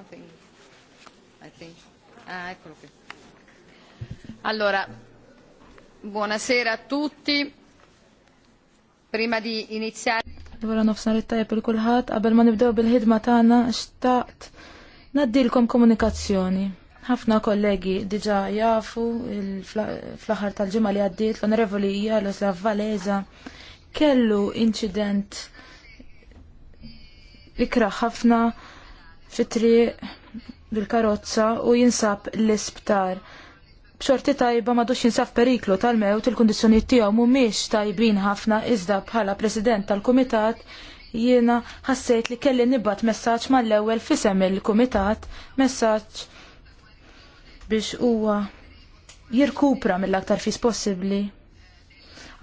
nothing, I think. Ah, eccolo qui. Allora, buonasera a tutti. Prima di iniziare... Dwara nofsan rittajab per kulħat għabel ma nibdew bil-ħidma tana, xtaqt naddilkom komunikazzjoni. Ħafna kollegi diġa jafu fl-aħħar tal-ġimgħa li għaddiet l-Onorevoli Jaroslav Valeza kellu incident ikra ħafna fit bil-karozza u jinsab l-isptar. B'xorti tajba madux jinsab periklu tal-mewt il-kondizjoniet tiegħu mhumiex tajbin ħafna iżda bħala president tal-kumitat jiena ħassejt li kelli nibat messaġġ mal-ewwel fisem il-kumitat messaġġ biex huwa jirkupra mill-aktar fis possibbli.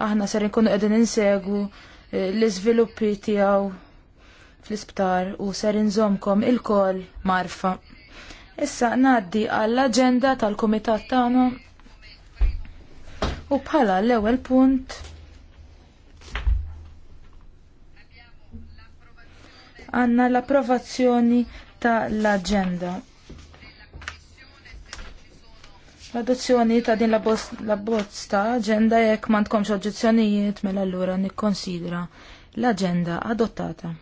Aħna ser nkunu qegħdin insegu eh, l-iżviluppi tiegħu fl-isptar u ser inżomkom il-kol marfa. Issa naddi għall-agenda tal-komitat tagħna u bħala l-ewwel punt għanna l-approvazzjoni ta' l-agenda. L-adozzjoni ta' din la bozz ta' agenda jekk mandkomx oġġezzjonijiet mela allura nikkonsidra l-agenda adottata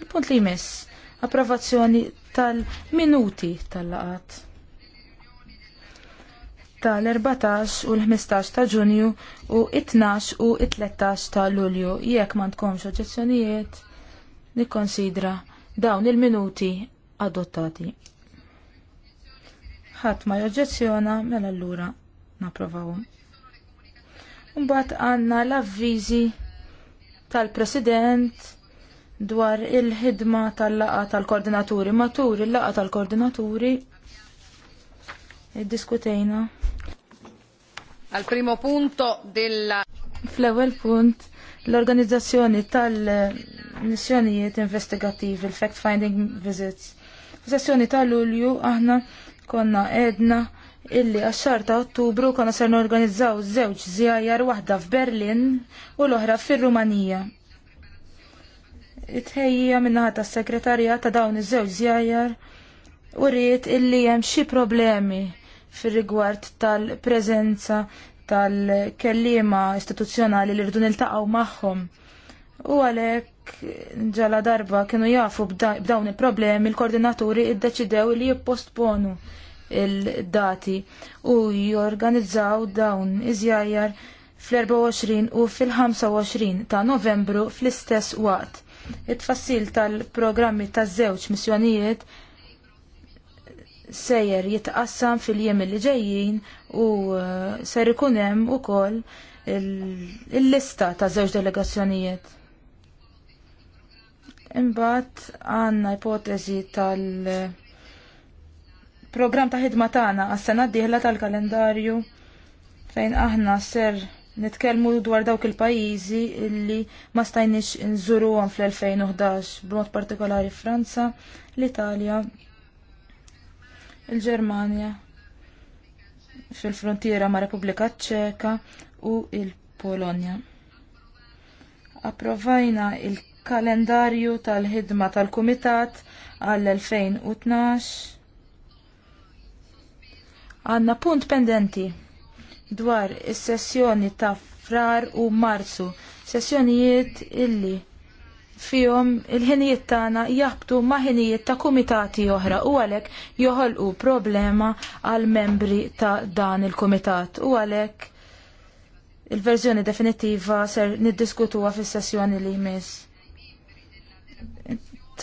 il Punt li jmiss. Approvazzjoni tal-minuti tal-laqat tal-14 u l-15 ta' ġunju u 12 u 13 ta' lulju. Jekk ma tkomx oġġezzjonijiet, nikkonsidra dawn il-minuti adottati. Ħadd ma joġġezzjona mela allura napprovawhom. Mbagħad għandna l-avviżi tal-President dwar il-ħidma tal-laqa tal-koordinaturi. Matur il-laqa tal-koordinaturi diskutejna. Al primo punto della Fl-ewwel punt l-organizzazzjoni tal-missjonijiet investigativi, il-fact finding visits. Sessjoni tal-Lulju aħna konna edna illi għax ta' Ottubru konna ser norganizzaw żewġ żjajjar waħda f'Berlin u l-oħra fir-Rumanija it-ħejja minnaħat ta' segretarja ta' dawn iż-żewġ żjajjar u rrit illi hemm xi problemi fir-rigward tal prezenza tal-kellima istituzzjonali li rridu niltaqgħu magħhom. U għalhekk ġala darba kienu jafu b'dawn il-problemi il-koordinaturi id-deċidew li jippostponu il-dati u jorganizzaw dawn iż-żjajjar fl-24 u fil-25 ta' Novembru fl-istess waqt It-tfassil tal-programmi taż-żewġ missjonijiet sejjer jitqassam fil-jiem li ġejjin u uh, ser ikun hemm ukoll il-lista ta' żewġ delegazzjonijiet. Imbagħad għandna ipotezi tal- program ta' ħidma tagħna għas-sena d-dieħla tal-kalendarju fejn aħna ser Nitkellmu dwar dawk il-pajjiżi illi ma stajniex nżuruhom fl-2011, b'mod partikolari Franza, l-Italja, il-Ġermanja, fil-frontiera ma' Repubblika Ċeka u il-Polonja. Approvajna il-kalendarju tal-ħidma tal-Kumitat għall-2012 għanna punt pendenti dwar is-sessjoni ta' frar u marzu, sessjonijiet illi fihom il-ħinijiet tagħna jaħbtu ma' ħinijiet ta' kumitati oħra u għalhekk joħolqu problema għal membri ta' dan il-kumitat u għalhekk il-verżjoni definittiva ser niddiskutuha fis-sessjoni li jmiss.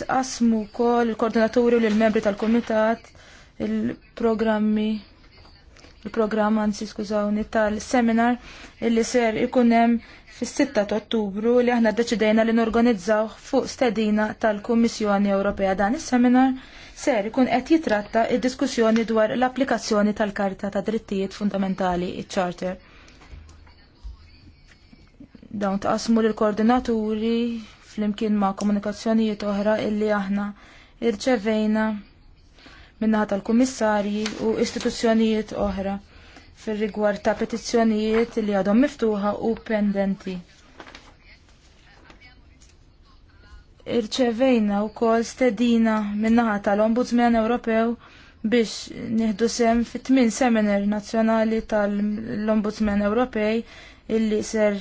Tqasmu wkoll il-koordinaturi u lill membri tal-kumitat il-programmi il-programm anzi skużawni tal-seminar illi ser ikun hemm fis-6 ta' Ottubru li aħna ddeċidejna li n-organizzaw fuq stedina tal-Kummissjoni Ewropea dan is-seminar ser ikun qed jitratta il diskussjoni dwar l-applikazzjoni tal-Karta ta' Drittijiet Fundamentali il charter Dawn taqsmu lill koordinaturi flimkien ma' komunikazzjonijiet oħra illi aħna irċevejna minnaħa tal-kummissarji u istituzzjonijiet oħra fir-rigward ta' petizzjonijiet li għadhom miftuħa u pendenti. Irċevejna wkoll stedina min-naħa tal-Ombudsman Ewropew biex nieħdu sem fit tmien seminar nazzjonali tal-Ombudsman Ewropej illi ser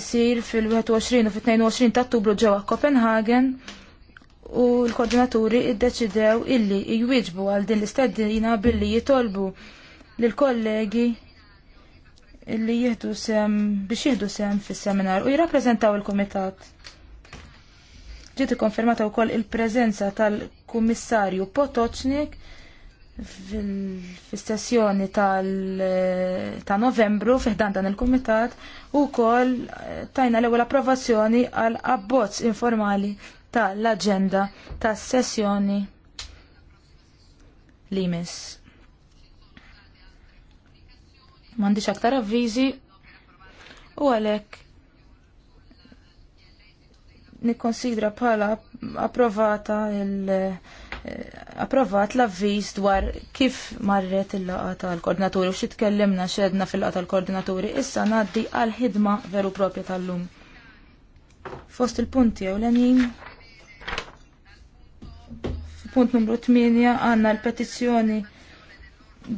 isir fil-21 u fit-22 ta' Ottubru ġewwa Copenhagen u l-koordinaturi iddeċidew illi jwieġbu għal din l-istedina billi jitolbu l-kollegi illi jihdu sem biex jihdu sem fis seminar u jirrappreżentaw il-komitat. Ġiet ikkonfermata wkoll il-preżenza tal-kummissarju Potocznik fil-sessjoni ta' novembru fiħdan dan il-komitat u kol tajna l ewwel approvazzjoni għal abbozz informali tal-aġenda tas-sessjoni li jmiss. M'għandix aktar avviżi u għalhekk nikkonsidra bħala approvata il eh, approvat l-avviż dwar kif marret il-laqa tal-koordinaturi u xitkellimna xedna fil-laqa tal-koordinaturi issa ngħaddi għal ħidma veru propja tal-lum. Fost il-punti ewlenin Punt numru 8 għanna l-petizzjoni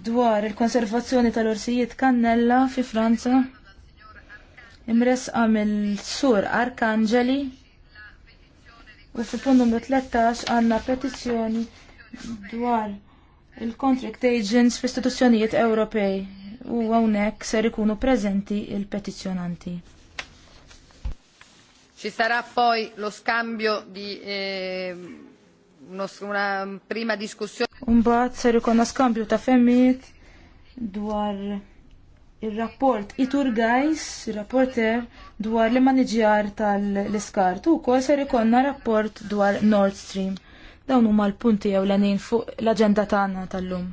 dwar il-konservazzjoni tal-orsijiet kannella fi Franza. Imresqa il sur Arkangeli. U fi punt numru 13 għanna petizzjoni dwar il-contract agents fi istituzzjonijiet Ewropej u għawnek ser ikunu prezenti il-petizjonanti. Ci sarà poi lo scambio di eh, una prima diskussjoni. Umbat ser ikonna skambju ta' femmit dwar il-rapport Itur Gajs, il-rapporter dwar li maniġjar tal-iskart u kol ser ikonna rapport dwar Nord Stream. Dawn huma l-punti jew l-għanin fuq l-agenda tagħna tal-lum.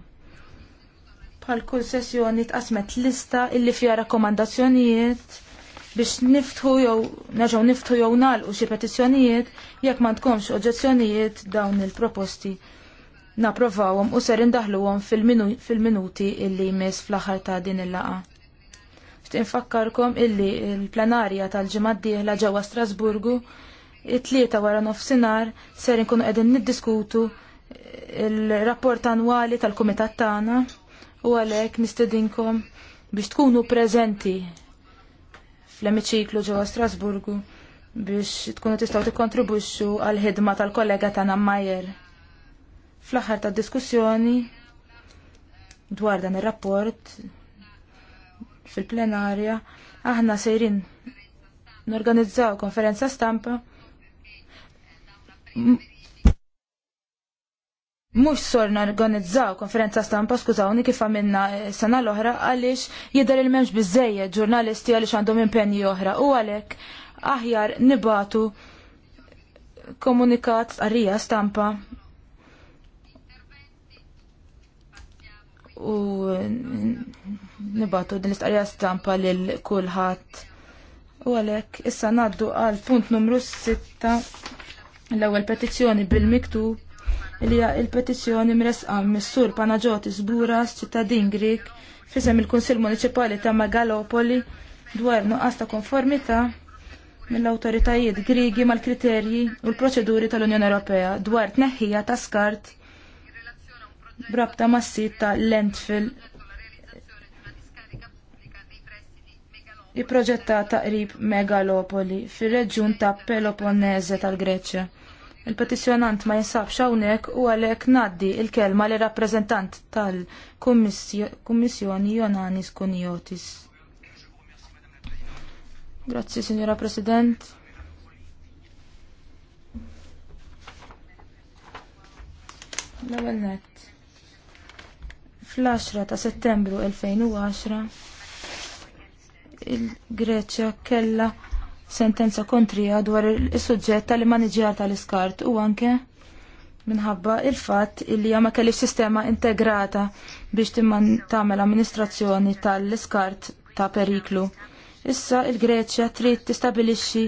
Bħal kull sessjoni tqasmet lista illi fiha rakkomandazzjonijiet biex niftħu jew naġaw niftħu jew nagħlqu xi petizzjonijiet jekk ma tkomx oġġezzjonijiet dawn il-proposti naprovawhom u ser indaħluhom fil-minuti illi jmiss fl-aħħar ta' din il-laqa. Xtinfakkarkom illi l plenarja tal-ġimgħa d-dieħla ġewwa Strasburgu it-tlieta wara nofsinhar ser inkunu qegħdin niddiskutu il-rapport annwali tal-kumitat tagħna u għalhekk nistedinkom biex tkunu preżenti fl-emiċiklu ġewwa Strasburgu biex tkunu tistgħu tikkontribwixxu għal ħidma tal-kollega tagħna Majer. Fl-aħħar tad-diskussjoni dwar dan ir-rapport fil-plenarja aħna sejrin norganizzaw konferenza stampa mux sorna organizzaw konferenza stampa, skużawni kif għamilna eh, sena l-oħra, għalix jidher il-memx bizzeje ġurnalisti għalix għandhom impenji oħra. U għalek, aħjar nibatu komunikat għarrija stampa. U nibatu din l-istqarrija stampa lil kulħadd. U għalek, issa naddu għal punt numru 6 l-ewwel petizzjoni bil-miktub li hija il-petizzjoni mresqa mis-sur Panagiotis Buras ċittadin Grik fisem il-Kunsill Municipali ta' Megalopoli dwar nuqqas ta' konformità mill-awtoritajiet Grigi mal-kriterji u l-proċeduri tal-Unjoni Ewropea dwar tneħħija ta' skart brabta massit ta' Lentfil i proġetta ta' qrib Megalopoli fir-reġjun ta' Peloponnese tal-Greċja. Il-petizjonant ma jinsabx hawnhekk u għalek ngħaddi il-kelma li rappreżentant tal-Kummissjoni Jonanis Kuniotis. Grazzi, Signora President. L-ewwel Fl-10 ta' Settembru 2010 il-Greċja kella sentenza kontrija dwar is-suġġett tal-maniġjar tal-iskart u anke minħabba il-fatt illi ma kellix sistema integrata biex timman tagħmel amministrazzjoni tal-iskart ta' periklu. Issa il-Greċja trid tistabilixxi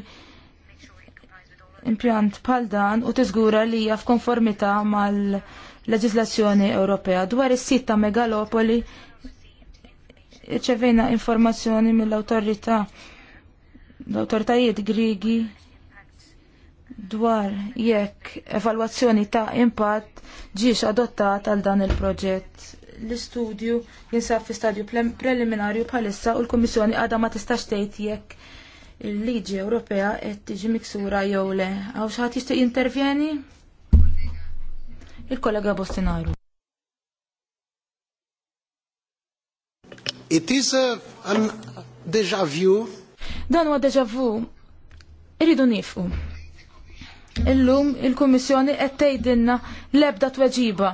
impjant bħal dan u tiżgura li hija f'konformità mal-leġislazzjoni Ewropea dwar is-sit ta' megalopoli ċevejna informazzjoni mill-awtorità l-autoritajiet Grigi dwar jekk evalwazzjoni ta' impatt ġiex adottat għal dan il-proġett. L-istudju jinsab fi stadju preliminarju bħalissa u l-Kummissjoni għadha ma tistax tgħid jekk il-liġi Ewropea qed tiġi miksura jew le. Għaw xi ħadd jista' jintervjeni? Il-kollega Bostinaru. It is a, uh, an déjà vu Dan huwa deja vu. Irridu nifqu. Illum il-Kummissjoni qed tgħidilna l-ebda tweġiba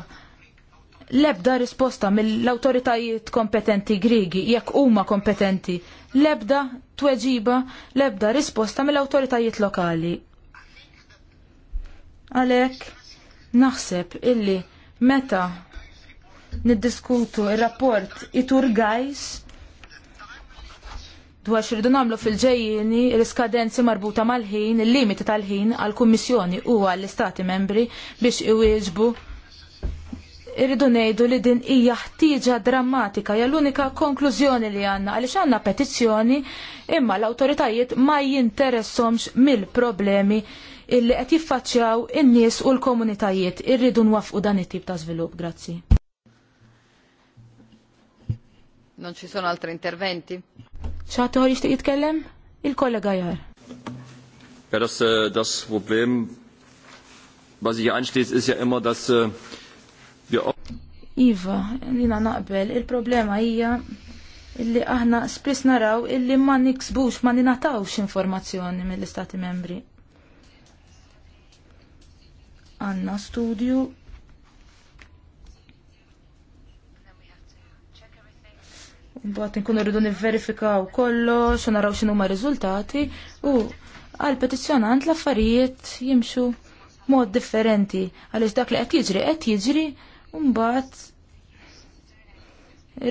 l-ebda risposta mill awtoritajiet kompetenti Grigi, jekk huma kompetenti, l-ebda tweġiba, l-ebda risposta mill awtoritajiet lokali. Għalhekk naħseb illi meta niddiskutu ir rapport Itur Gajs, dwar xridu namlu fil-ġejjini l-iskadenzi marbuta mal-ħin, il-limiti tal-ħin għal-Kummissjoni u għall-Istati membri biex iwieġbu irridu ngħidu li din hija ħtieġa drammatika hija l-unika konklużjoni li għandna għaliex għandna petizzjoni imma l-awtoritajiet ma jinteressomx mill-problemi illi qed jiffaċċjaw in-nies u l-komunitajiet irridu nwafqu dan it-tip ta' żvilupp. Grazzi. Non ci sono altri interventi? ċaħtiħor jishtiq jitkellem? Il-kollega jar. Ja, das, äh, das Problem, was ich anschließt, ist ja immer, dass äh, wir Iva, nina naqbel, il-problema hija illi aħna spiss naraw illi ma niksbux, ma ninatawx informazzjoni mill-Istati membri. Għanna studju Mbagħad nkunu rridu nivverifikaw kollox u naraw x'inhu ma' riżultati u għal petizzjonant l-affarijiet jimxu mod differenti għaliex dak li qed jiġri qed jiġri u mbagħad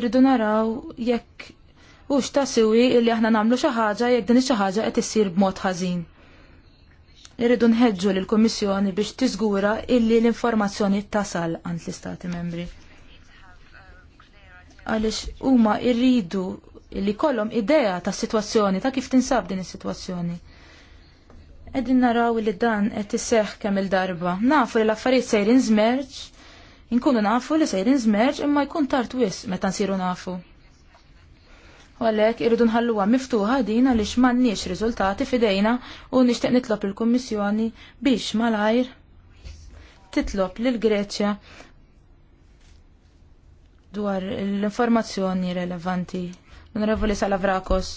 irridu naraw jekk u x'ta' siwi li aħna nagħmlu xi ħaġa jekk din xi ħaġa qed issir b'mod ħażin. Irridu nħeġġu lill-Kummissjoni biex tiżgura illi l-informazzjoni tasal għand l-Istati membri għaliex huma rridu li kollhom idea ta' situazzjoni ta' kif tinsab din is-sitwazzjoni. Qegħdin naraw li dan qed iseħħ kemm il-darba. Nafu li l-affarijiet sejrin żmerġ, inkunu nafu li sejrin żmerġ imma jkun tard wis meta nsiru nafu. U għalhekk irridu nħalluha miftuħa din għaliex m'għandniex riżultati f'idejna u nixtieq nitlob il-Kummissjoni biex malajr titlob lil Greċja dwar l-informazzjoni relevanti. Onorevoli Salavrakos.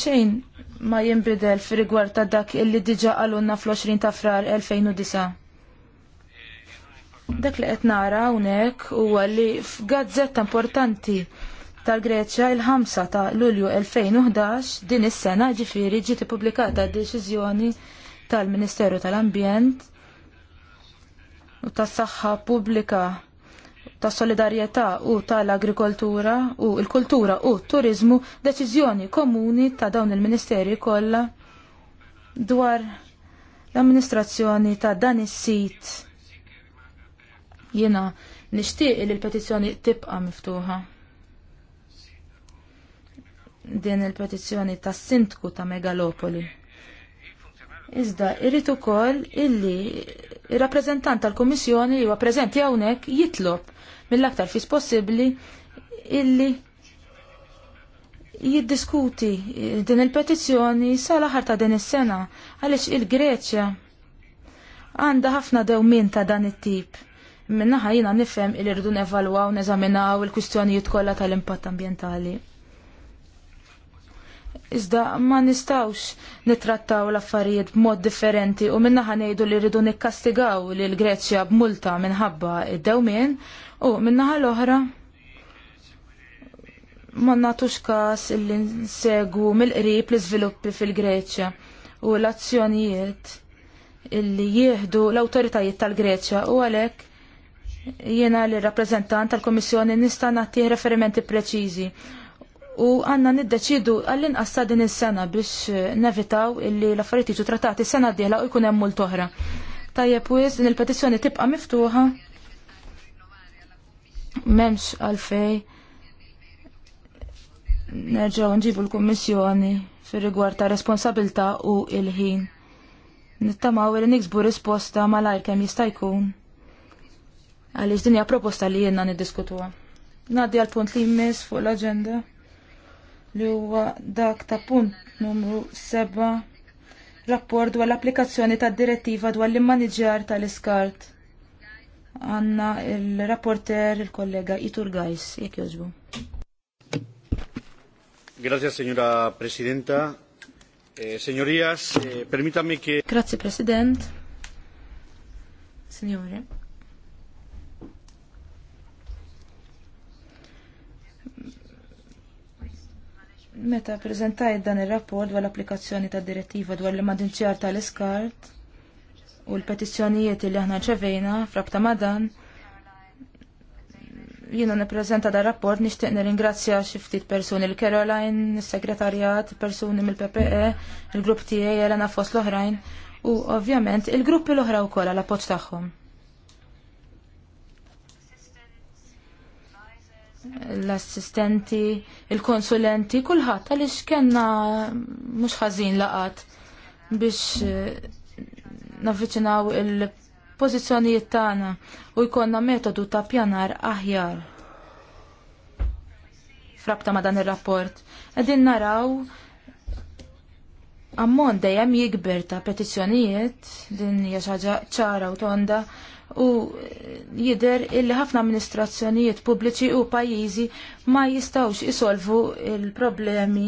Xejn ma jinbidel fi rigward ta' dak illi diġa għalunna fl-20 ta' frar 2009. Dak li qed nara hawnhekk huwa li f'gazzetta importanti tal-Greċja il-5 ta' Lulju 2011 din is-sena ġifieri ġiet ippubblikata deċiżjoni tal-Ministeru tal-Ambjent u tas-saħħa pubblika tas solidarjetà u tal-agrikoltura u l-kultura u t-turiżmu deċiżjoni komuni ta' dawn il-ministeri kollha dwar l-amministrazzjoni ta' dan is-sit. Jiena nixtieq li l-petizzjoni tibqa' miftuħa din il-petizzjoni tas sindku ta' Megalopoli. Iżda, irrit ukoll illi il-rappresentant tal-Komissjoni huwa preżenti hawnhekk jitlob mill-aktar fis possibbli illi jiddiskuti din il-petizzjoni sal-aħar ta' din is-sena għaliex il-Greċja għandha ħafna dewmien ta' dan it-tip. Minnaħa jina nifhem il-irdu nevalwaw, neżaminaw il-kwistjonijiet kollha tal-impatt ambjentali. Iżda ma nistawx nitrattaw l-affarijiet b'mod differenti u minna ngħidu li rridu nikkastigaw l Greċja b'multa minħabba id-dewmien u minna l-oħra ma natux każ illi nsegu mill-qrib l-iżviluppi fil-Greċja u l-azzjonijiet illi jieħdu l-awtoritajiet tal-Greċja u għalhekk jiena li rappresentant tal-Komissjoni nista' nagħtih referimenti preċiżi u għanna niddeċidu għall-inqas ta' din is-sena biex eh, nevitaw illi l-affarijiet jiġu trattati sena d u jkun hemm mult oħra. Tajjeb wis din il-petizzjoni tibqa' miftuħa m'hemmx għalfej nerġgħu nġibu l-Kummissjoni fir-rigward ta' responsabilità u il-ħin. Nittamaw li niksbu risposta malajr kemm jista' jkun għaliex din hija proposta li jenna niddiskutuha. Ngħaddi għal punt li jmiss fuq l-aġenda li huwa dak ta' punt numru 7 rapport dwar l-applikazzjoni tad direttiva dwar l-immaniġjar tal-iskart. Għanna il-rapporter il-kollega Itur Gajs, jek joġbu. Grazie, signora Presidenta. Eh, signorias, eh, permítame che... Grazie, President. Signore. Meta prezentajt dan ir-rapport dwar l-applikazzjoni tad direttiva dwar l madinċjar tal-iskart u l-petizzjonijiet li aħna ċevejna frabta ma' dan, jiena nippreżenta dan rapport nixtieq ringrazzja xiftit ftit persuni l Caroline, is-segretarjat, persuni mill-PPE, il-grupp tiegħi Elena fost l-oħrajn u ovvjament il-gruppi l-oħra wkoll għal appoġġ tagħhom. l-assistenti, il-konsulenti, kulħadd għaliex kellna mhux ħażin laqat biex eh, navviċinaw il-pożizzjonijiet tagħna u jkollna metodu ta' pjanar aħjar. Frabta ma' dan ir-rapport. Qegħdin naraw ammont dejjem jikber ta' petizzjonijiet din hija ċara u tonda u jider illi ħafna amministrazzjonijiet pubbliċi u pajjiżi ma jistawx isolvu il-problemi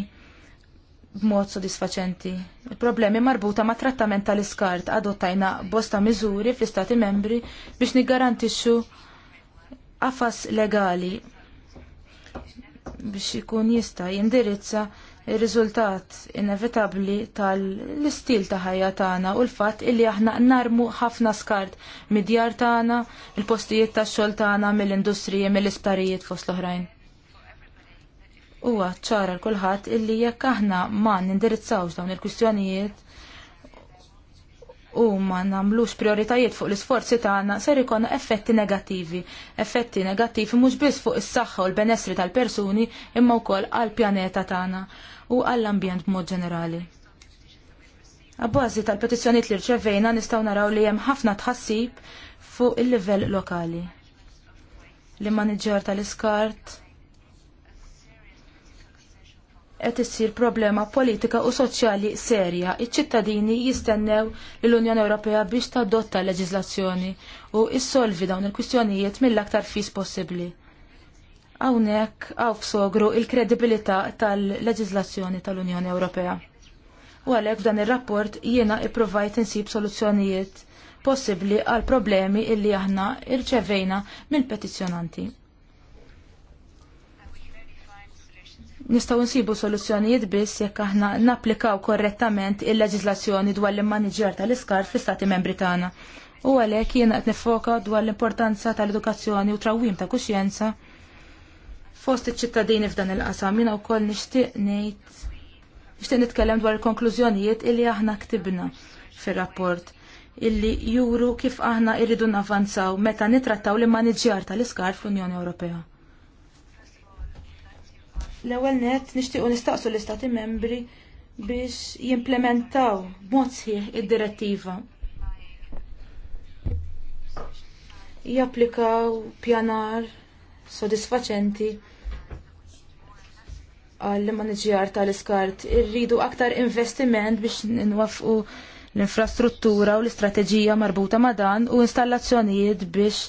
b'mod sodisfaċenti. Il-problemi marbuta ma' trattament tal-iskart adottajna bosta miżuri fl-Istati membri biex niggarantixxu affas legali biex ikun jista' jindirizza ir-riżultat inevitabli tal-istil ta' ħajja tagħna u l-fatt illi aħna narmu ħafna skart mid-djar tagħna, il-postijiet tax-xogħol tagħna mill-industriji mill-isptarijiet fost l-oħrajn. Huwa ċara l-kulħadd illi jekk aħna ma nindirizzawx dawn il-kwistjonijiet u ma nagħmlux prioritajiet fuq l-isforzi tagħna ser ikun effetti negattivi. Effetti negattivi mhux biss fuq is-saħħa u l-benessri tal-persuni imma wkoll għall-pjaneta tagħna u għall-ambjent b'mod ġenerali. Abbażi tal-petizzjoniet li rċevejna nistgħu naraw li hemm ħafna tħassib fuq il-livell lokali. l maniġġar tal-iskart qed issir problema politika u soċjali serja. Iċ-ċittadini jistennew l-Unjoni Ewropea biex tadotta leġiżlazzjoni u issolvi dawn il-kwistjonijiet mill-aktar fis possibbli hawnhekk għaw f'sogru il-kredibilità tal-leġiżlazzjoni tal-Unjoni Ewropea. U għalhekk f'dan ir-rapport jiena ipprovajt insib soluzzjonijiet possibbli għal problemi illi aħna irċevejna mill-petizzjonanti. Nistgħu nsibu soluzzjonijiet biss jekk aħna napplikaw korrettament il leġizlazzjoni dwar l-immaniġġer tal iskar fl-Istati Membri tagħna. U għalhekk jiena qed nifoka dwar l-importanza tal-edukazzjoni u trawwim ta' kuxjenza fost iċ-ċittadini f'dan il-qasam. Jina wkoll nixtieq nishtiq nitkellem dwar il-konklużjonijiet illi aħna ktibna fir-rapport illi juru kif aħna irridu navanzaw meta nitrattaw li maniġjar tal-iskar fl-Unjoni Ewropea. L-ewwel nett nixtiequ nistaqsu l-Istati membri biex jimplementaw b'mod sħiħ id-direttiva. Japplikaw pjanar sodisfaċenti għall maniġjar tal-iskart. Irridu aktar investiment biex nwafqu l-infrastruttura u l-istrateġija marbuta ma' dan u installazzjonijiet biex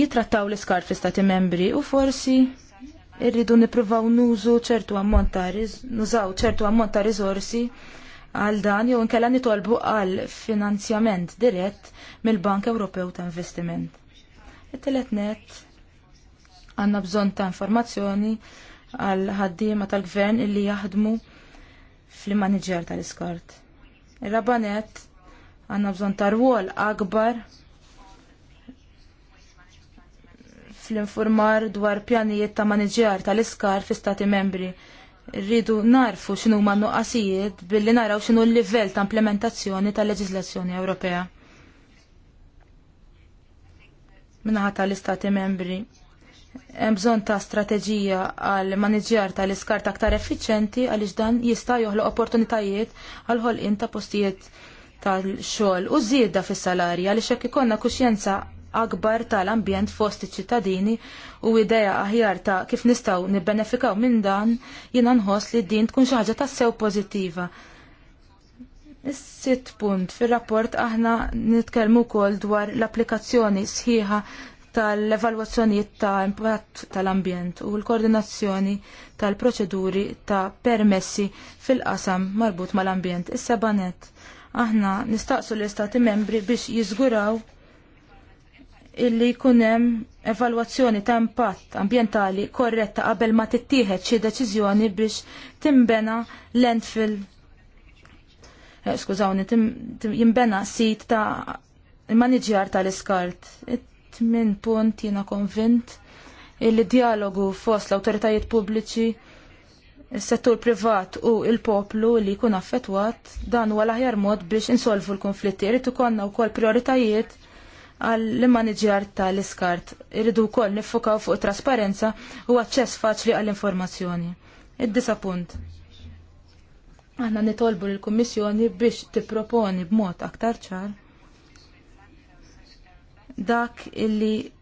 jitrattaw l-iskart fi stati membri u forsi irridu nipruvaw nużu ċertu ammont ta' nużaw ċertu ammont ta' riżorsi għal dan jew inkella nitolbu għal finanzjament dirett mill-Bank Ewropew ta' Investiment. It-telet net għandna bżonn ta' informazzjoni għal ħaddiema tal-gvern illi jaħdmu fl-manager tal-iskart. Il-rabanet għanna bżon tarwol akbar fl-informar dwar pjanijiet ta' manager tal-iskar fi stati membri. Rridu narfu xinu ma' nuqqasijiet billi naraw xinu l-livell ta' implementazzjoni tal-leġislazzjoni Ewropea. Minnaħat tal-istati membri Hemm bżonn ta' strateġija għal maniġjar tal-iskart aktar effiċenti għaliex dan jista' joħloq opportunitajiet għal ħolqien ta' postijiet tal-xogħol u żieda fis-salarji għaliex hekk ikollna kuxjenza akbar tal-ambjent fost iċ-ċittadini u idea aħjar ta' kif nistgħu nibbenefikaw minn dan jiena nħoss li din tkun xi ħaġa tassew pożittiva. Is-sitt punt fir-rapport aħna nitkellmu wkoll dwar l-applikazzjoni sħiħa tal-evalwazzjonijiet ta' impatt tal-ambjent u l-koordinazzjoni tal-proċeduri ta' permessi fil-qasam marbut mal-ambjent. Issa banet, aħna nistaqsu l-istati membri biex jiżguraw illi kunem evalwazzjoni ta' impatt ambientali korretta qabel ma tittieħed xi deċiżjoni biex timbena l-endfil eh, skużawni, jimbena sit ta' maniġjar tal-iskart tmin punt jiena konvint il-dialogu fost l-autoritajiet pubbliċi is-settur privat u il-poplu li jkun affettwat dan huwa l-aħjar mod biex insolvu l-konflitti. Irid ikollna wkoll prioritajiet għall manager tal-iskart. Irridu wkoll niffokaw fuq trasparenza u aċċess faċli għall-informazzjoni. Id-disa punt. Aħna nitolbu l-Kummissjoni biex tipproponi b'mod aktar ċar dak illi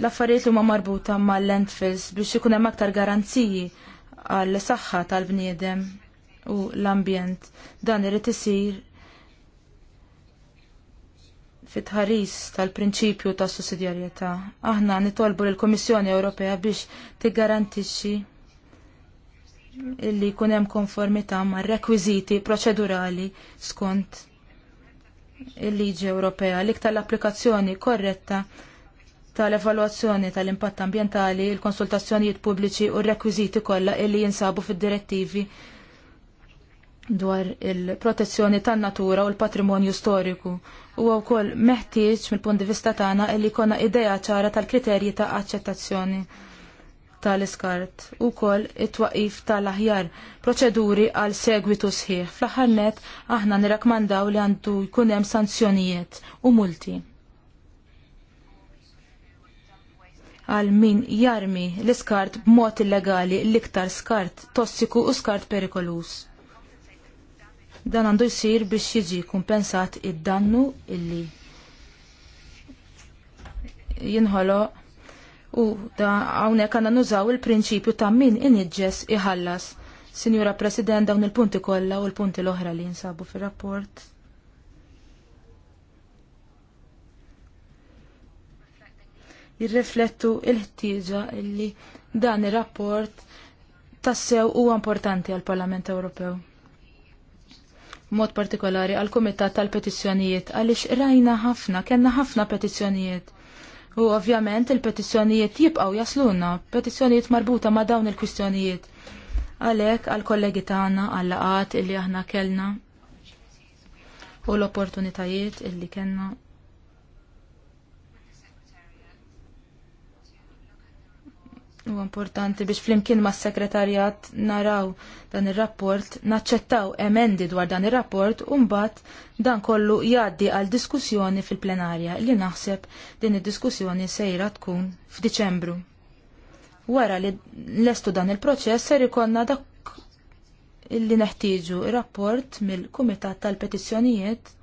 l-affarijiet li huma marbuta mal-landfills biex ikun hemm aktar garanziji għall saħħa tal-bniedem u l-ambjent. Dan irid isir fit-ħaris tal-prinċipju ta' sussidjarjetà. Aħna nitolbu lill kummissjoni Ewropea biex tiggarantixxi illi jkun hemm konformità mar rekwiżiti proċedurali skont il-liġi Ewropea l-iktar l-applikazzjoni korretta tal-evaluazzjoni tal-impatt ambientali, il-konsultazzjonijiet pubbliċi u r-rekwiżiti kollha illi jinsabu fid-direttivi dwar il-protezzjoni tan-natura u l-patrimonju storiku. U wkoll meħtieġ mill-punt di vista tagħna illi jkollna idea ċara tal-kriterji ta' aċċettazzjoni tal-iskart u kol it-twaqif tal-aħjar proċeduri għal segwitu sħiħ. Fl-aħħar net aħna nirakmandaw li għandu jkun hemm sanzjonijiet u multi. għal min jarmi l-iskart b'mod illegali l-iktar skart tossiku u skart perikolus. Dan għandu jisir biex jiġi kumpensat id-dannu illi Jinħolo. U da hawnhekk għandna nużaw il-prinċipju ta' min inġess iħallas. Signora President, dawn il-punti kollha u l-punti l-oħra li jinsabu fir-rapport. Jirriflettu il-ħtieġa illi dan ir-rapport tassew huwa importanti għal-Parlament Ewropew mod partikolari għal kumitat tal-petizzjonijiet għaliex rajna ħafna, kellna ħafna petizzjonijiet U ovvjament il-petizzjonijiet jibqaw jaslunna, petizzjonijiet marbuta ma' dawn il-kwistjonijiet. Għalek, għal-kollegi tagħna, għall-laqat illi aħna kellna u l-opportunitajiet illi kellna. U importanti biex flimkien ma' segretarjat naraw dan ir-rapport, naċċettaw emendi dwar dan ir-rapport u mbagħad dan kollu jgħaddi għal diskussjoni fil-plenarja li naħseb din id-diskussjoni sejra tkun f'Diċembru. Wara li lestu dan il-proċess ser ikonna dak illi neħtieġu il rapport mill-Kumitat tal-Petizzjonijiet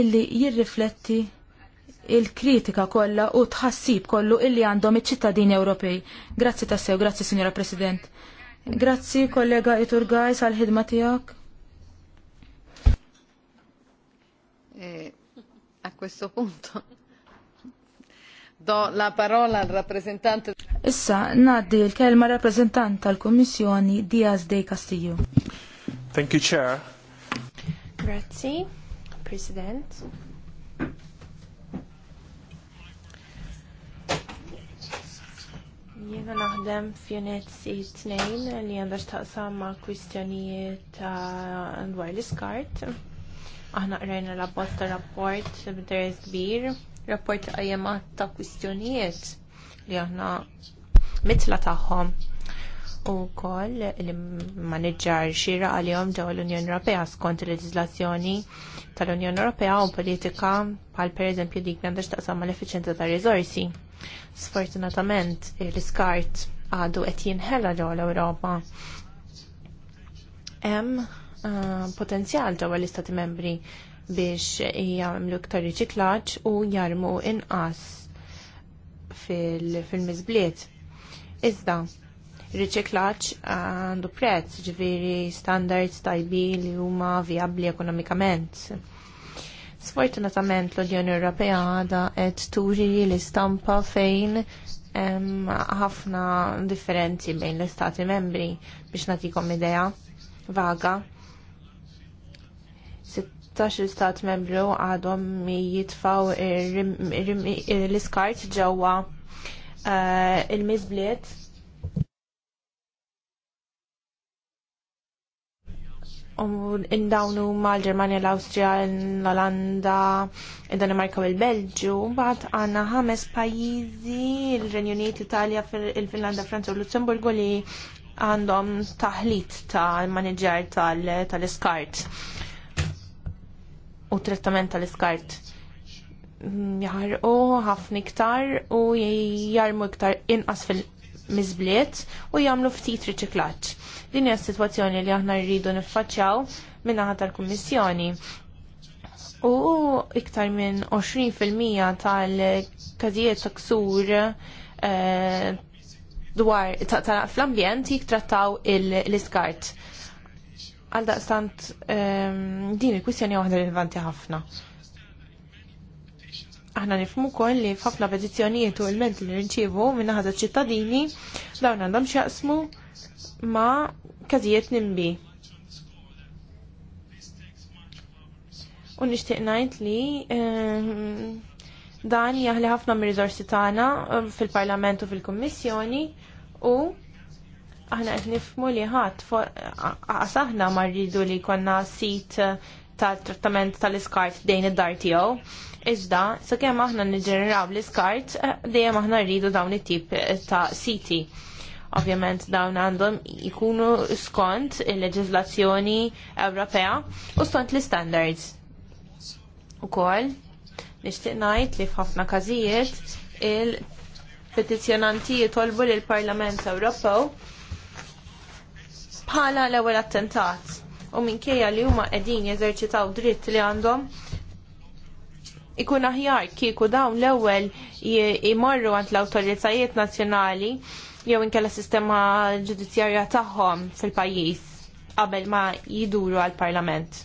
illi jirrifletti il-kritika kollha u tħassib kollu illi għandhom iċ-ċittadini Ewropej. Grazzi tassew, grazzi Sinjora President. Grazzi kollega Iturgaj sal-ħidma tiegħek. Eh, a questo punto do la parola al rappresentante Issa naddi l-kelma rappresentante tal-Kommissjoni Diaz de Castillo. Thank you, Chair. Grazie, President. Jiena naħdem f'unit C2 li għandha x'taqsam ma' kwistjonijiet ta' dwar l-iskart. Aħna qrajna l-abbozz ta' rapport b'interess kbir, rapport qajjema ta' kwistjonijiet li aħna mitla tagħhom u koll li maniġġar xira għalihom ġew l-Unjoni Ewropea skont il-leġiżlazzjoni tal-Unjoni Ewropea u politika bħal pereżempju dik għandha x'taqsam mal-effiċjenza ta' riżorsi. Sfortunatament, l-iskart għadu qed jinħela ġewwa l-Ewropa. Hemm uh, potenzjal ġewwa l-Istati Membri biex jagħmlu iktar riċiklaġġ u jarmu inqas fil-miżbliet. Fil Iżda, riċiklaġġ għandu prezz, ġifieri standards tajbi li huma vijabbli ekonomikament Sfortunatament l-Unjoni Ewropea għadha qed turi l-istampa fejn ħafna differenzi bejn l-istati membri biex nagħtikom idea vaga. 16 stat membru għadhom jitfaw l-iskart ġewwa eh, il-miżbliet Um, indawnu mal ġermanja l-Austria, l-Olanda, il-Danimarka u l-Belġu, bat għanna ħames pajizi, il-Renju Unit, Italja, il-Finlanda, Franza u Lussemburgu li għandhom taħlit ta' manager tal-iskart u trattament tal-iskart mm, jaħarqu ħafna iktar u jarmu iktar inqas fil-mizbliet u jagħmlu ftit riċiklaġġ Din hija s-sitwazzjoni li aħna rridu niffaċċjaw min-naħa tal-Kummissjoni. U iktar minn 20% tal-każijiet ta' ksur eh, dwar fl-ambjent jiktrattaw l-iskart. Għaldaqstant ehm, din il-kwistjoni waħda rilevanti ħafna aħna nifmu kol li f'ħafna petizzjonijiet u il-ment li rinċivu minna ħadha ċittadini dawn għandhom x'jaqsmu ma' każijiet nimbi. U nixtieq ngħid li eh, dan jaħli ħafna mir-riżorsi tagħna eh, fil-Parlament u fil-Kummissjoni u aħna qed nifhmu li ħadd qas aħna ma rridu li konna sit eh, ta' trattament tal-iskart dejn id-dar tiegħu. Iżda, sakemm aħna niġġeneraw l-iskart, dejjem aħna rridu dawn it-tip ta' siti. Ovvjament dawn għandhom ikunu skont il-leġizlazzjoni Ewropea u skont l-standards. kol, nixtieq ngħid li f'ħafna każijiet il-petizzjonanti jitolbu lill parlament Ewropew bħala l-ewwel attentat u minkejja li huma qegħdin jeżerċitaw dritt li għandhom ikun aħjar kieku dawn l-ewwel imorru għand l-awtoritajiet nazzjonali jew inkella sistema ġudizzjarja tagħhom fil-pajjiż qabel ma jiduru għal-Parlament.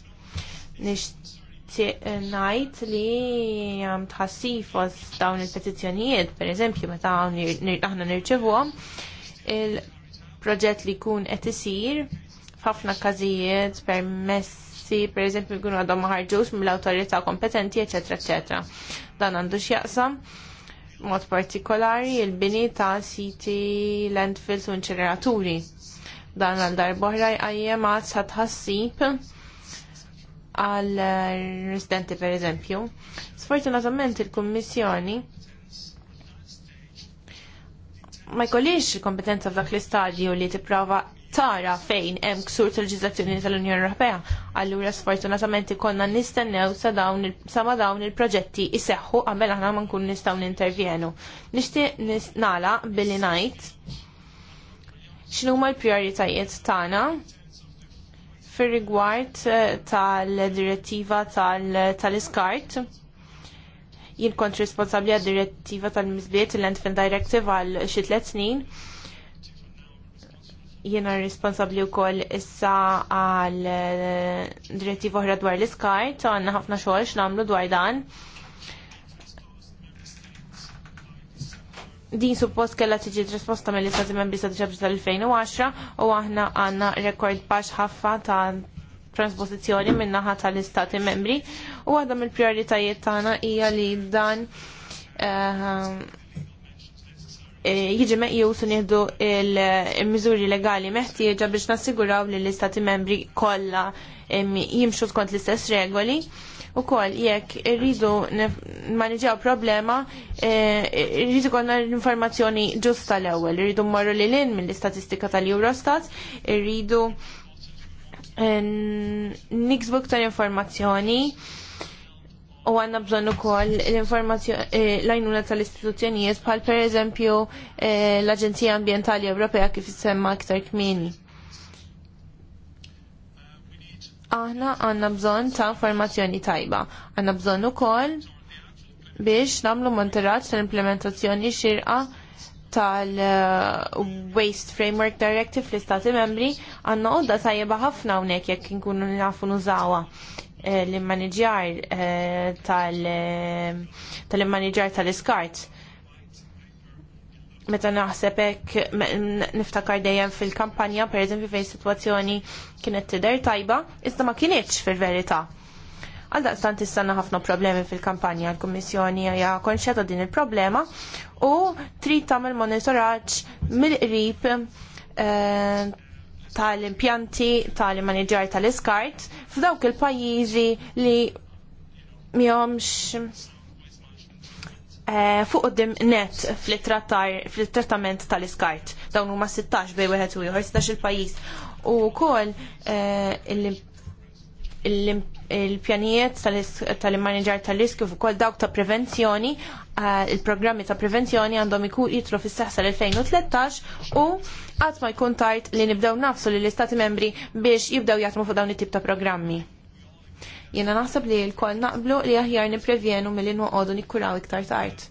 Nixtieq ngħid li hemm tħassif fost dawn il-petizzjonijiet, pereżempju meta aħna nirċevuhom, il-proġett li jkun qed isir f'ħafna każijiet permessi, pereżempju jkunu għadhom ma ħarġux mill-awtorità kompetenti, eċetera, eċetera. Dan għandu x'jaqsam mod partikolari il-bini ta' siti landfills u inċeneraturi. Dan għal darbohra jgħajjem għad sa' tħassib għal residenti per eżempju. Sfortunatament il-Kummissjoni ma jkollix kompetenza f'dak l-istadju li tipprova tara fejn hemm ksur tal-leġiżlazzjoni tal-Unjoni Ewropea. Allura sfortunatament ikollna nistennew sa dawn sa ma dawn il-proġetti iseħħu qabel aħna ma nkun nistgħu nintervjenu. Nixtieq nagħla billi ngħid x'inhuma l-prijoritajiet tagħna fir-rigward eh, tal-direttiva tal-iskart. Jien kont responsabbli għad-direttiva tal misbiet il-Landfill Directive għal xi tliet snin jiena responsabli wkoll issa għal eh, direttiva oħra dwar l-iskart, għandna ħafna xogħol x'nagħmlu dwar dan. din suppost kella tiġi risposta mill-Istati Membri sa' tiġab tal-2010 u aħna għanna rekord paċ ħaffa ta' transposizjoni minnaħa tal-Istati Membri u għadam mill-prioritajiet tagħna hija li dan eh, Eh, jiġi meqjus u nieħdu il-miżuri legali meħtieġa biex nassiguraw li l-istati membri kollha jimxu skont l-istess regoli. U koll, jekk irridu maniġaw problema, eh, irridu konna l-informazzjoni ġusta l-ewel, rridu morru li l-in mill-istatistika tal-Eurostat, irridu niksbu tal informazzjoni u għanna bżonn ukoll eh, l-għajnuna tal-istituzzjonijiet bħal per eżempju eh, l-Aġenzija Ambientali Ewropea kif semma aktar kmini. Aħna għanna bżonn ta' informazzjoni tajba. Għanna bżonn ukoll biex namlu monterat tal-implementazzjoni xirqa tal-Waste Framework Directive fl-Istati Membri għanna għodda tajba ħafna unek jekk nkunu nafu nużawa. Eh, l-immaniġjar eh, eh, tal-immaniġjar tal-iskart. Meta naħseb hekk niftakar dejjem fil-kampanja pereżempju fejn sitwazzjoni kienet tidher tajba, iżda ma kinitx fil-verità. Għal daqstant istanna ħafna problemi fil-kampanja l-Kummissjoni hija konxja ta' din il-problema u trid tagħmel monitoraġġ mill-qrib tal-impjanti tal-manager tal-iskart f'dawk il-pajjiżi li miħomx eh, fuq qoddim net fil-trattament tal-iskart. Dawn huma 16 bej wieħed u ieħor 16 il-pajjiż. U wkoll eh, l il-pjanijiet tal-manager tal-risk u ukoll dawk ta' prevenzjoni, eh, il-programmi ta' prevenzjoni għandhom ikun jitlu fis saħsa l-2013 u qatt ma jkun tard li nibdew nafsu li l-Istati membri biex jibdew jaħdmu fuq dawn it-tip ta' programmi. Jiena naħseb li l-koll naqblu li aħjar mill milli nuqodu nikkuraw iktar tard.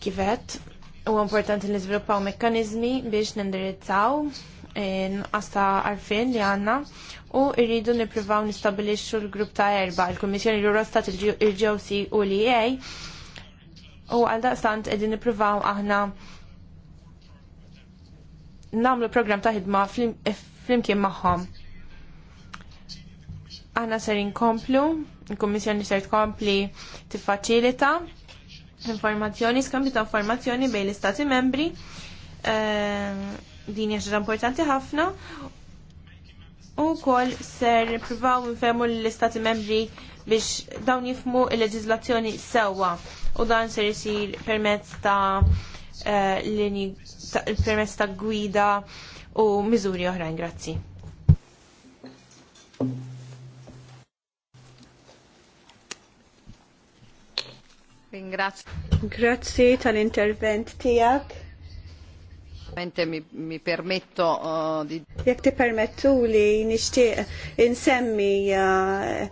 Kifet, huwa importanti li niżviluppaw mekkaniżmi biex nindirizzaw għasta għarfin li għanna u rridu nippruvaw nistabilixxu l-grupp ta' erba l-Kummissjoni l-Eurostat il-GOC u l-EA u għal daqstant qegħdin nippruvaw aħna nagħmlu programm ta' ħidma flimkien magħhom. Aħna ser inkomplu, il-Kummissjoni ser tkompli tiffaċilita informazzjoni, skambju ta' informazzjoni bejn l-Istati membri. Uh, din hija importanti ħafna u kol ser provaw nfemu l-istati membri biex dawn jifmu il-leġizlazzjoni sewa u dan ser jisir permezz ta' eh, lini permezz ta' gwida u miżuri oħrajn. Grazzi. Ringrazzi. Grazzi tal-intervent tijak. Mi permetto eh, di... Jek ti permettu li nishtiq insemmi eh,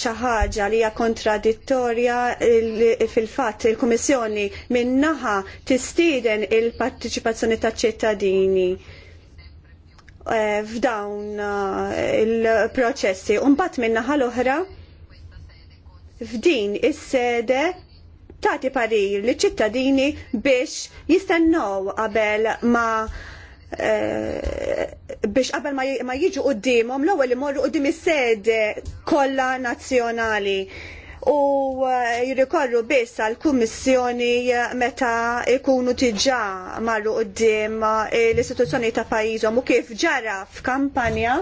xaħġa ħaġa li hija kontradittorja fil-fatt il-Kummissjoni min-naħa tistieden il-partiċipazzjoni taċ-ċittadini eh, f'dawn il-proċessi. Unbat minna ħal-oħra f'din is-sede tagħti parir li ċittadini biex jistennew qabel ma eh, biex qabel ma jiġu qudiemhom l-ewwel imorru qudiem is-sede kollha nazzjonali u eh, jirikorru biss għal kummissjoni eh, meta ikunu tiġa marru qudiem l-istituzzjoni ta' pajjiżhom u kif ġara f'kampanja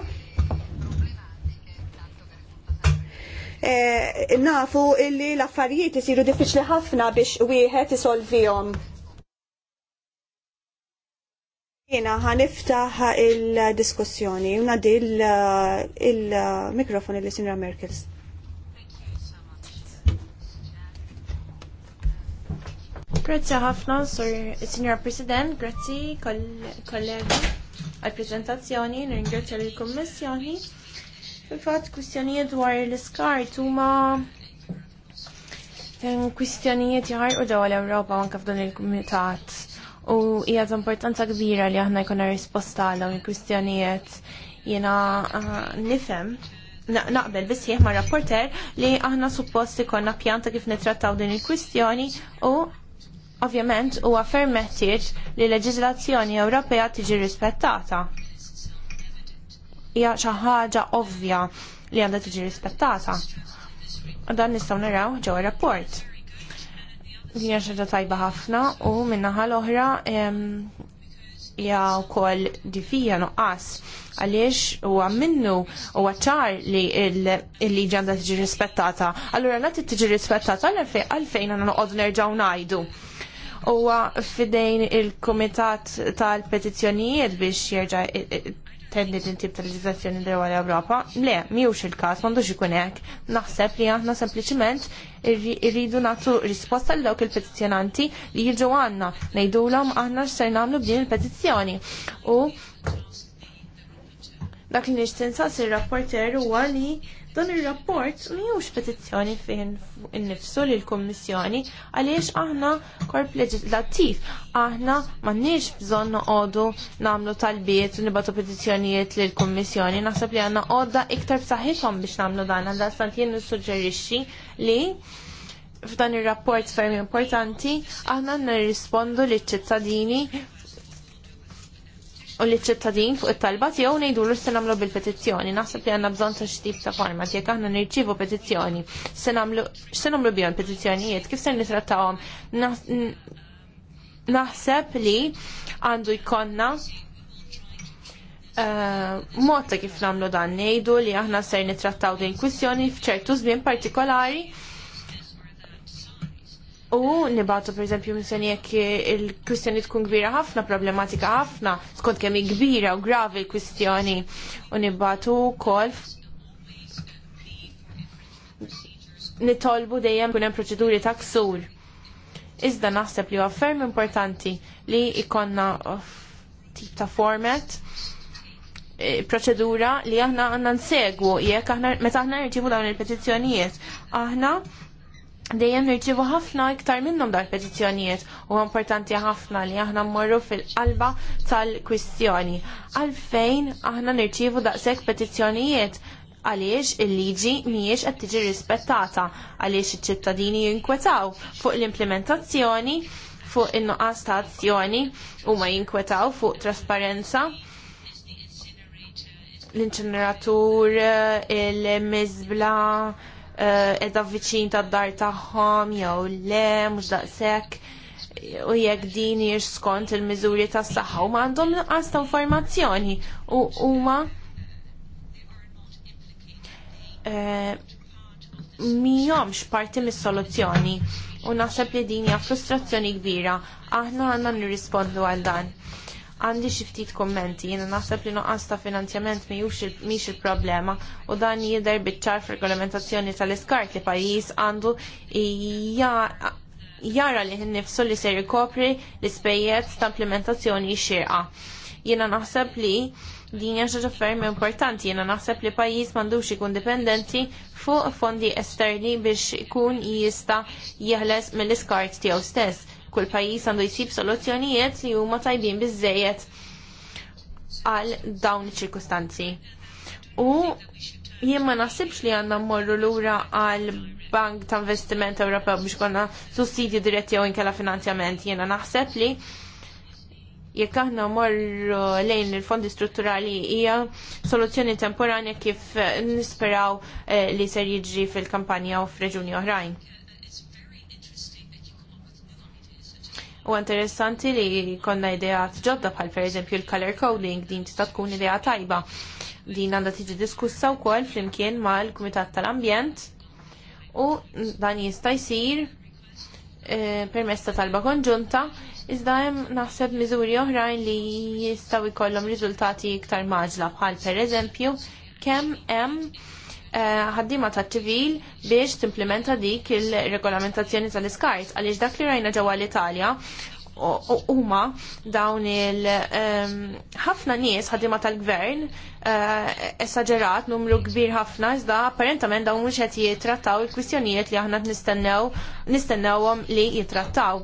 Eh, nafu illi l-affarijiet isiru diffiċli ħafna biex wieħed isolvihom. Jena ħaniftaħ il-diskussjoni, unadi il-mikrofon il sinra Merkels. Grazie ħafna, Signor President, grazie kollega għal-prezentazzjoni, ringrazzja l-Kommissjoni. Fil-fatt kwistjonijiet dwar l-iskart huma kwistjonijiet jħarqu dawn l-Ewropa anke f'dan il-kumitat u hija ta' importanza kbira li aħna jkollna risposta għal dawn il-kwistjonijiet jiena ah, nifhem naqbel biss jieħ ma' rapporter li aħna suppost ikonna pjanta kif nitrattaw din il-kwistjoni u ovvjament huwa fermettiġ li leġiżlazzjoni Ewropea tiġi rispettata hija xi ħaġa ovvja li għandha tiġi rispettata. Dan nistgħu naraw ġewwa rapport. Hija xaġa tajba ħafna u min-naħa l-oħra hija wkoll difija nuqqas għaliex huwa minnu huwa ċar li l-liġi għandha tiġi rispettata. Allura nagħti tiġi rispettata għalfejn għandna noqogħdu nerġgħu ngħidu. Huwa fidejn il-Kumitat tal-Petizzjonijiet biex jerġa' tendi din tip ta' leġiżlazzjoni l Ewropa. Le, miħux il-każ, m'għandux ikun hekk. Naħseb li aħna sempliciment irridu nagħtu risposta l dawk il-petizzjonanti li jiġu għandna ngħidulhom aħna x'ser nagħmlu b'din il-petizzjoni. U dak li nixtinsas ir rapporter huwa li Dan ir-rapport mhijiex petizzjoni fejn innifsu lil kummissjoni għaliex aħna korp leġislattiv. Aħna m'għandniex bżonn noqogħdu nagħmlu talbiet u nibgħatu petizzjonijiet lil kummissjoni. Naħseb li għandna għodda iktar b'saħħithom biex nagħmlu dan għal dastant jien nissuġġerixxi li f'dan ir-rapport ferm importanti aħna nirrispondu liċ ċittadini u li ċittadin fuq it-talba tiegħu ngħidulu se nagħmlu bil-petizzjoni. Naħseb li għandna bżonn ta' xtip ta' format jekk aħna nirċievu petizzjoni. Se nagħmlu x'se bihom petizzjonijiet, kif se nittrattawhom. Naħseb li għandu jkollna eh, mod ta' kif nagħmlu dan ngħidu li aħna ser nittrattaw din kwistjoni f'ċertu żmien partikolari U nibatu per eżempju minn jekk il-kwistjoni tkun kbira ħafna, problematika ħafna, skont kemm kbira u gravi l-kwistjoni. U nibatu wkoll nitolbu dejjem kun hemm proċeduri ta' ksur. Iżda naħseb li huwa ferm importanti li ikonna tip ta' format e, proċedura li aħna għanna nsegwu jekk aħna meta aħna nirċivu dawn il-petizzjonijiet aħna dejjem nirċivu ħafna iktar minnhom dal petizzjonijiet u importanti ħafna li aħna mmorru fil-qalba tal-kwistjoni. Għalfejn aħna nirċivu daqshekk petizzjonijiet għaliex il-liġi mhijiex qed tiġi rispettata, għaliex iċ-ċittadini jinkwetaw fuq l-implementazzjoni, fuq in-nuqqas ta' azzjoni huma jinkwetaw fuq trasparenza l-inċineratur, il-mizbla, Eh, edha viċin ta' dar taħħom jew le, mux daqsek u jekk din skont il-miżuri tas saħħa u ma għandhom nuqqas ta' informazzjoni u huma eh, miħomx parti mis-soluzzjoni u naħseb li din hija frustrazzjoni kbira aħna għandna nirrispondu għal dan għandi xi ftit kommenti, jiena naħseb li noqqas ta' finanzjament mhijiex il-problema u dan jidher biċ-ċar f'regolamentazzjoni tal-iskart li pajjiż għandu jara li nnifsu li se jkopri l-ispejjeż ta' implementazzjoni xirqa. Jiena naħseb li din hija xi ferm importanti, jiena naħseb li pajjiż m'għandux ikun dipendenti fuq fondi esterni biex ikun jista' jeħles mill-iskart tiegħu stess kull pajjiż għandu jisib soluzzjonijiet li huma tajbin biżejjed għal dawn iċ-ċirkustanzi. U jien ma naħsibx li għandna mmorru lura għal Bank ta' Investiment Ewropew biex konna sussidju diretti jew inkella finanzjament. Jiena naħseb li jekk aħna morru lejn il-fondi strutturali hija soluzzjoni temporanja kif nisperaw eh, li ser jiġri fil-kampanja u f'reġuni oħrajn. U interessanti li konna ideat ġodda bħal per eżempju il-color coding din tista' tkun idea tajba. Din għandha tiġi diskussa wkoll flimkien mal-Kumitat tal-Ambjent u dan jista' jsir eh, permess ta' talba konġunta iżda hemm naħseb miżuri oħrajn li jistgħu jkollhom riżultati iktar maġla bħal per eżempju kemm hemm ħaddima ta' ċivil biex timplementa dik il-regolamentazzjoni tal-iskart għaliex dak li rajna ġewwa l-Italja huma dawn il ħafna nies ħaddima tal-gvern eh, esagerat numru kbir ħafna iżda apparentament dawn mhux qed jittrattaw il-kwistjonijiet li aħna nistennew nistennewhom li jittrattaw.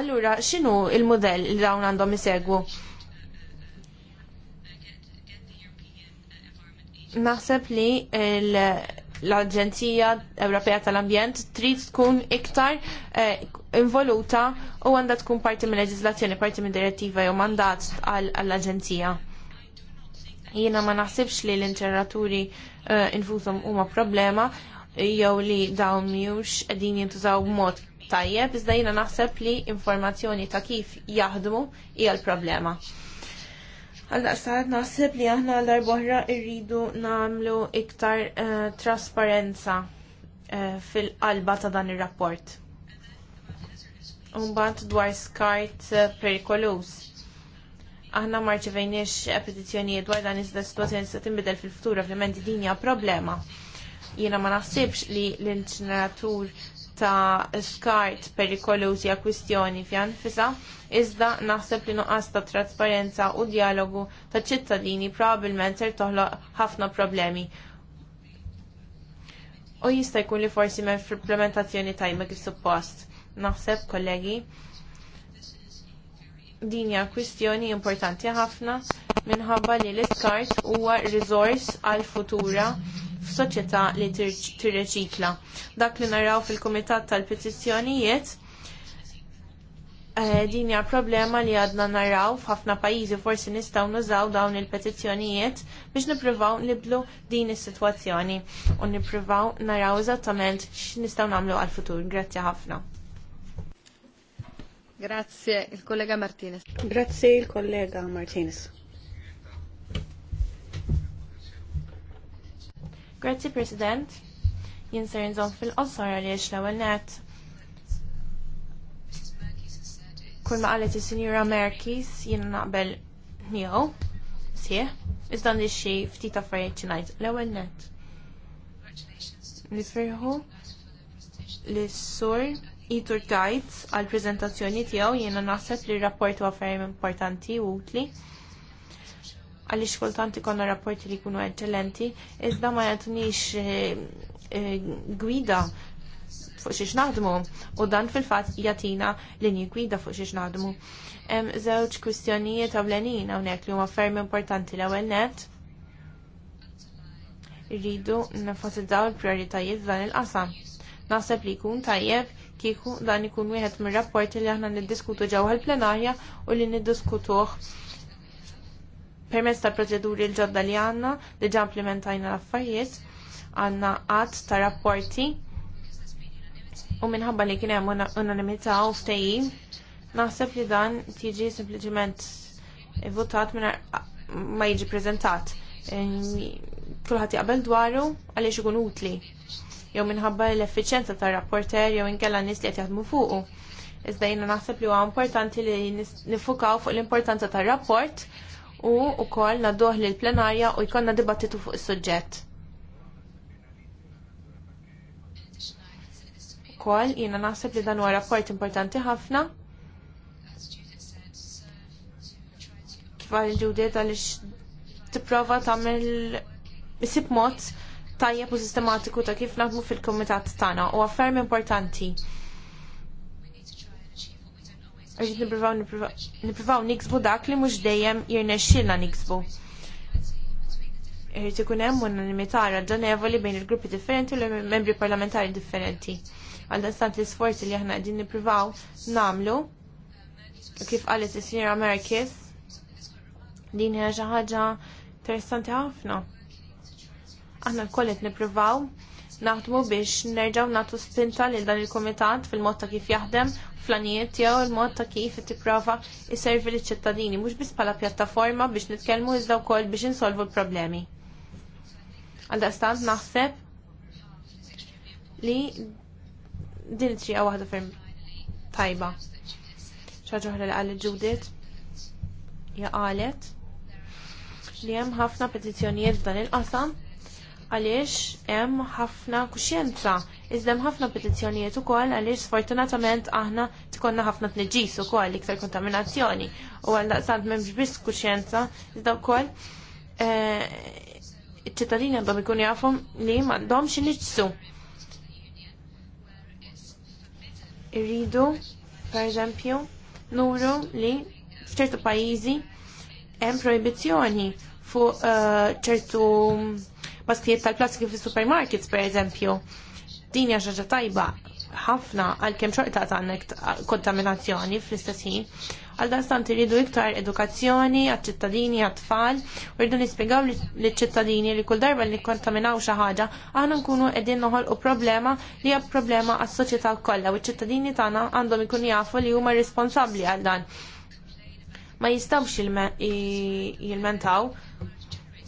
Allura, x'inhu il mudell li dawn għandhom isegwu? naħseb li l-Aġenzija Ewropea tal-Ambjent trid tkun iktar eh, involuta u għandha tkun parti minn leġislazzjoni, parti minn direttiva jew mandat għall-Aġenzija. Jiena ma naħsibx li l-interraturi eh, infushom huma problema jew li dawn mhux qegħdin jintużaw b'mod tajjeb, iżda jiena naħseb li informazzjoni ta' kif jaħdmu hija l-problema. Għalda daqsad naħseb li aħna l-arbohra irridu namlu iktar uh, trasparenza uh, fil-qalba ta' dan ir-rapport. Umbat dwar skart uh, perikolus. Aħna marċivejniex petizjoni dwar dan iżda situazzjoni se tinbidel fil-futur, ovvjament din hija problema. Jiena ma naħsibx li l-inċineratur ta' skart perikolużi għal kwistjoni fjan fisa, iżda naħseb li nuqqas ta' trasparenza u dialogu ta' ċittadini probabbilment ser toħloq ħafna problemi. U jista' jkun li forsi minn implementazzjoni tajma kif suppost. Naħseb, kollegi, din hija kwistjoni importanti ħafna minħabba li l-iskart huwa riżors għal futura f'soċjetà li tirreċikla. Dak li naraw fil-Kumitat tal-Petizzjonijiet eh, din hija problema li għadna naraw f'ħafna pajjiżi forsi nistgħu nużaw dawn il-petizzjonijiet biex nippruvaw niblu din is-sitwazzjoni u nippruvaw naraw eżattament x'nistgħu nagħmlu għall-futur. Grazzi ħafna. Grazie, il-kollega Martinez. Grazie, il-kollega Martinez. Grazzi President, jinser nżom fil-qosor għaliex l-ewwel net. Kull ma qalet is-Sinjura Merkis jiena naqbel nieħu sieħ, iżda li xi ftit affarijiet xi ngħid l-ewwel net. Nifirħu li sur itur tajt għal prezentazzjoni tiegħu jiena naħseb li rapport huwa ferm importanti u utli għaliex kultant ikonna rapporti li jkunu eċċellenti, iżda ma jagħtunix eh, eh, gwida fuq xiex naħdmu u dan fil-fatt jatina linji gwida fuq xiex naħdmu. Hemm żewġ kwistjonijiet għawnek hawnhekk li huma ferm importanti l-ewwel rridu Irridu nenfasizzaw il-prijoritajiet dan il-qasam. Naħseb li jkun tajjeb kieku dan ikun wieħed mir-rapporti li aħna niddiskutu ġewwa l-plenarja u li niddiskutuh permezz tal-proċeduri l-ġodda li għanna, diġa implementajna l-affarijiet, għanna għat ta' rapporti u minħabba li kien hemm unanimità u ftehim, naħseb li dan tiġi sempliċement votat minna ma jiġi prezentat. Kulħadd jaqbel dwaru għaliex ikun utli. Jew minħabba l-effiċenza tar-rapporter jew inkella nies li qed jaħdmu fuqu. Iżda jiena naħseb li huwa importanti li nifukaw fuq l-importanza tar-rapport u wkoll nadduh lill plenarja u jkollna dibattitu fuq is-suġġett. Ukoll jiena naħseb li dan huwa rapport importanti ħafna. Kif għal ġudiet għaliex tipprova tagħmel isib mod tajjeb u sistematiku ta' kif naħdmu fil-kumitat tagħna u affermi importanti. Għax niprivaw niksbu dak li mhux dejjem jirnexxilna niksbu. Irrid ikun hemm unanimità raġonevoli bejn il-gruppi differenti u l-membri parlamentari differenti. Għal dastant l-isforzi li aħna qegħdin nippruvaw nagħmlu kif qalet is-Sinjora Merkis din hija xi ħaġa interessanti ħafna. Aħna l-kollet nippruvaw naħdmu biex nerġaw natu spinta lil dan il-komitat fil-mod ta' kif jaħdem flanijiet jew il-mod ta' kif tipprova jservi l-ċittadini mhux biss bħala pjattaforma biex nitkellmu iżda wkoll biex insolvu l-problemi. Għaldaqstant naħseb li din it-triqa waħda ferm tajba. ċaġa oħra li qalet Judith ja qalet li hemm ħafna petizzjonijiet f'dan il-qasam għaliex hemm ħafna kuxjenza. Iżda hemm ħafna petizzjonijiet ukoll għaliex sfortunatament aħna tkollna ħafna tniġis ukoll iktar kontaminazzjoni. U għal daqsant m'hemmx biss kuxjenza, iżda wkoll eh, iċ-ċittadini għandhom ikunu jafhom li m'għandhomx iniġsu. Irridu, pereżempju, nuru li f'ċertu pajjiżi hemm proibizzjoni fuq eh, ċertu uh, baskijiet tal-plastiki fis supermarkets per eżempju. Din hija ħaġa tajba ħafna għalkemm xorta għandek kontaminazzjoni fl istessin ħin. Għal dastant iridu iktar edukazzjoni għal ċittadini għat-tfal u rridu nispjegaw liċ-ċittadini li kull darba li kontaminaw xi ħaġa nkunu nkunu qegħdin noħolqu problema li hija problema għas-soċjetà kollha u ċ-ċittadini tagħna għandhom ikunu jafu li huma responsabbli għal dan ma jistawx jilmentaw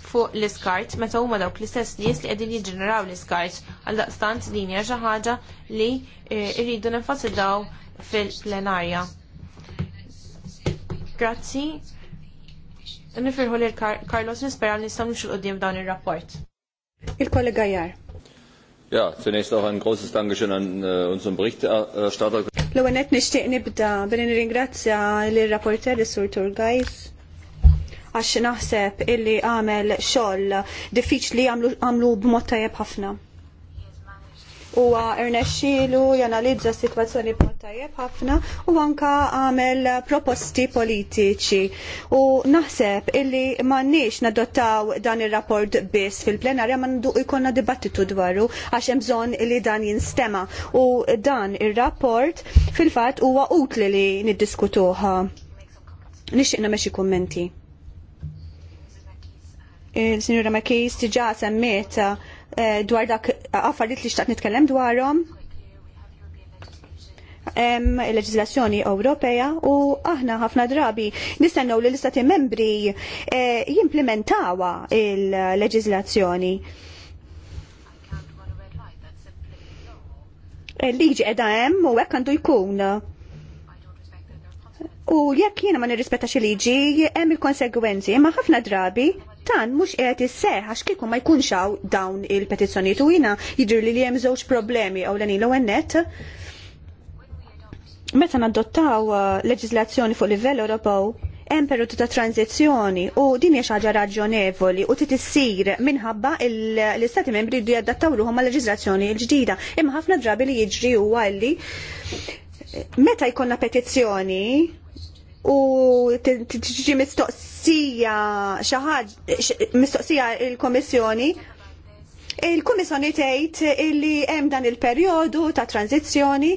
fuq l-iskart meta huma dawk l-istess nies li qegħdin jiġġeneraw l-iskart għal daqstant din hija xi ħaġa li eh, rridu nenfasizzaw fil-plenarja. Grazzi. Nifirħu lil Carlos nispera li nistgħu nixu qudiem dan ir-rapport. Il-kollega Jar. Ja, zunächst auch ein großes Dankeschön an uh, unseren Berichterstatter. L-għanet nishtiq nibda bil-ringrazzja l-rapporter, s-sur Turgajs għax naħseb illi għamel xogħol diffiċli għamlu b'mod tajjeb ħafna. Huwa irnexxielu janalizza s-sitwazzjoni b'mod tajjeb ħafna u anka għamel proposti politiċi. U naħseb illi m'għandniex nadottaw dan ir-rapport biss fil-plenarja ma nduq ikonna dibattitu dwaru għax hemm bżonn li dan jinstema' u dan ir-rapport fil-fatt huwa utli li niddiskutuha nixtieq meċi xi kummenti il-Sinjura Makis diġà semmiet eh, dwar dak affarijiet li xtaqt nitkellem dwarhom hemm leġislazzjoni Ewropea u aħna ħafna drabi nistennew li l-istati membri eh, jimplementawa il-leġislazzjoni. Liġi edha hemm u hekk għandu jkun. U jekk jiena ma nirrispettax il-liġi hemm il-konsegwenzi, imma ħafna drabi dan mhux qed isseħ għax kieku ma jkunx hawn dawn il-petizzjonijiet u jiena li li hemm żewġ problemi għaw l għennet. Meta nadottaw uh, leġizlazzjoni fuq livell Ewropew hemm periodu ta' tranzizzjoni u din hija xi ħaġa raġonevoli u tit issir minħabba l-istati membri jdu jadattaw ruhom mal leġizlazzjoni l-ġdida. Imma ħafna drabi li jiġri huwa li meta jkollna petizzjoni u tiġi mistoqs mistoqsija xaħġ, mistoqsija il-Komissjoni il komissjoni tgħid illi hemm dan il-perjodu ta' tranzizzjoni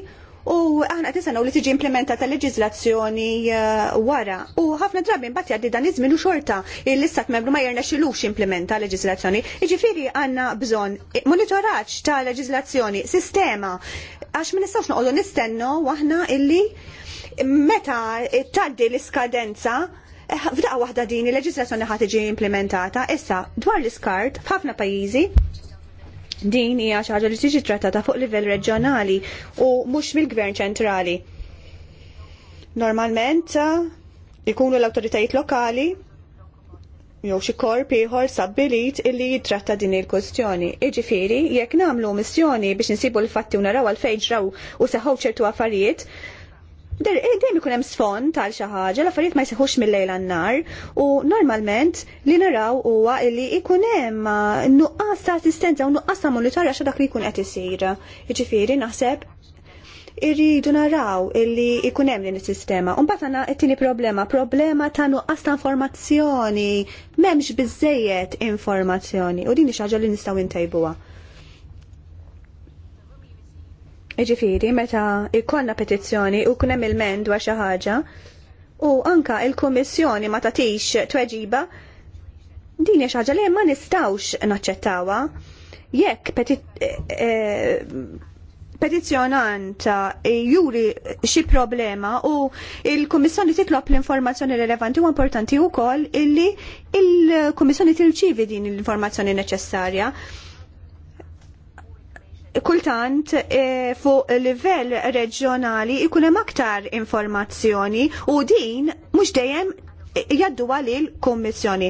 u aħna qed nistennew li tiġi implementata leġiżlazzjoni uh, wara. U ħafna drabi mbagħad jgħaddi dan iż żmienu u xorta l-istat membru ma jirnexxilux implementa leġiżlazzjoni. Jiġifieri għandna bżonn monitoraġġ ta' leġiżlazzjoni, sistema għax ma nistgħux noqogħdu nistennew aħna illi meta tgħaddi l-iskadenza Eh, f'daqqa waħda din il-leġislazzjoni ħad tiġi implementata, issa dwar l-iskart f'ħafna pajjiżi din hija xi ħaġa li tiġi trattata fuq livell reġjonali u mhux mill-gvern ċentrali. Normalment eh, ikunu l-awtoritajiet lokali jew xi korp ieħor sabbilit illi jitratta din il-kwestjoni. Iġifieri, jekk nagħmlu missjoni biex insibu l-fatti u naraw għalfejn ġraw u seħħu ċertu affarijiet, Eh, dejjem ikun hemm sfond tal xi ħaġa, l-affarijiet ma jseħux mill-lejl għan-nar u normalment li naraw huwa li ikun hemm eh, nuqqas ta' assistenza u nuqqas ta' monitor xa dak li jkun qed isir. Jiġifieri naħseb irridu naraw illi ikun hemm din is-sistema. U mbagħad għandna t-tieni problema, problema ta' nuqqas ta' informazzjoni, m'hemmx biżejjed informazzjoni u din xi ħaġa li nistgħu intajbuha. iġifiri, meta ikonna petizzjoni u kunem il-mend wa xi ħaġa u anka il-Kummissjoni ma tatix tweġiba, din hija ħaġa li ma nistawx naċċettawha. Jekk eh, eh, petizzjonant juri xi problema u il-Kummissjoni titlob l-informazzjoni rilevanti u importanti wkoll illi il-Kummissjoni tilċivi din l-informazzjoni neċessarja kultant e, fuq livell reġjonali ikun hemm aktar informazzjoni u din mhux dejjem jaddu għalil kummissjoni.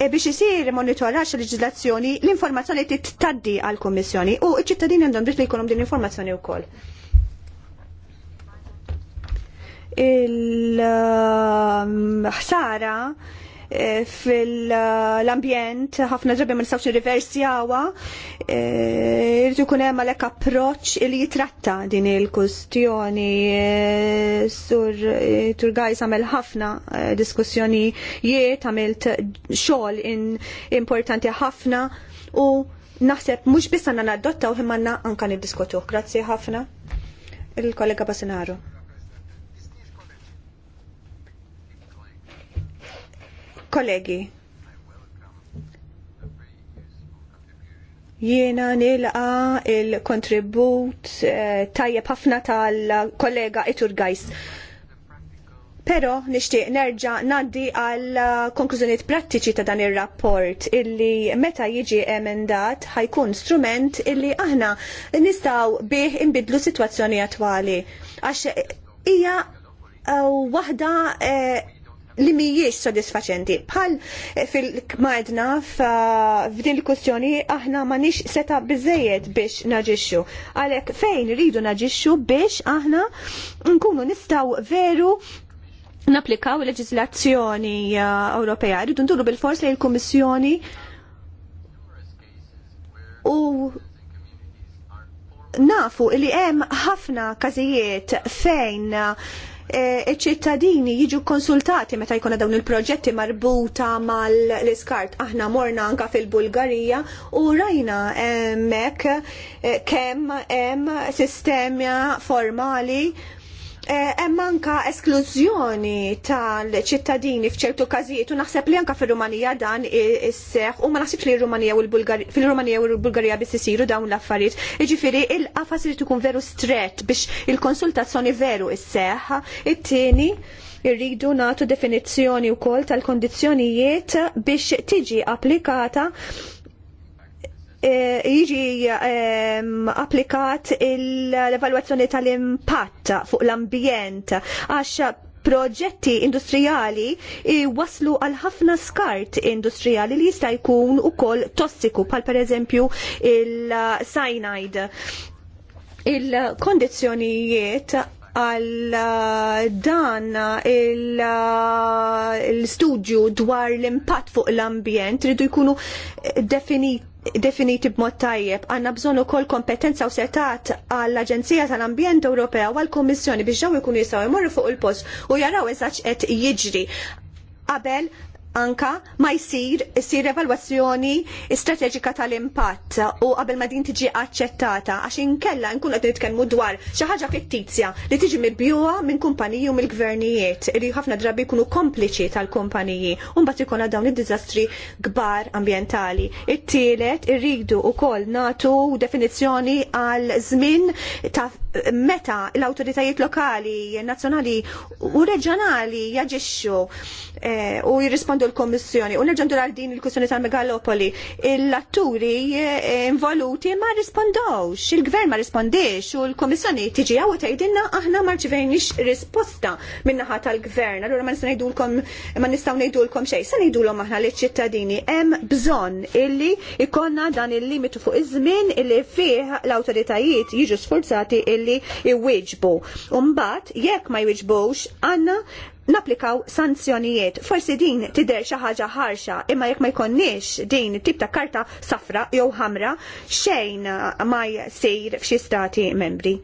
E biex isir monitorax leġislazzjoni l-informazzjoni tittaddi għal kummissjoni u ċ-ċittadini għandhom dritt li jkunhom din l-informazzjoni wkoll. Il-ħsara um, uh, Eh, fil-ambjent ħafna drabi ma nistawx għawa, eh, Irridu kun hemm għalhekk approċċ li jitratta din il-kustjoni. Eh, Sur Turgajs għamel ħafna diskussjonijiet, għamilt xogħol importanti ħafna u naħseb mhux biss għandna nadottaw imma anka niddiskutuh. Grazzi ħafna il-kollega Basinaru. Kollegi, jiena nilqa il-kontribut eh, tajjeb ħafna tal-kollega Itur Gajs. Pero nixtieq nerġa' ngħaddi għal konklużjonijiet prattiċi ta' dan ir-rapport illi meta jiġi emendat ħajkun strument illi aħna nistgħu bih inbidlu sitwazzjoni attwali. Għax hija eh, waħda eh, li jiex sodisfaċenti. Bħal eh, fil-kmajdna f'din il-kustjoni aħna ma nix seta bizzejiet biex naġixxu. Għalek fejn rridu naġixxu biex aħna nkunu nistaw veru naplikaw leġizlazzjoni eh, Ewropea. Rridu nduru bil-fors li l-Kummissjoni u nafu li hemm ħafna każijiet fejn E, ċittadini jiġu konsultati meta jkollna dawn il-proġetti marbuta mal-iskart. Aħna morna anka fil-Bulgarija u rajna hemmhekk e, kemm hemm sistema formali Eh, hemm anka esklużjoni tal-ċittadini f'ċertu każijiet u naħseb li anka fir-Rumanija dan isseħ u ma naħsibx li r-Rumanija u l fil-Rumanija u l-Bulgarija biss isiru dawn l-affarijiet. Jiġifieri il-qafas irid ikun veru strett biex il-konsultazzjoni veru isseħ. It-tieni irridu nagħtu definizzjoni wkoll tal-kondizzjonijiet biex tiġi applikata Eh, jiġi ehm, applikat l-evalwazzjoni tal-impatt fuq l-ambjent għax proġetti industrijali waslu għal ħafna skart industrijali li jista' jkun ukoll tossiku bħal pereżempju il-cyanide il-kondizzjonijiet għal eh, dan il-studju eh, il eh, dwar l-impatt fuq l-ambjent ridu jkunu definiti definiti b'mod tajjeb. Għanna bżon ukoll kompetenza u setat għall-Aġenzija tal-Ambjent Ewropea u għall-Kommissjoni biex ġew ikunu jistgħu jmorru fuq il-post u jaraw eżaċ qed jiġri qabel anka ma jsir isir evalwazzjoni strateġika tal-impatt u qabel ma din tiġi aċċettata għax inkella nkun qed nitkellmu dwar xi ħaġa fittizja li tiġi mibjuha minn kumpaniji u mill-gvernijiet li ħafna drabi jkunu kompliċi tal-kumpaniji u mbagħad ikolna dawn id-diżastri kbar ambjentali. It-tielet irridu wkoll nagħtu definizzjoni għal żmien ta' meta l-awtoritajiet lokali, nazzjonali u reġjonali jaġixxu eh, u jirrispondu għandu l-Kommissjoni u nerġandu għal din il-kwistjoni tal-Megalopoli, l-atturi eh, involuti ma rispondawx, il-gvern ma rispondiex u l-Kommissjoni tiġi għaw tgħidilna aħna ma rċivejniex risposta minnaħa tal-gvern. Allura ma nistgħu ngħidulkom ma nistgħu ngħidulkom xejn, se ngħidulhom aħna li ċittadini hemm bżonn illi ikonna dan il-limitu fuq iż-żmien illi fih l-awtoritajiet jiġu sforzati illi iwieġbu. Umbagħad jekk ma jwieġbux għandna naplikaw sanzjonijiet. Forsi din tidher xi ħaġa ħarxa, imma jekk ma jkunniex din tip ta' karta safra jew ħamra xejn ma jsir f'xi stati membri.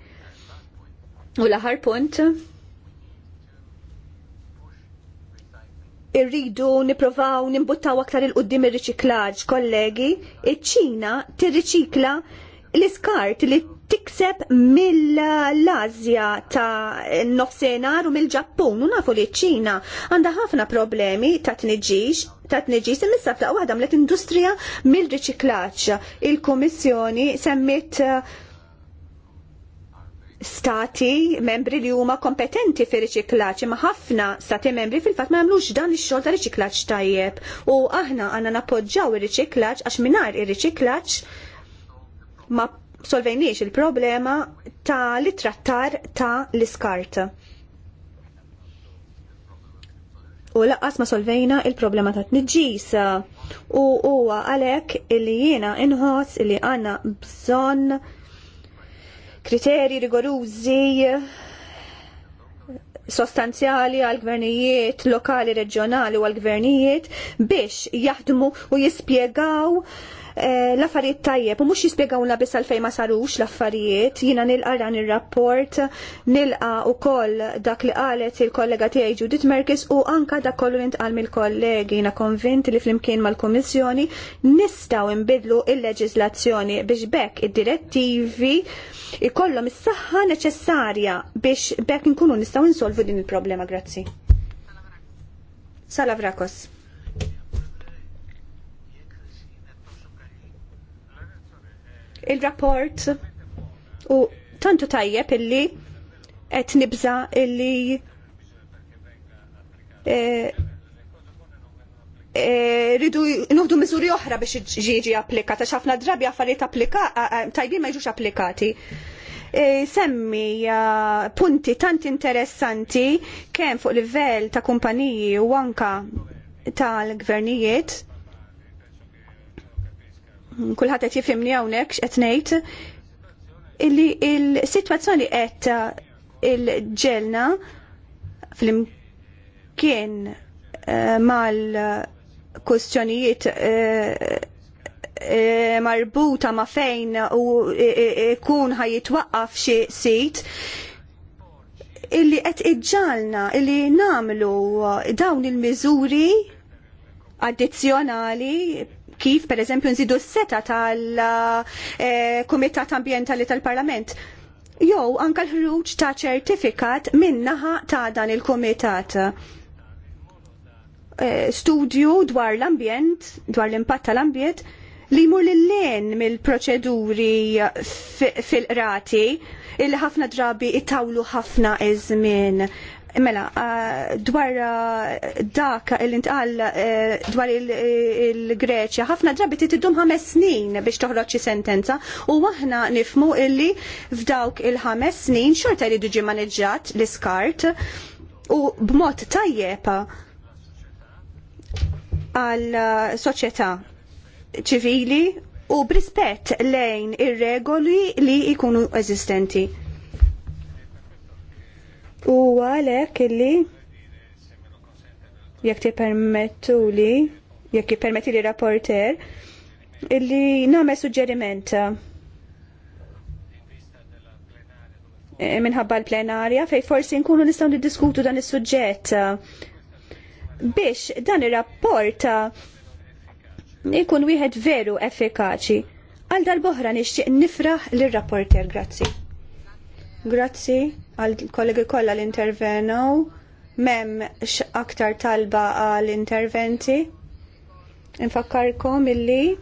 U l-aħħar punt irridu niprovaw nimbuttaw aktar il-qoddim ir-riċiklaġġ, kollegi, iċ-Ċina tirriċikla l-iskart li tikseb mill-Azja ta' nofsenar u mill-Ġappun u nafu li ċina għandha ħafna problemi ta' tniġġix ta' tniġġis imissa f'laq waħda mlet industrija mill-riċiklaġġ. Il-Kummissjoni semmit uh, stati membri li huma kompetenti fir riċiklaġġ imma ħafna stati membri fil-fatt ma jagħmlux dan ix-xogħol ta' riċiklaġġ tajjeb u aħna għandna nappoġġjaw ir-riċiklaġġ għax mingħajr ir-riċiklaġġ ma solvejniex il-problema ta' li trattar ta' l-iskart. U laqqas ma solvejna il-problema ta' t-nġis. U huwa għalek illi jiena inħoss li għanna bżon kriteri rigorużi sostanzjali għal gvernijiet lokali, reġjonali u għal gvernijiet biex jaħdmu u jispjegaw Eh, l-affarijiet tajjeb u mhux jispjegawna biss għalfejn ma sarux l-affarijiet, jiena nilqa dan ir-rapport, nilqa wkoll dak li qalet il-kollega tiegħi Judith Merkis u anka dak kollu intqal mill-kollegi jiena konvint li flimkien mal-Kummissjoni nistgħu nbidlu il-leġiżlazzjoni biex bekk id-direttivi ikollhom is-saħħa neċessarja biex bekk nkunu nistgħu insolvu din il-problema, grazzi. Salavrakos. Il-rapport u tantu tajjeb illi qed nibża illi eh, eh, rridu nuħdu miżuri oħra biex ġiġi applikata, xafna drabi affarijiet applika, tajbin ma jġux applikati. Eh, semmi punti tant interessanti kemm fuq livell ta' kumpaniji u anka tal-gvernijiet kulħadd qed jifhimni hawnhekk x'qed ngħid illi l sitwazzjoni qed il-ġelna fl-imkien eh, mal-kustjonijiet eh, eh, marbuta ma' fejn u kun jitwaqqaf xi sit illi qed iġġalna illi namlu dawn il-miżuri addizzjonali kif per eżempju nżidu s-seta tal-Kumitat eh, Ambientali tal-Parlament. Jew anka l-ħruġ ta' ċertifikat min-naħa ta' dan il-Kumitat. Eh, studju dwar l-ambjent, dwar l-impatt tal-ambjent, li jmur l-len mill-proċeduri fil drabi il-ħafna drabi ittawlu ħafna iż-żmien Mela, dwar dak il-intqal dwar il-Greċja, ħafna drabi titiddum ħames snin biex toħroġ sentenza u aħna nifmu illi f'dawk il-ħames snin xorta li duġi maneġġat l-iskart u b'mod tajjeb għal soċjetà ċivili u brispett lejn ir-regoli li jkunu eżistenti. U għalek illi jekk ti permettu li, jekk permetti li rapporter, illi nagħmel suġġeriment eh, minħabba l-plenarja fej forsi nkunu nistgħu niddiskutu dan is-suġġett biex dan ir-rapport ikun wieħed veru effikaċi. Għal dal-boħra nixtieq nifraħ lir rapporter grazzi. Grazzi għal kollegi kollha li intervenu. Mem aktar talba għal interventi. Infakkarkom illi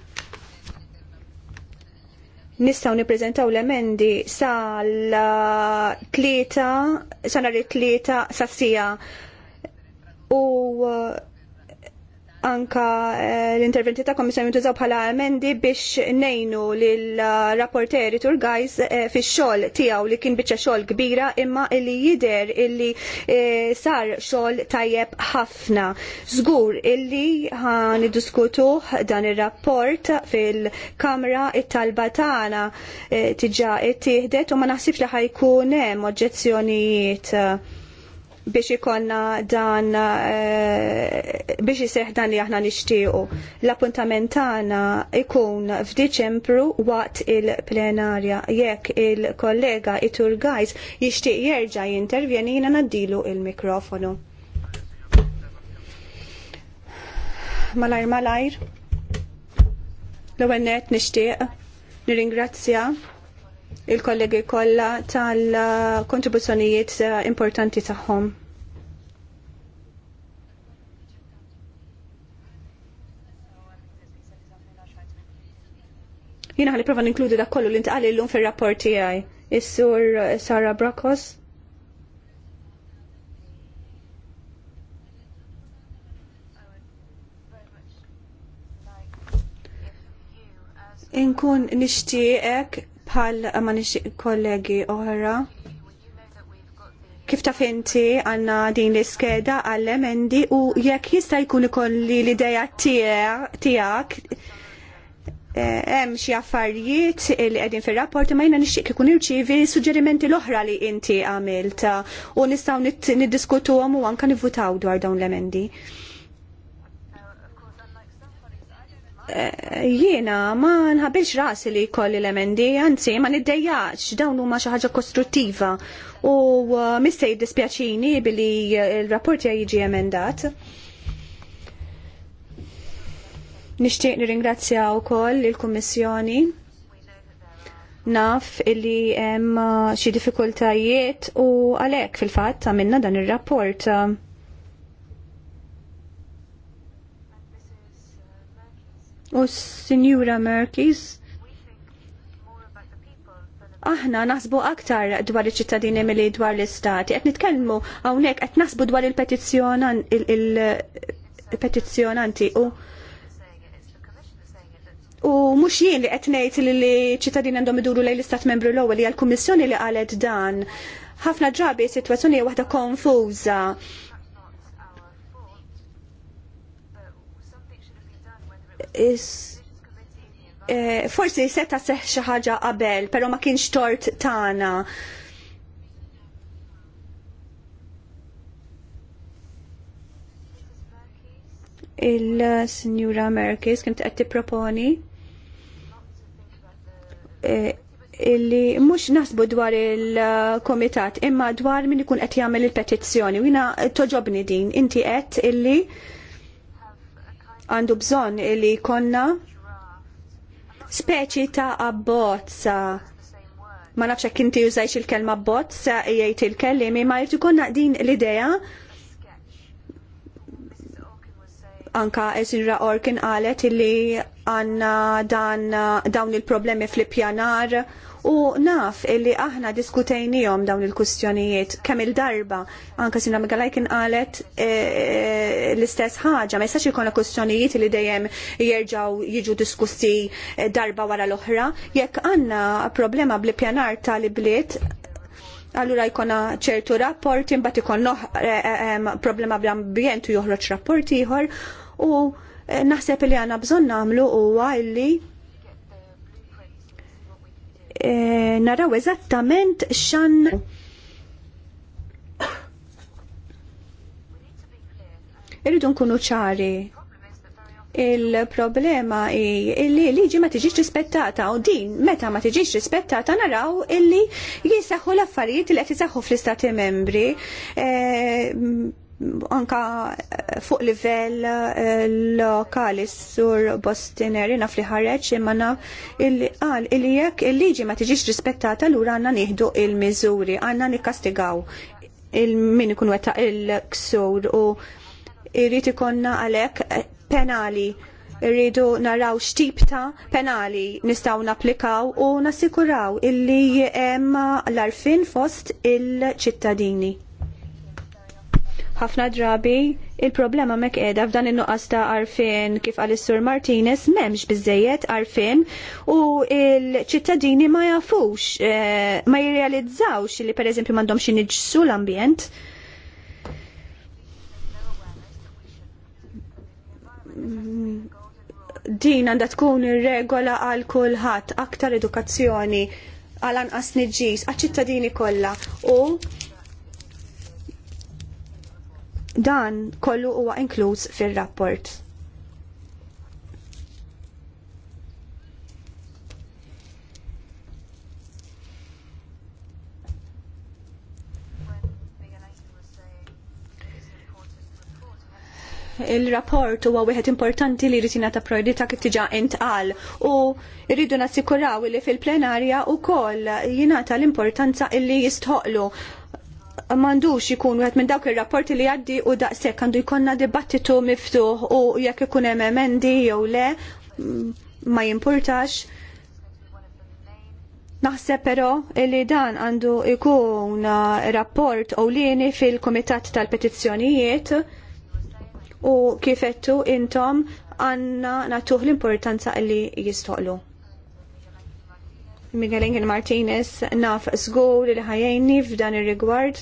nistaw niprezentaw l-emendi sal-tlieta, sa nhar it-tlieta sa' sija u anka eh, l-interventi ta' komissjoni tużaw bħala emendi biex nejnu l-rapporteri tur guys eh, fi xol tijaw li kien bieċa xol kbira imma illi jider eh, illi sar xol tajjeb ħafna. Zgur illi għan diskutu dan il-rapport fil-kamra it-talba tagħna tiġa it tihdet u ma naħsibx li ħajkunem hemm oġġezzjonijiet biex ikonna dan eh, biex iseħ dan li aħna nixtiequ. L-appuntament tagħna ikun f'Diċembru waqt il-plenarja jekk il-kollega Itur Gajs jixtieq jerġa' jintervjeni jiena naddilu il-mikrofonu. Malajr malajr. L-ewwel nett nixtieq nirringrazzja il-kollegi kollha tal-kontribuzzjonijiet eh, importanti tagħhom. Jina ħalli prova ninkludi dak kollu li intqali llum fir-rapport tiegħi. Is-sur Sara Brakos. Inkun nixtieq bħal manix kollegi oħra. Kif taf inti għanna din l-iskeda għall-emendi u jekk jista' jkun ikolli l-ideja tiegħek eh, hemm xi affarijiet li qegħdin fir-rapport ma jiena nixtieq ikun irċievi suġġerimenti l-oħra li inti għamilt u nistgħu niddiskutuhom u anke nivvutaw dwar dawn l-emendi. Eh, jiena ma nħabilx rasi li kolli l-emendi, anzi ma niddejjax dawn huma xi ħaġa kostruttiva u eh, mistej dispjaċini billi eh, il rapport jiġi emendat. Nixtieq nirringrazzja koll il-Kummissjoni naf illi hemm xi diffikultajiet u għalhekk fil-fatt għamilna dan ir-rapport. u Signora sinjura Merkis aħna naħsbu aktar dwar iċ-ċittadini milli dwar l-istati. Qed nitkellmu hawnhekk qed naħsbu dwar il-petizzjonanti u U mhux jien li qed ngħid li ċittadini għandhom iduru lejn l-istat membru l-ewwel hija l-Kummissjoni li qalet dan. Ħafna drabi situazzjoni hija waħda konfuża Eh, forsi seta seħ xi ħaġa qabel, però ma kienx tort tagħna. Il-Sinjura Merkis kien qed tipproponi eh, illi mhux naħsbu dwar il-komitat imma dwar min ikun qed jagħmel il-petizzjoni. Wina toġobni din, inti qed illi għandu bżonn li jkollna speċi ta' abbozza. Ma nafx hekk inti użajx il-kelma abbozza jgħid il-kellimi ma jgħajt konna din l-idea anka Ezra Orkin qalet illi għanna dan dawn il-problemi fl-pjanar u naf illi aħna diskutejnijom dawn il-kustjonijiet kemm il-darba anka sinna Migalaj kien qalet eh, eh, l-istess ħaġa ma jistax ikun kustjonijiet li dejjem jerġaw jiġu diskussi eh, darba wara l-oħra jekk għandna problema bl pjanar tal-ibliet Allura jkonna ċertu rapport, imbat ikon problema bl-ambjent u joħroġ rapport ieħor u naħseb li għandna bżonn nagħmlu huwa illi E, naraw eżattament xan. Irridu nkunu ċari il-problema i illi liġi ma tiġiġ rispettata u din meta ma tiġiġ rispettata naraw illi jisaxu l-affarijiet li qed fl-istati membri e, anka fuq livell eh, lokali sur Bostineri naf li ħareġ imma naf illi qal illi jekk il-liġi ma tiġix rispettata lura għandna nieħdu il-miżuri, għandna nikkastigaw il-min ikun weta il-ksur u irrid ikonna għalhekk penali irridu naraw x'tip ta' penali nistgħu napplikaw u nassikuraw illi hemm l-arfin fost il-ċittadini ħafna drabi il-problema mek edha f'dan il-nuqqas ta' arfin kif għal sur Martinez memx bizzejiet arfin u il-ċittadini ma jafux, eh, ma jirrealizzawx li per eżempju mandom iġsu l-ambjent. Din għanda tkun regola għal kulħadd aktar edukazzjoni għal anqas niġġis għal ċittadini kollha u Dan kollu huwa inkluż fir-rapport. il-rapport huwa wieħed importanti li jrid jingħata priorità kif diġà intqal u rridu nassikuraw li fil-plenarja wkoll jingħata l-importanza illi jistħoqlu mandux ikun wieħed minn dawk ir-rapporti li għaddi u daqshekk għandu jkollna dibattitu miftuħ u jekk ikun hemm emendi jew le mm, ma jimpurtax. Naħseb però li dan għandu jkun rapport ewlieni fil-Kumitat tal-Petizzjonijiet u kifettu intom għanna natuħ l-importanza li jistoqlu. Miguel Engel Martinez naf zgur li ħajjeni f'dan ir-rigward.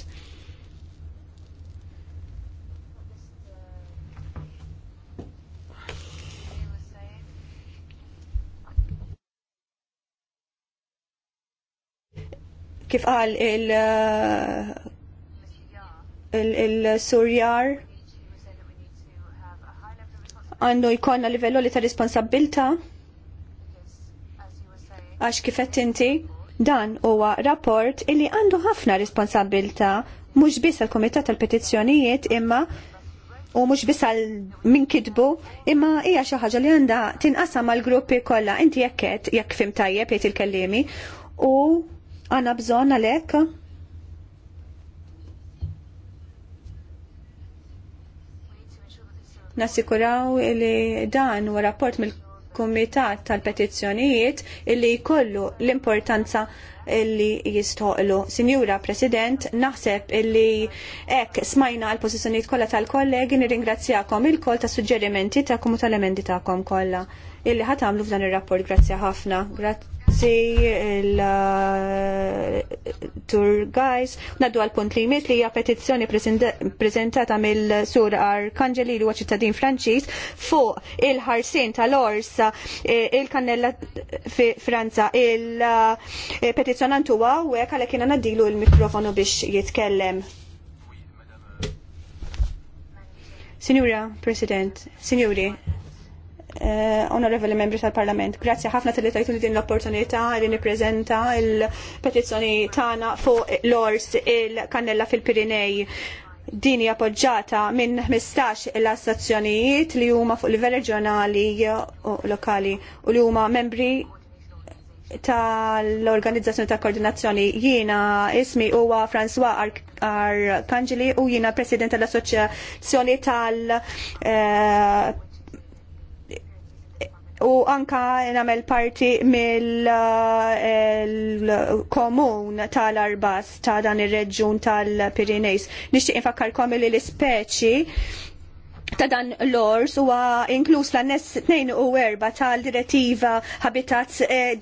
kif qal il uh, il-surjar għandu jkollna livello li ta' responsabilta' għax kifet inti dan huwa rapport illi għandu ħafna responsabilta mhux biss għall-Kumitat tal-Petizzjonijiet imma u mhux biss għal min kitbu imma hija xi ħaġa li għandha tinqasam mal gruppi kollha inti jekk qed jekk fim tajjeb jgħid il-kellimi u għandna bżonn għalhekk nassikuraw li dan u rapport mill kumitat tal-petizzjonijiet illi jkollu l-importanza illi jistoqlu. Sinjura President, naħseb illi ek smajna l-pozizjoniet kollha tal-kollegi nirringrazzjakom il koll ta' suġġerimenti ta'kom u tal-emendi ta'kom kollha illi ħatamlu f'dan ir-rapport. Grazzja ħafna. Grazzi il uh, tour guys. Naddu għal punt li jmiss li hija petizzjoni preżentata mill-sur Arkangeli li huwa ċittadin Franċiż fuq il-ħarsin tal-ors e, il-kannella fi Franza. Il-petizzjonant uh, huwa hekk għalhekk jiena nadilu il-mikrofonu biex jitkellem. Signora President, Signori, Eh, onorevoli membri tal-Parlament, grazzi ħafna tal-li tajtuni din l-opportunità li niprezenta il-petizzjoni tana fuq l-ors il-kannella fil-Pirinej din hija minn 15 l-assazzjonijiet li huma fuq livell reġjonali u lokali u li huma membri tal-organizzazzjoni ta' koordinazzjoni jiena ismi huwa François Kangeli u jiena president tal-assoċjazzjoni tal- eh, u anka namel parti mill-komun eh, tal-Arbas ta' dan ir-reġjun tal-Pirinejs. Nixtieq infakkarkom li l-ispeċi ta' dan l-ors huwa inkluż l u 42 tal-direttiva Habitat 92 eh,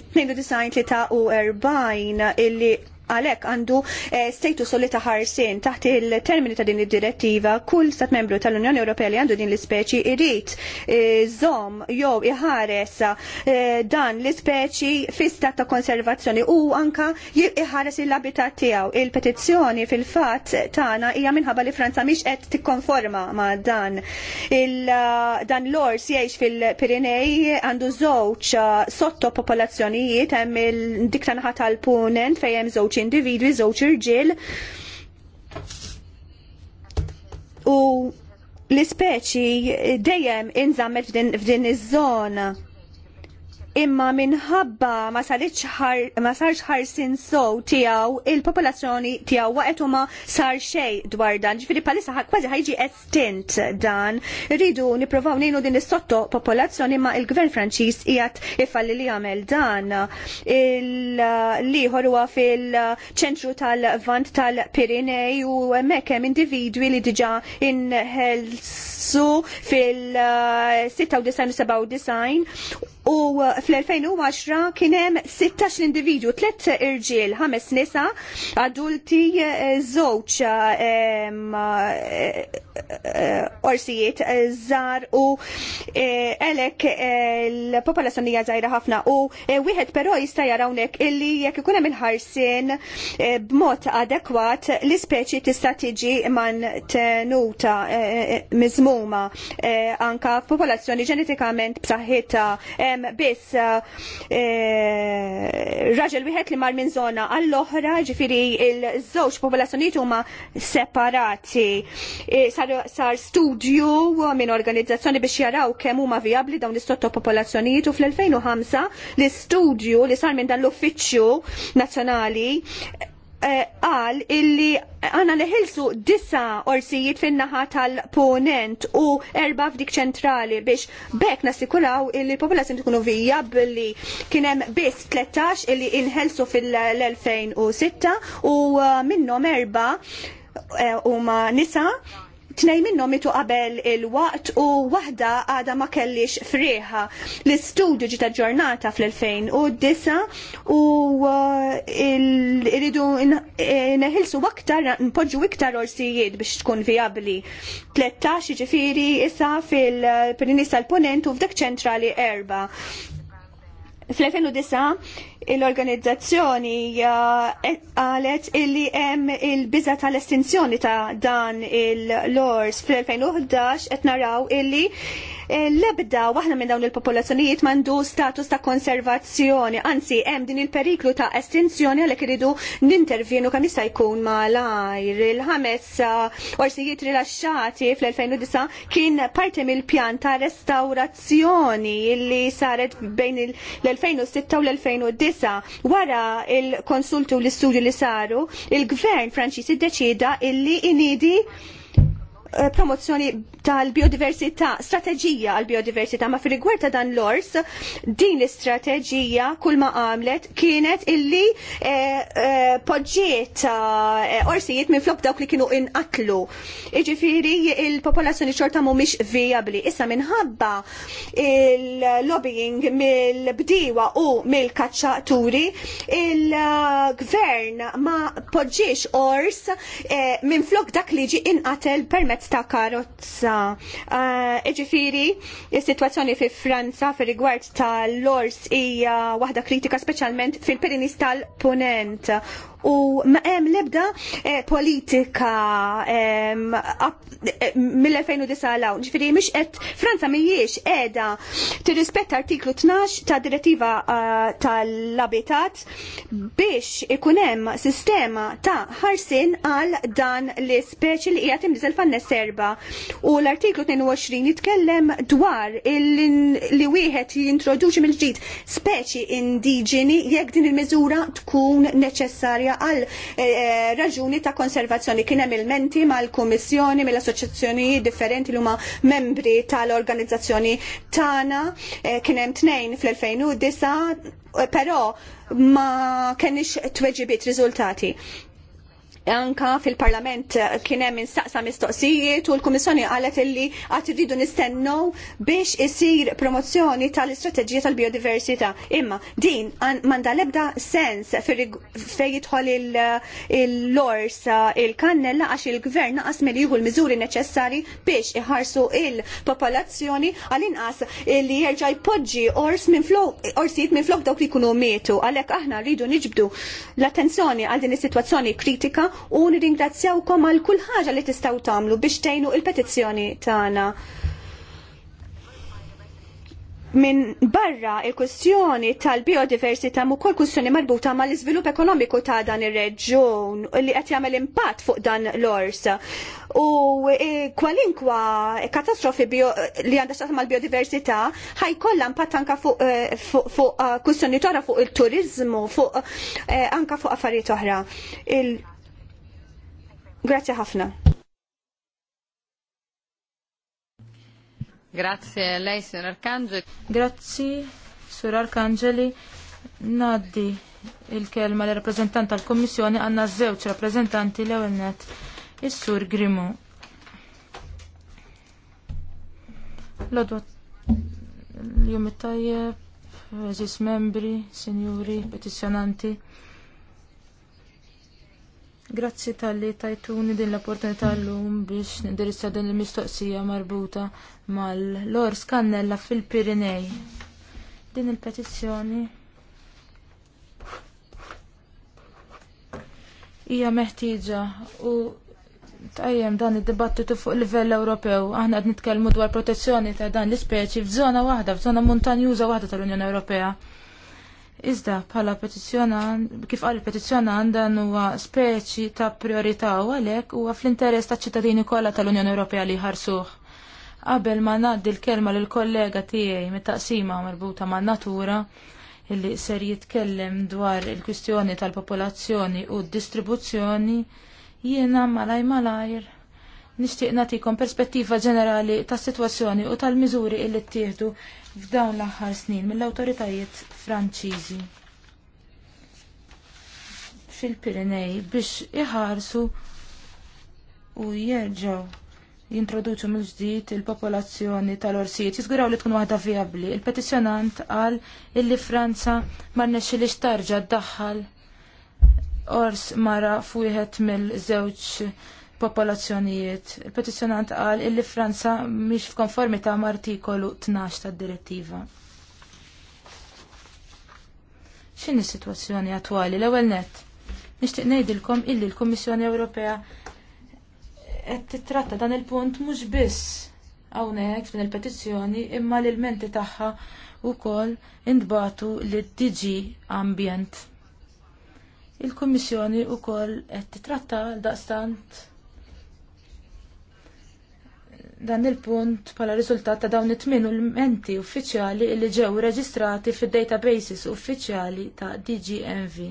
u 40 illi għalhekk għandu eh, status li taħarsin taħt il-termini ta' din id-direttiva kull stat membru tal-Unjoni Ewropea li għandu din l-ispeċi irrit eh, żomm jew iħares eh, dan l-ispeċi fi stat ta' konservazzjoni u anka iħares il abitat tiegħu. Il-petizzjoni fil-fatt tagħna hija minħabba li Franza mhix qed tikkonforma ma' dan. dan l-ors jgħix fil-Pirinej għandu żewġ sottopopolazzjonijiet hemm il-dik tanħat tal punen fejn hemm żewġ individwi, żewġ irġiel. U l-ispeċi dejjem inżammet f'din iż-żona imma minħabba ma sarx ħarsin sow tiegħu il-popolazzjoni tiegħu waqt ma sar xejn dwar dan. Ġifieri palissa kważi ħajġi estint dan. Rridu nippruvaw ngħinu din is-sotto popolazzjoni ma il-Gvern Franċiż qiegħed ifalli li jagħmel dan. Il-ieħor huwa fil-ċentru tal-Vant tal-Pirinej u hemmhekk hemm individwi li diġà inħelsu fil-96 97 eh, u uh, fl-2010 hemm 16 individu, 3 irġiel, 5 nisa, adulti eh, żewġ eh, eh, orsijiet żgħar u elek l-popolazzjoni żgħira ħafna u wieħed però jista' jarawnek illi jekk ikun hemm il-ħarsien b'mod adekwat l-ispeċi tista' tiġi mantenuta miżmuma anka f'popolazzjoni ġenetikament b'saħħitha hemm biss eh, eh, raġel wieħed li mar minn zona għall-oħra, ġifieri il-żewġ popolazzjonijiet huma separati. Eh, sar studju minn organizzazzjoni biex jaraw kemm huma vijabbli dawn is popolazzjonijiet u fl-2005 l-istudju li sar minn dan l-Uffiċċju Nazzjonali qal eh, illi għana liħilsu disa orsijiet fin-naħa tal-ponent u erba f'dik ċentrali biex bekk nassikuraw illi l-popolazzjoni tkunu billi kienem biss 13 illi inħelsu fil-2006 u eh, minnom erba eh, u ma nisa Tnej minnhom mitu qabel il-waqt u waħda għada ma kellix friħa. L-istudju ġita ġurnata fl-2009 u uh, irridu eh, neħilsu aktar, npoġġu iktar orsijiet biex tkun viabli. 13 ġifiri issa fil prinissa l-Ponent u f'dek ċentrali erba. Fl-2009 l-organizzazzjoni uh, għalet illi hemm il biza tal-estinzjoni ta' dan il-lors fl-2011 qed naraw illi l-ebda waħna minn dawn il-popolazzjonijiet mandu status ta' konservazzjoni, anzi hemm din il-periklu ta' estinzjoni għalhekk iridu nintervjenu kemm jista' jkun malajr. Il-ħames uh, orsijiet rilaxxati fl-2009 kien parti mill-pjan ta' restaurazzjoni illi saret bejn l-2006 u l 2010 Issa, wara il-konsultu l-istudju li saru, il-gvern Franċiż iddeċieda illi inidi Eh, promozzjoni tal-biodiversità, strateġija għall biodiversità ma fil rigward ta' dan l-ors, din l-istrateġija kull ma għamlet kienet illi e, e, poġġiet e, orsijiet minn flok dawk li kienu inqatlu. Iġifiri il-popolazzjoni xorta mhumiex viabli. Issa minħabba il-lobbying mill bdiwa u mill-kaċċaturi, il-gvern ma poġġiex ors minn flok dak li ġi inqatel permet prezz ta' karozza. Eh, iġifiri, il sitwazzjoni fi Franza fir rigward tal-lors hija waħda kritika speċjalment fil-Pirinis tal-Punent u ma hemm l-ebda eh, politika eh, mill-2009 ġifiri Ġifieri mhix qed Franza mhijiex qiegħda tirrispetta artiklu 12 ta' direttiva eh, tal-abitat biex ikun hemm sistema ta' ħarsin għal dan l speċi li qiegħed imniżel fan serba. U l-artiklu 22 jitkellem dwar li wieħed jintroduċi mill-ġdid speċi indiġeni jekk din il-miżura tkun neċessarja monetarja għal eh, eh, raġuni ta' konservazzjoni. Kien hemm il-menti mal-kummissjoni mill-assoċjazzjonijiet differenti li huma membri tal-organizzazzjoni tagħna. Eh, kien hemm tnejn fl-2009 però ma kenix tweġibiet riżultati anka fil-parlament kien hemm instaqsa mistoqsijiet u l-Kummissjoni qalet illi qatt iridu nistennew biex isir promozzjoni tal-istrateġija tal-biodiversità. Imma din m'għandha l-ebda sens fejn jidħol il-lors il-kannella għax il-gvern naqas milli jieħu l-miżuri neċessari biex iħarsu il-popolazzjoni għal-inqas li jerġa' jpoġġi ors minn orsijiet minn flok dawk li jkunu mietu. Għalhekk aħna rridu niġbdu l-attenzjoni għal din is-sitwazzjoni kritika u nirringrazzjawkom għal kull ħaġa li tistgħu tagħmlu biex tgħinu il-petizzjoni tagħna. Min barra il kustjoni tal-biodiversità mu kol kustjoni marbuta ma l izvilup ekonomiku ta' dan ir-reġjun li qed jagħmel impatt fuq dan l-ors. U e, kwalinkwa katastrofi li għandha xaħt mal biodiversità ħajkollha impatt anka fuq e, kustjoni fu, toħra fuq il-turizmu, fuq e, anka fuq affarijiet oħra. Grazie ħafna. Grazie lei, signor Arcangeli. Grazie, signor Arcangeli. Naddi il-kelma l rappresentant tal-Kommissjoni għanna żewġ rappresentanti l net is-Sur Grimo. L-odwa l membri, signori, petizjonanti. Grazzi tal-li tajtuni din l-opportunità l-lum biex nindirizza din l-mistoqsija marbuta mal lor Scannella fil-Pirinej. Din il-petizzjoni hija meħtieġa u tajjem dan id-dibattitu fuq livell Ewropew. Aħna qed nitkellmu dwar protezzjoni ta' dan l-ispeċi f'żona waħda, f'żona montanjuża waħda tal-Unjoni Ewropea. Iżda bħala petizjonan, kif għal petizjona għandan huwa speċi ta' priorità u għalhekk huwa fl-interess ta' ċittadini kollha tal-Unjoni Ewropea li jħarsuh. Qabel ma ngħaddi l-kelma l kollega tiegħi mit-taqsima marbuta man natura illi ser jitkellem dwar il-kwistjoni tal-popolazzjoni u d-distribuzzjoni jiena malaj malajr nixtieq nagħtikom perspettiva ġenerali tas-sitwazzjoni u tal-miżuri illi ttieħdu f'dawn l-aħħar snin mill-awtoritajiet Franċiżi fil-Pirinej biex iħarsu u jerġaw jintroduċu mill-ġdid il-popolazzjoni tal-orsijiet jizguraw li tkun waħda vijabbli. Il-petizzjonant qal illi Franza ma xtarġa d ddaħħal ors mara f'wieħed mill-żewġ popolazzjonijiet. Il-petizjonant qal illi Franza mhix f'konformità ma' artikolu 12 tad-direttiva. X'inhi s-sitwazzjoni attwali l-ewwel nett? Nixtieq ngħidilkom illi l-Kummissjoni Ewropea qed titratta dan il-punt mhux biss hawnhekk f'din il-petizzjoni imma l-menti tagħha wkoll intbatu l dg Ambjent. Il-Kummissjoni wkoll qed titratta daqstant dan il-punt pala riżultat ta' dawn it-tmien menti uffiċjali li ġew reġistrati fid-databases uffiċjali ta' DGMV.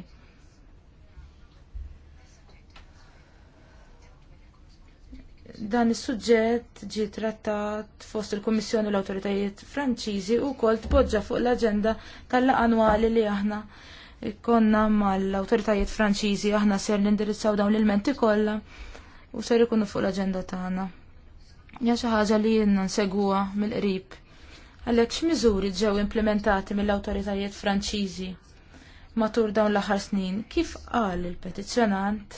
Dan is-suġġett ġie trattat fost il-Kummissjoni l-Awtoritajiet Franċiżi u kol tpoġġa fuq l-aġenda tal-laqgħa annwali li aħna konna mal-Awtoritajiet Franċiżi aħna ser nindirizzaw dawn l menti kollha u ser ikunu fuq l-aġenda tagħna. Ja xi ħaġa li jenna nsegwuha mill-qrib. Għalhekk x'miżuri ġew implementati mill-awtoritajiet Franċiżi matul dawn l-aħħar snin, kif qal il-petizzjonant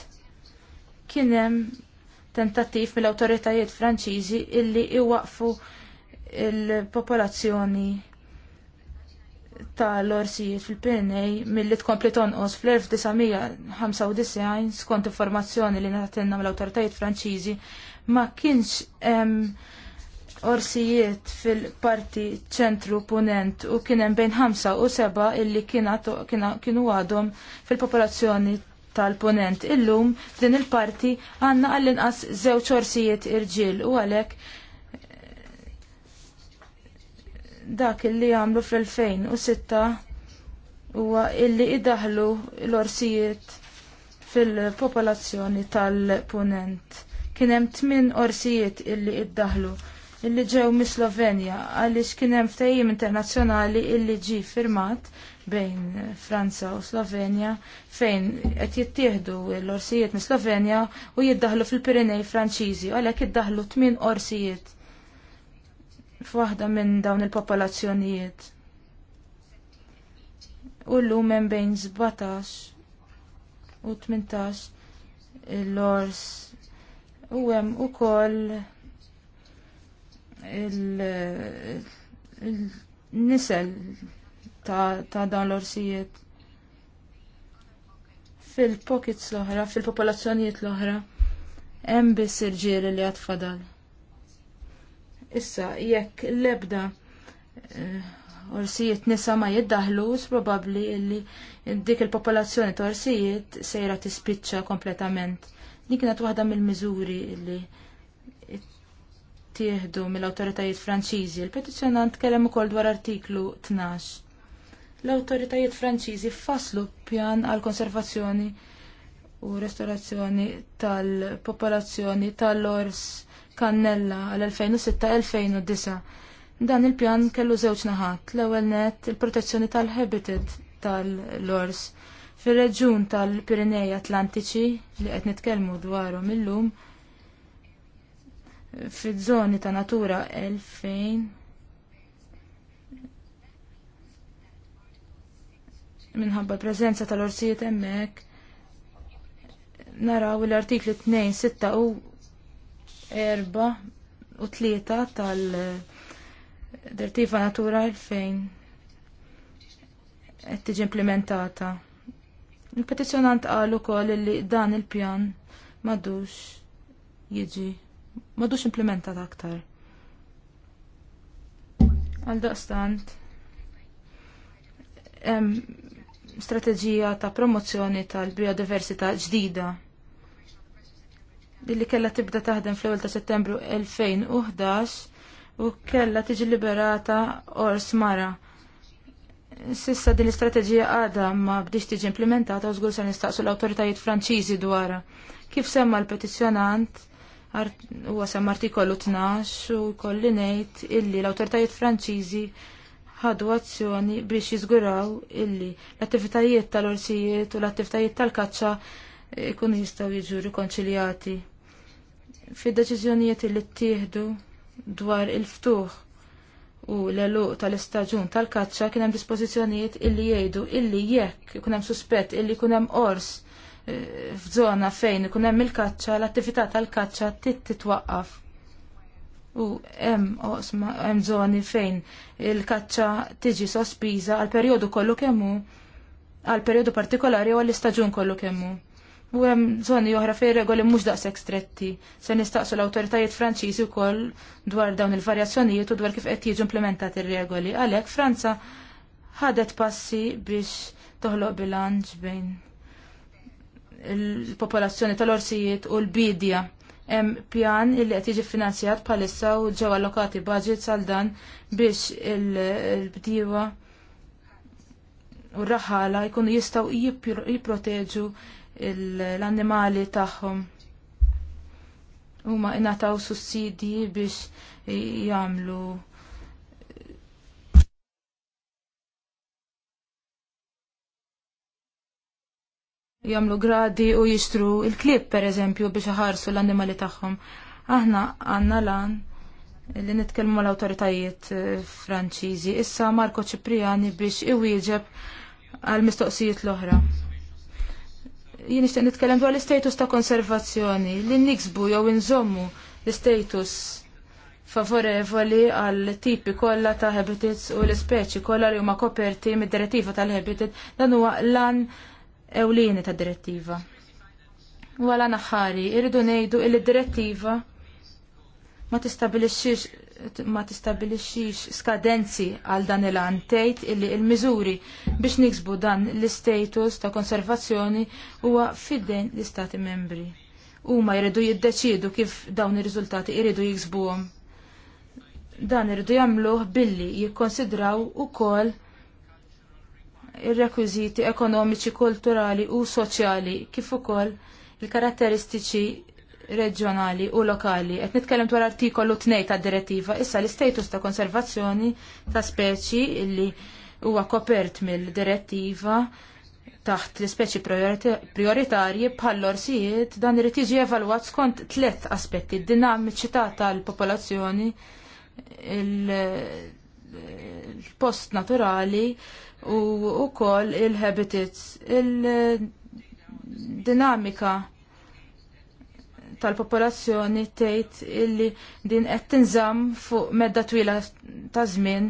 kien hemm tentattiv mill-awtoritajiet Franċiżi illi iwaqfu il-popolazzjoni tal-orsijiet fil pna milli tkompli tonqos fl-1995 skont informazzjoni li natatenna mill-awtoritajiet Franċiżi ma kienx hemm orsijiet fil-parti ċentru punent u kien hemm bejn ħamsa u seba illi kienu għadhom fil-popolazzjoni tal-punent. Illum din il-parti għandna għall-inqas żewġ orsijiet irġiel u għalhekk eh, dak illi għamlu fl-2006 huwa illi idaħlu l-orsijiet fil-popolazzjoni tal-punent kien hemm tmien orsijiet illi iddaħlu illi ġew mis-Slovenja għaliex kien hemm internazjonali internazzjonali illi ġie firmat bejn Franza u Slovenja fejn qed jittieħdu l-orsijiet mis-Slovenja u jiddaħlu fil-Pirinej Franċiżi għalhekk iddaħlu tmien orsijiet f'waħda minn dawn il-popolazzjonijiet. U llum hemm bejn 17 u 18 l-ors u hemm ukoll il-nisel ta' dawn l-orsijiet fil-pockets l-oħra, fil-popolazzjonijiet l-oħra, hemm biss irġiel li għad fadal. Issa, jekk l-ebda eh, orsijiet nisa ma jiddaħlux, probabli li dik il-popolazzjoni ta' orsijiet sejra tispiċċa kompletament. Din kienet waħda mill-miżuri li tieħdu mill-awtoritajiet Franċiżi. Il-petizzjonant kellem ukoll dwar artiklu 12. L-awtoritajiet Franċiżi faslu pjan għal konservazzjoni u restorazzjoni tal-popolazzjoni tal-ors kannella għal 2006-2009. Dan il-pjan kellu żewġ naħat. L-ewwel net il-protezzjoni tal-habitat tal-ors. tal habitat tal ors tal Fil-reġun tal-Pirinei Atlantiċi li qed nitkellmu dwarhom illum fiż-żoni ta' natura 2000 minħabba l preżenza tal-orsijiet hemmhekk naraw l-artikli 2, 6 u 4 u 3 tal-Dirtiva Natura 2000 qed tiġi implementata. Il-petizjonant qal ukoll li dan il-pjan madux jiġi madux implementat aktar. Għal daqstant hemm strateġija ta' promozzjoni tal-biodiversità ġdida li kella tibda taħdem fl-ewwel ta' Settembru 2011 u kella tiġi liberata ors mara Sissa din l-istrateġija għadha ma bdix tiġi implementata u żgur se nistaqsu l-awtoritajiet Franċiżi dwarha. Kif semma l-petizzjonant huwa għasem artikolu 12 u jkolli ngħid illi l-awtoritajiet Franċiżi ħadu azzjoni biex jiżguraw illi l-attivitajiet tal-orsijiet u l-attivitajiet tal-kaċċa jkunu jistgħu jiġu rikonċiljati. Fid-deċiżjonijiet illi ttieħdu dwar il-ftuħ u l-eluq tal-istaġun tal-kaċċa kien hemm dispożizzjonijiet illi jgħidu illi jekk ikun hemm suspett illi jkun hemm qors eh, f'żona fejn ikun hemm il-kaċċa, l-attività tal-kaċċa titwaqqaf. U hemm oqsma hemm żoni fejn il-kaċċa tiġi sospiża għal perjodu kollu kemm hu għal perjodu partikolari u għall-istaġun kollu kemmu. U hemm żoni oħra fejn regoli mhux daqshekk stretti. Se nistaqsu l-awtoritajiet Franċiżi wkoll dwar dawn il-varjazzjonijiet u dwar kif qed jiġu implementati ir-regoli. Għalhekk Franza ħadet passi biex toħloq bilanċ bejn il-popolazzjoni tal-orsijiet u l-bidja. Hemm pjan illi qed jiġi finanzjat bħalissa u ġew allokati budget għal dan biex il-bdiewa u r-raħala jkunu jistgħu jipproteġu l-annimali tagħhom. Huma ingħataw sussidji biex jagħmlu jamlu gradi u jixtru il-klib per eżempju biex ħarsu l-annimali tagħhom. Aħna għanna lan li nitkellmu l awtoritajiet eh, Franċiżi. Issa Marko Ċipriani biex iwieġeb għal mistoqsijiet l-oħra jien nixtieq nitkellem dwar l-istatus ta' konservazzjoni li niksbu jew inżommu l-istatus favorevoli għal tipi kollha ta' habitats u l-ispeċi kollha li huma koperti mid-direttiva tal-habitat dan huwa lan ewlieni tad-direttiva. Wala naħħari, irridu ngħidu il direttiva ma tistabilixxix ma tistabilixxix skadenzi għal dan il-għan tgħid illi l-miżuri biex niksbu dan l-istatus ta' konservazzjoni huwa fidejn l-istati membri. Huma jridu jiddeċiedu kif dawn ir-riżultati jridu jiksbuhom. Dan irridu jagħmluh billi jikkonsidraw ukoll ir-rekwiżiti ekonomiċi, kulturali u soċjali kif ukoll il-karatteristiċi reġjonali u lokali. Qed nitkellem dwar artikolu 2 tad-direttiva issa l-istatus ta' konservazzjoni ta' speċi li huwa kopert mill-direttiva taħt l-ispeċi prioritarji bħall-orsijiet dan irid jiġi evalwat skont tliet aspetti d-dinamiċità tal-popolazzjoni il-post naturali u wkoll il-habitats il-dinamika il il habitats il dinamika tal-popolazzjoni tgħid illi din qed tinżamm fuq medda twila ta' żmien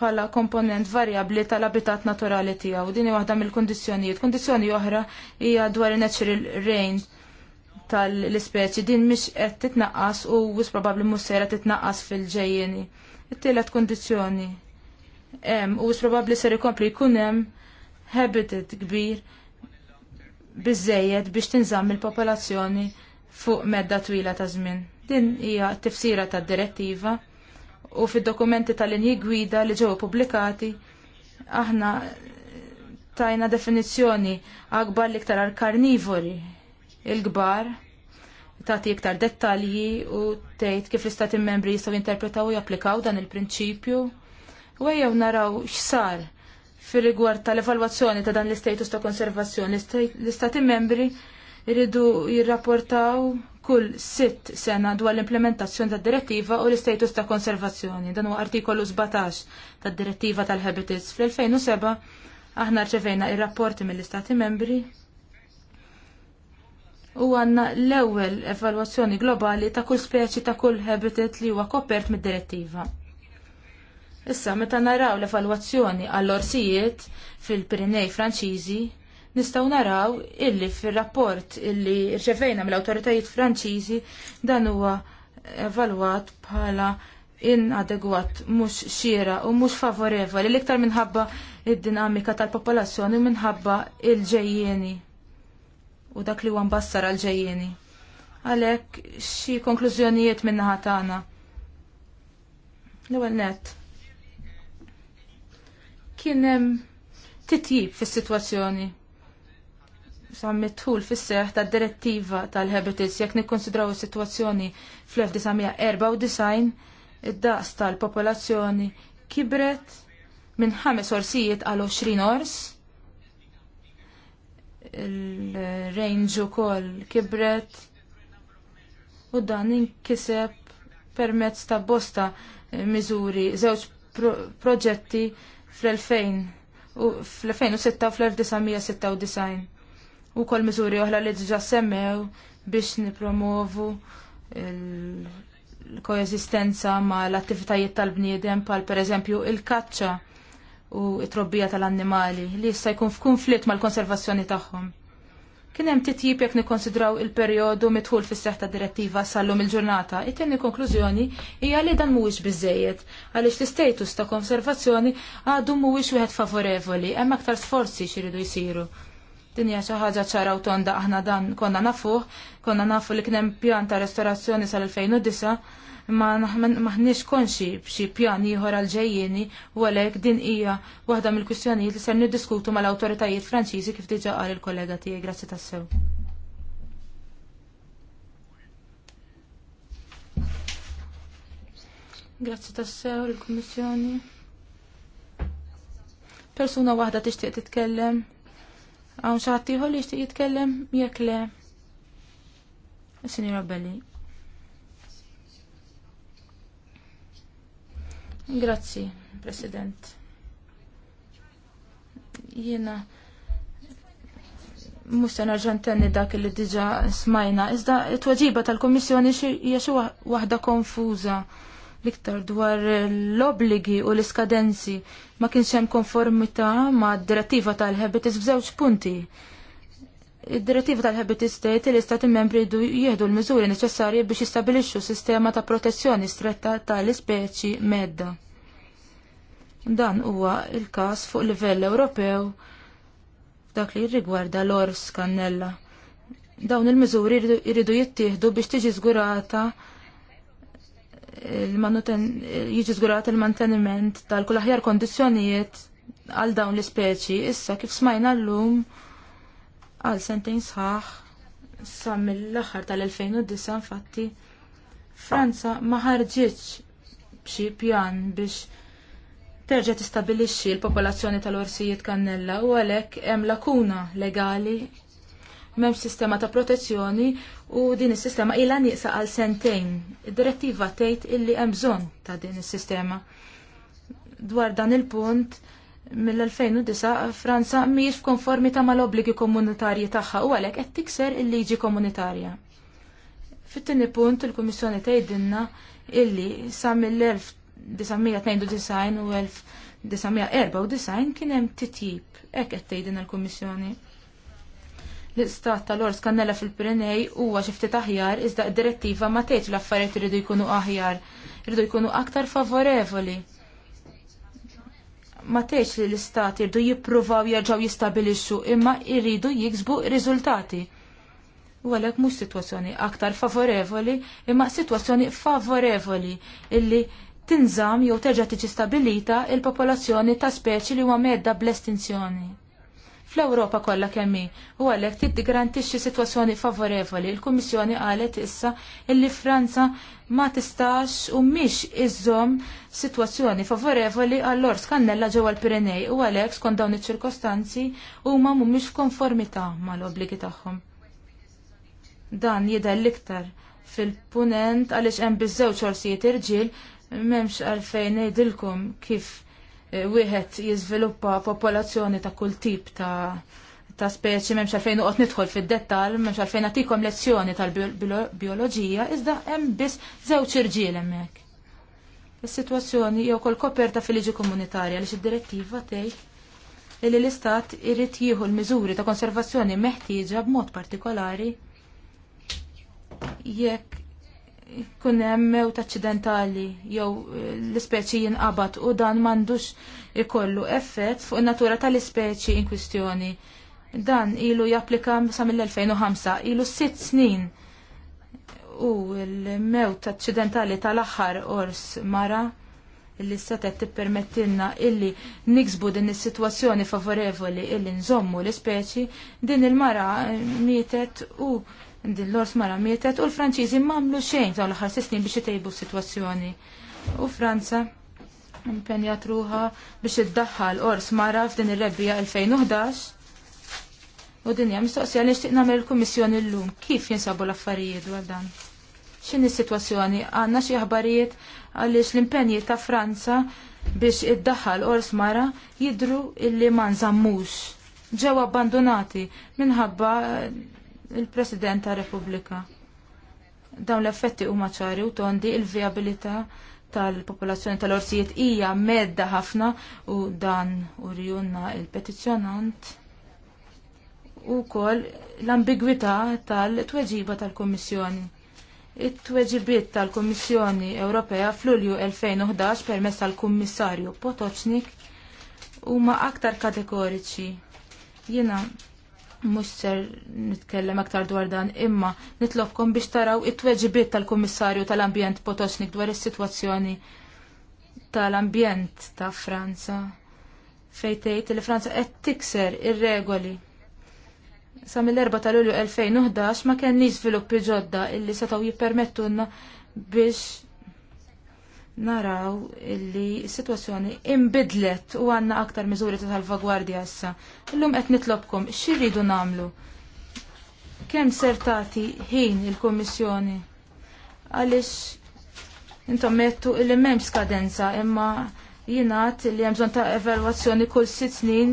bħala komponent varjabbli tal-abitat naturali tiegħu. Din hi waħda mill-kundizzjonijiet. Kundizzjoni oħra hija dwar natural rain tal-ispeċi din mhix qed titnaqqas u wis probabbli mhux sejra titnaqqas fil-ġejjeni. It-tielet kundizzjoni hemm u wis probabbli ser ikompli jkun hemm habitat kbir biżejjed biex tinżamm il-popolazzjoni fuq medda twila ta' żmien. Din hija tifsira tad direttiva u fid-dokumenti tal-linji gwida li ġew pubblikati aħna tajna definizzjoni akbar l-iktar għal karnivori il-kbar tagħti iktar dettalji u tgħid kif l-istati membri jistgħu jinterpretaw u japplikaw dan il-prinċipju u ejjew naraw x'sar fir rigward tal-evalwazzjoni ta' dan l-istatus ta' konservazzjoni l-istati membri iridu jirrapportaw kull sitt sena dwar l-implementazzjoni tad direttiva u l-istatus ta' konservazzjoni. Dan huwa artikolu 17 tad direttiva tal-Habitats. Fl-2007 aħna rċevejna ir-rapporti mill-Istati membri u għanna l-ewwel evalwazzjoni globali ta' kull speċi ta' kull habitat li huwa kopert mid-direttiva. Issa meta naraw l-evalwazzjoni għall-orsijiet fil-Pirinej Franċiżi, nistgħu naraw illi fir-rapport illi rċevejna mill-awtoritajiet Franċiżi dan huwa evalwat bħala inadegwat mhux xiera u mhux favorevoli l-iktar minħabba id-dinamika tal-popolazzjoni minħabba il-ġejjeni u dak li huwa mbassar għal-ġejjeni. Għalhekk xi konklużjonijiet min-naħa tagħna. L-ewwel nett. Kien hemm titjib fis-sitwazzjoni sammitħul fis seħħ ta' direttiva tal-Habitats jekk nikkonsidraw is-sitwazzjoni fl-1994 id-daqs tal-popolazzjoni kibret minn ħames orsijiet għal 20 ors. Il-range ukoll kibret u dan inkiseb permezz ta' bosta miżuri żewġ proġetti fl-2000 u fl-2006 u fl-1996 u kol miżuri oħra li diġa semmew biex nipromovu l-koeżistenza ma l-attivitajiet tal-bniedem pal per eżempju il-kaċċa u it-trobbija tal-annimali li jista' jkun f'kunflitt mal-konservazzjoni tagħhom. Kien hemm titjib jekk nikkonsidraw il-perjodu midħul fis-seħħ ta' direttiva sallum il-ġurnata. It-tieni konklużjoni hija li dan mhuwiex biżejjed għaliex l-istatus ta' konservazzjoni għadu mhuwiex wieħed favorevoli, hemm aktar sforzi xiridu jsiru Din hija xi ħaġa ċara u tonda aħna dan konna nafuh, konna nafu li kien hemm pjan ta' restorazzjoni sal-2009, ma maħniex konxi b'xi pjan ieħor għal ġejjieni u għalhekk din hija waħda mill-kwistjonijiet li ser niddiskutu mal-awtoritajiet Franċiżi kif diġà qal il-kollega tiegħi grazzi tassew. Grazzi tassew il-Kummissjoni. Persuna waħda tixtieq titkellem. Għawn xaħtiħu li jishtiq jitkellem jekk le. Sinjora Belli. Grazzi, President. Jiena mhux se nerġa' ntenni dak li diġà smajna, iżda t wagġiba tal-Kummissjoni hija xi waħda konfuza l-iktar dwar l-obligi u l-iskadenzi ma kienx hemm konformità ma' d-direttiva tal-Habitis f'żewġ punti. Id-direttiva tal-Habitis tgħid li stati membri jdu jieħdu l-miżuri neċessarji biex jistabilixxu sistema ta' protezzjoni stretta tal-ispeċi medda. Dan huwa il-każ fuq livell Ewropew Dak li jirrigwarda l-ors kannella. Dawn il-miżuri jridu jittieħdu biex tiġi żgurata jiġi żgurat il-manteniment tal-kull aħjar kondizjonijiet għal dawn l-ispeċi. Issa kif smajna llum għal sentejn sħaħ sa mill-aħħar tal-2009 fatti, Franza ma ħarġitx b'xi pjan biex terġa' tistabbilixxi l-popolazzjoni tal-orsijiet kannella u għalhekk hemm lakuna legali m'hemmx sistema ta' protezzjoni u din is-sistema ilha nieqsa għal sentejn. Id-direttiva tgħid illi hemm bżonn ta' din is-sistema. Dwar dan il-punt mill-2009 Franza mhijiex f'konformità mal-obbligi komunitarji tagħha u għalhekk qed tikser il-liġi komunitarja. Fit-tieni punt il-Kummissjoni tgħidilna illi sa mill-1992 u 1994 kien hemm titjib hekk qed tgħidilna l-Kummissjoni l-istat tal-ors kannella fil-Pirenej huwa xi ftit aħjar iżda d-direttiva ma tgħidx l-affarijiet iridu jkunu aħjar, iridu jkunu aktar favorevoli. Ma tgħidx li l-istat irdu jippruvaw jerġgħu jistabilixxu imma jridu jiksbu riżultati. U għalhekk mhux sitwazzjoni aktar favorevoli imma sitwazzjoni favorevoli illi tinżam jew terġa' tiġi stabilita il-popolazzjoni ta' speċi li huwa medda bl-estinzjoni fl-Ewropa kollha kemm hi. U għalhekk tiddigarantixxi sitwazzjoni favorevoli. Il-Kummissjoni qalet issa illi Franza ma tistax u mhix iżżomm sitwazzjoni favorevoli għall-ors kannella ġewwa l-Pirenej u għalhekk skont dawn iċ-ċirkostanzi huma mhumiex konformità mal-obbligi tagħhom. Dan jidher l-iktar fil-punent għaliex hemm biż-żewġ orsijiet irġiel m'hemmx għalfejn ngħidilkom kif Eh, wieħed jiżviluppa popolazzjoni ta' kull tip ta' ta' speċi memx għalfejn uqot nidħol fid-dettal, memx għalfejn għatikom lezzjoni tal-bioloġija, iżda hemm biss żewġ irġiel hemmhekk. Is-sitwazzjoni jew kol koperta fil-liġi komunitarja li id-direttiva tgħid li l-istat irid jieħu l-miżuri ta' konservazzjoni meħtieġa b'mod partikolari jekk kun hemm mewt aċċidentali jew eh, l-ispeċi jinqabad u dan m'għandux ikollu effett fuq in-natura tal-ispeċi in kwistjoni. Dan ilu japplika sa mill-2005, ilu sitt snin. U l-mewt aċċidentali tal-aħħar ors mara illi setet tippermettilna illi niksbu din is-sitwazzjoni favorevoli illi nżommu l-ispeċi din il-mara mietet u din l-ors mara mietet u l-Franċiżi mamlu xejn ta' l-aħħar snin biex itejbu s-sitwazzjoni. U Franza impenjat ruħa biex iddaħħal ors mara f'din ir-rebbija 2011. U din hija mistoqsija li nixtieq nagħmel il-Kummissjoni llum kif jinsabu l-affarijiet dwar dan. X'inhi s-sitwazzjoni? Għandna xi aħbarijiet għaliex l-impenji ta' Franza biex iddaħħal ors mara jidru illi ma nżammux ġew abbandonati minħabba il-President ta' Repubblika. Dawn l-effetti huma ċari u tondi il-viabilità tal-popolazzjoni tal-orsijiet hija medda ħafna u dan u il-petizzjonant u kol l-ambigwità tal-tweġiba tal-Kommissjoni. It-tweġibiet tal-Kommissjoni Ewropea fl-Ulju 2011 permess tal-Kummissarju u huma aktar kategoriċi. Jiena mux ser nitkellem aktar dwar dan, imma nitlobkom biex taraw it-tweġibiet tal-Kummissarju tal-Ambjent Potosnik dwar is-sitwazzjoni tal-ambjent ta' Franza. fejtejt tgħid li Franza qed tikser ir-regoli. Sa mill-4 tal-Ulju 2011 ma kenni sviluppi ġodda illi setgħu jippermettuna biex naraw illi s-situazzjoni imbidlet u għanna aktar miżuri ta' salvagwardja issa. Illum qed nitlobkom x'irridu namlu. Kemm ser tagħti ħin il-Kummissjoni? Għaliex intom mettu illi m'hemm skadenza imma jingħad li hemm bżonn ta' evalwazzjoni kull sitt snin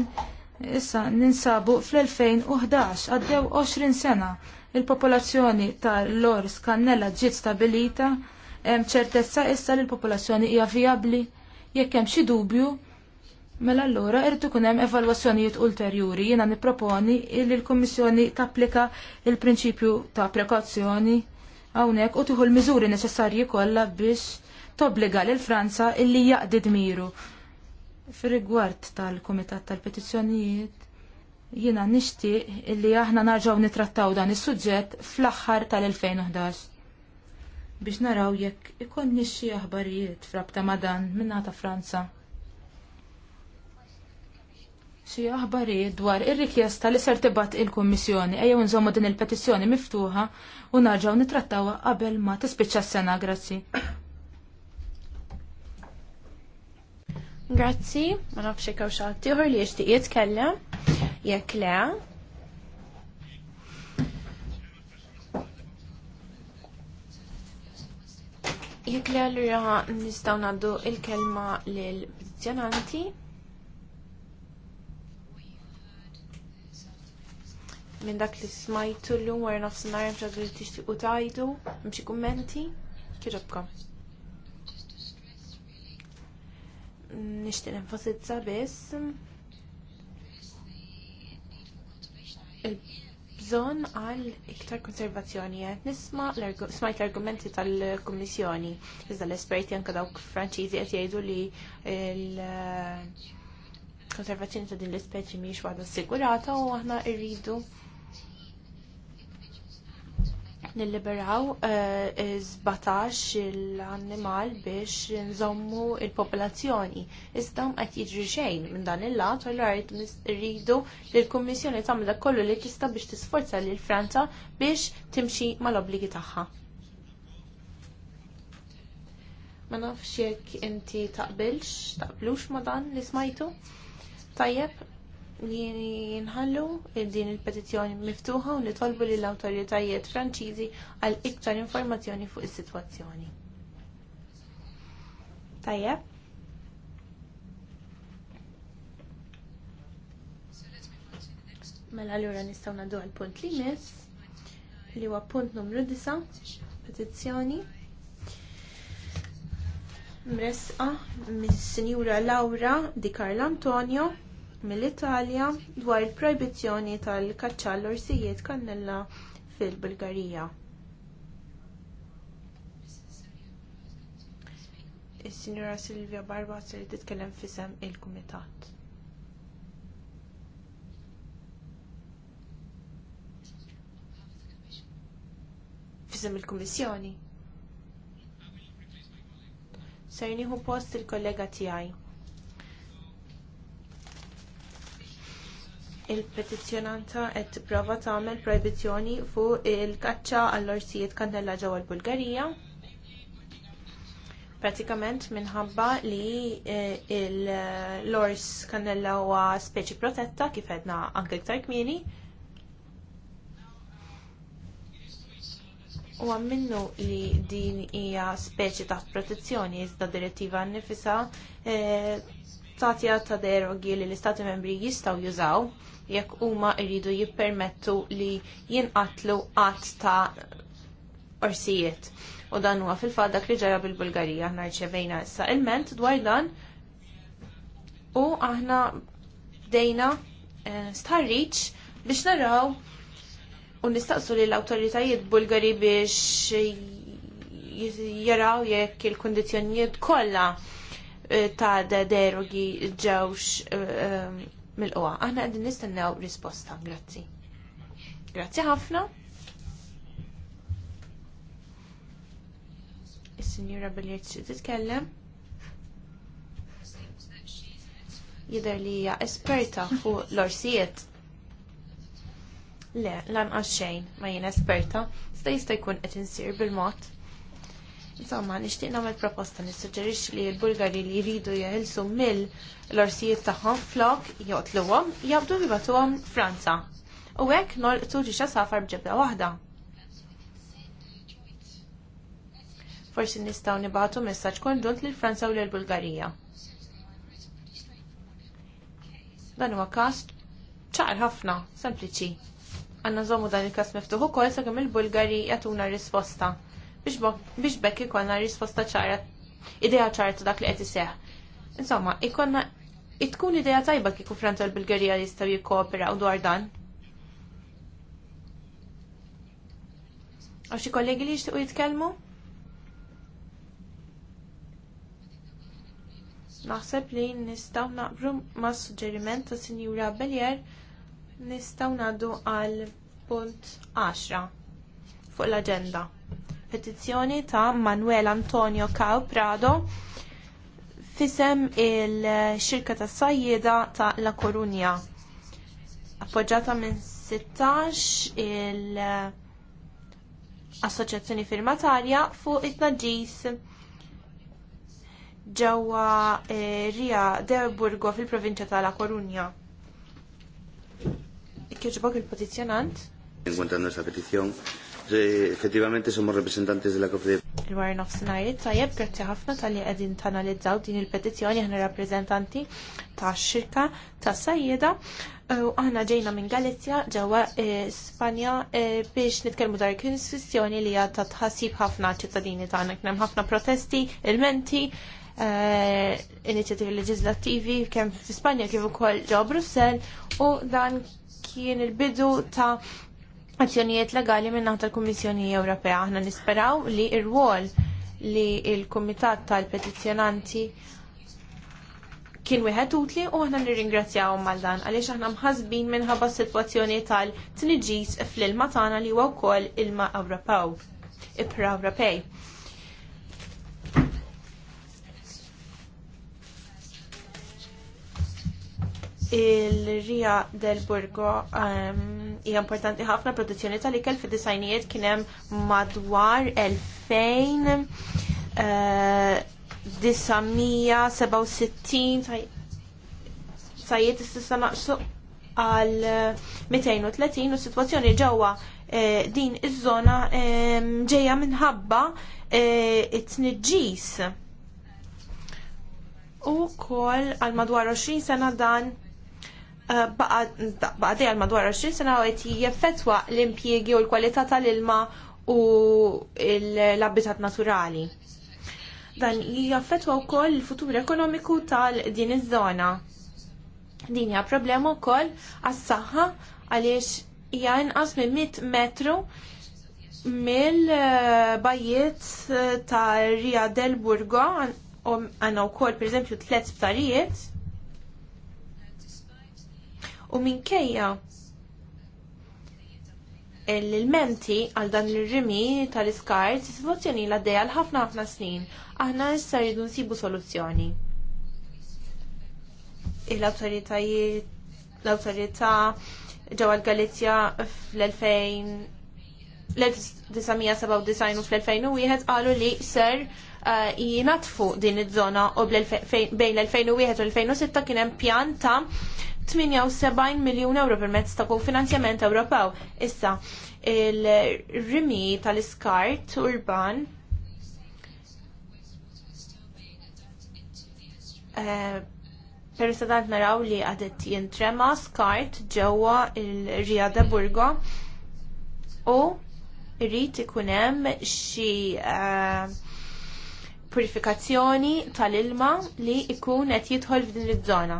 issa ninsabu fl-2011 għaddew 20 sena il-popolazzjoni tal-Lors kannella ġiet stabilita hemm ċertezza issa li l-popolazzjoni hija vijabbli jekk hemm xi dubju Mela allura irid ikun hemm evalwazzjonijiet ulterjuri jiena nipproponi li l-Kummissjoni tapplika il-prinċipju ta' prekazzjoni hawnhekk u tieħu l-miżuri neċessarji kollha biex tobbliga lil Franza illi jaqdi dmiru. Fir-rigward tal-Kumitat tal-Petizzjonijiet jiena nixtieq illi aħna narġgħu nitrattaw dan is-suġġett fl-aħħar tal-2011 biex naraw jekk ikonni xi aħbarijiet frabta madan minna ta' Franza. Xi aħbarijiet dwar ir-rikjesta li ser tibgħat il-Kummissjoni ejjew nżommu din il-petizzjoni miftuħa u narġgħu nitrattawha qabel ma tispiċċa s-sena, grazzi. Grazzi, ma nafx hekk xi ħadd li jixtieq jitkellem jekk le Jek li għallura nistaw naddu il-kelma l-petizjonanti. Minn dak li smajtu l-lum għar nafsinar mxad li t tajdu, mxie kummenti, kħiġabka. Nishtin enfasizza biss bżonn għal iktar konservazzjoni qed nisma smajt l-argumenti tal-Kummissjoni. Iżda l-esperti anke dawk Franċiżi qed jgħidu li l-konservazzjoni eh, ta' din l-ispeċi mhix waħda assigurata u aħna rridu nilliberaw eh, żbatax l-annimal biex nżommu l popolazzjoni Iżda qed jiġri xejn minn dan il-lat u l-art rridu li l-Kummissjoni tagħmel kollu li tista' biex tisforza lil Franza biex timxi mal-obbligi tagħha. Ma nafx jekk inti taqbilx, taqblux ma dan li smajtu. Tajjeb, li jinħallu din il-petizzjoni miftuħa u nitolbu lill awtoritajiet Franċiżi għal iktar informazzjoni fuq is-sitwazzjoni. Tajja. Mela allura nistgħu nagħdu għal punt li mis li huwa punt numru 9 petizzjoni mresqa mis-Sinjura Laura di Carlo Antonio mill-Italja dwar il-proibizzjoni tal-kaċċall orsijiet kannella fil-Bulgarija. Is-Sinjora Silvia Barba se titkellem fisem il-Kumitat. Fisem il-Kummissjoni. Ser post il-kollega tiegħi. il-petizzjonanta qed tipprova tagħmel proibizzjoni fuq il-kaċċa għall-orsijiet kandella ġewwa l-Bulgarija. Pratikament minħabba li eh, l-ors kannella huwa speċi protetta kif għedna anke iktar kmieni. U minnu li din hija speċi ta' protezzjoni iżda direttiva nnifisha eh, tagħtiha ta' derogi li l-istati membri jistgħu jużaw jekk huma jridu jippermettu li jinqatlu qatt ta' orsijiet. U dan huwa fil-fatt dak li ġara bil-Bulgarija aħna rċevejna issa il-ment dwar dan u aħna bdejna eh, starriċ biex naraw u nistaqsu li l-autoritajiet bulgari biex jaraw jekk il-kondizjonijiet kollha eh, ta' derogi ġewx eh, mill-qoa. Aħna qegħdin nistennew risposta. Grazzi. Grazzi ħafna. Is-Sinjura Billiard xi titkellem. Jidher li hija esperta fuq l-orsijiet. Le, lanqas xejn ma jien esperta. Sta jista' jkun qed insir bil-mod. Insomma, nixtieq nagħmel proposta nissuġġerix li l-Bulgari li jridu jeħilsu mill-orsijiet l tagħhom flok joqtluhom jabdu jibatuhom Franza. U hekk nolqtu ġixa safar b'ġebda waħda. Forsi nistgħu nibatu messaċ kondunt lil Franza u l Bulgarija. Dan huwa każ ċar ħafna, sempliċi. Għanna żommu dan il-każ miftuħ ukoll sakemm il-Bulgari jagħtuna risposta. risposta biex bekk ikonna risposta ċara, idea ċara ta' dak li qed iseħħ. Insomma, ikonna tkun idea tajba kieku Franza l bulgerija jistgħu jikkooperaw dwar dan. Għax xi kollegi li jixtiequ jitkellmu? Naħseb li nistgħu naqbru ma' suġġeriment ta' Sinjura Belier nistgħu ngħaddu għal punt 10 fuq l-aġenda petizzjoni ta' Manuel Antonio Cao Prado fisem il-xirka ta' sajjeda ta' La Corunja. Appoġġata minn 16 il- assoċjazzjoni firmatarja fuq it-naġis ġewwa eh, Rija de Burgo fil-provinċja ta' La Corunja. Kieġbok il-petizjonant? Encuentro nuestra petizzjon. Effettivament sommo rappresentanti della Cofre. Dwar nofsinhar, tajjeb grazzi ħafna tal-li qegħdin tanalizzaw din il-petizzjoni aħna rappreżentanti tax-xirka ta' sajjeda u aħna ġejna minn Galizja ġewwa eh, Spanja eh, biex nitkellmu dwar kwistjoni li hija ta' tħassib ħafna ċittadini tagħna kien hemm ħafna protesti, ilmenti, eh, inizjativi leġislattivi kemm fi Spanja kif ukoll ġewwa Brussell u dan kien il-bidu ta' azzjonijiet legali minn naħta l-Kummissjoni Ewropea. Aħna nisperaw li r wol li il-Kumitat tal-Petizzjonanti kien wieħed utli u aħna nirringrazzjawhom mal dan għaliex aħna mħasbin minħabba s-sitwazzjoni tal-tniġis fl-ilma tagħna li huwa wkoll ilma Ewropew. Ipra Ewropej. il rija del Burgo ehm, hija importanti ħafna produzzjoni tal-ikel fi disajnijiet kien hemm madwar 2967 eh, sajiet istessa naqsu għal 230 eh, u situazzjoni ġewwa eh, din iż-żona ehm, ġejja minħabba it-tniġġis u kol għal madwar 20 sena dan baqa għal madwar 20 sena għet jeffetwa l-impjiegi u l-kwalità tal-ilma u l-abitat naturali. Dan jaffetwa u koll il-futur ekonomiku tal-din iż-żona. Din hija problema wkoll għas-saħħa għaliex hija inqas minn 100 metru mill-bajiet ta' Ria del Burgo għandna wkoll pereżempju tliet ftarijiet u minkejja l-menti għal dan l-rimi tal-iskart situazzjoni la dejja għal ħafna ħafna snin. Aħna issa rridu nsibu soluzzjoni. L-autoritajiet l-autorità ġewwa l-Galizja fl-2000 l-1997 u fl-2001 qalu li ser Eh, fuq din iż-żona u bejn l-2001 u l-2006 kien hemm pjan ta' 78 miljun euro permezz ta' kofinanzjament Ewropew. Issa, il-rimi tal-iskart urban eh, per sadant naraw li għadet jintrema skart ġewwa il-Rijada Burgo u rrit ikunem xi uh, purifikazzjoni tal-ilma li jkun qed jidħol f'din iż-żona.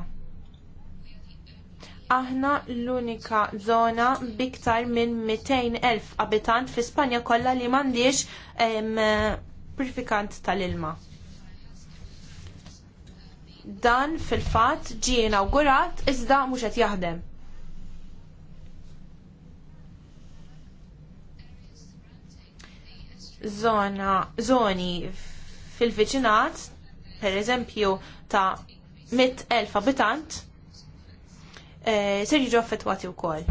Aħna l-unika żona biktar minn 200.000 abitant fl-Ispanja kollha li m'għandix purifikant tal-ilma. Dan fil-fatt ġie inawgurat iżda mhux qed jaħdem. zona, zoni fil-viċinat, per eżempju, ta' 100.000 abitant, e, ser jiġu affettwati wkoll.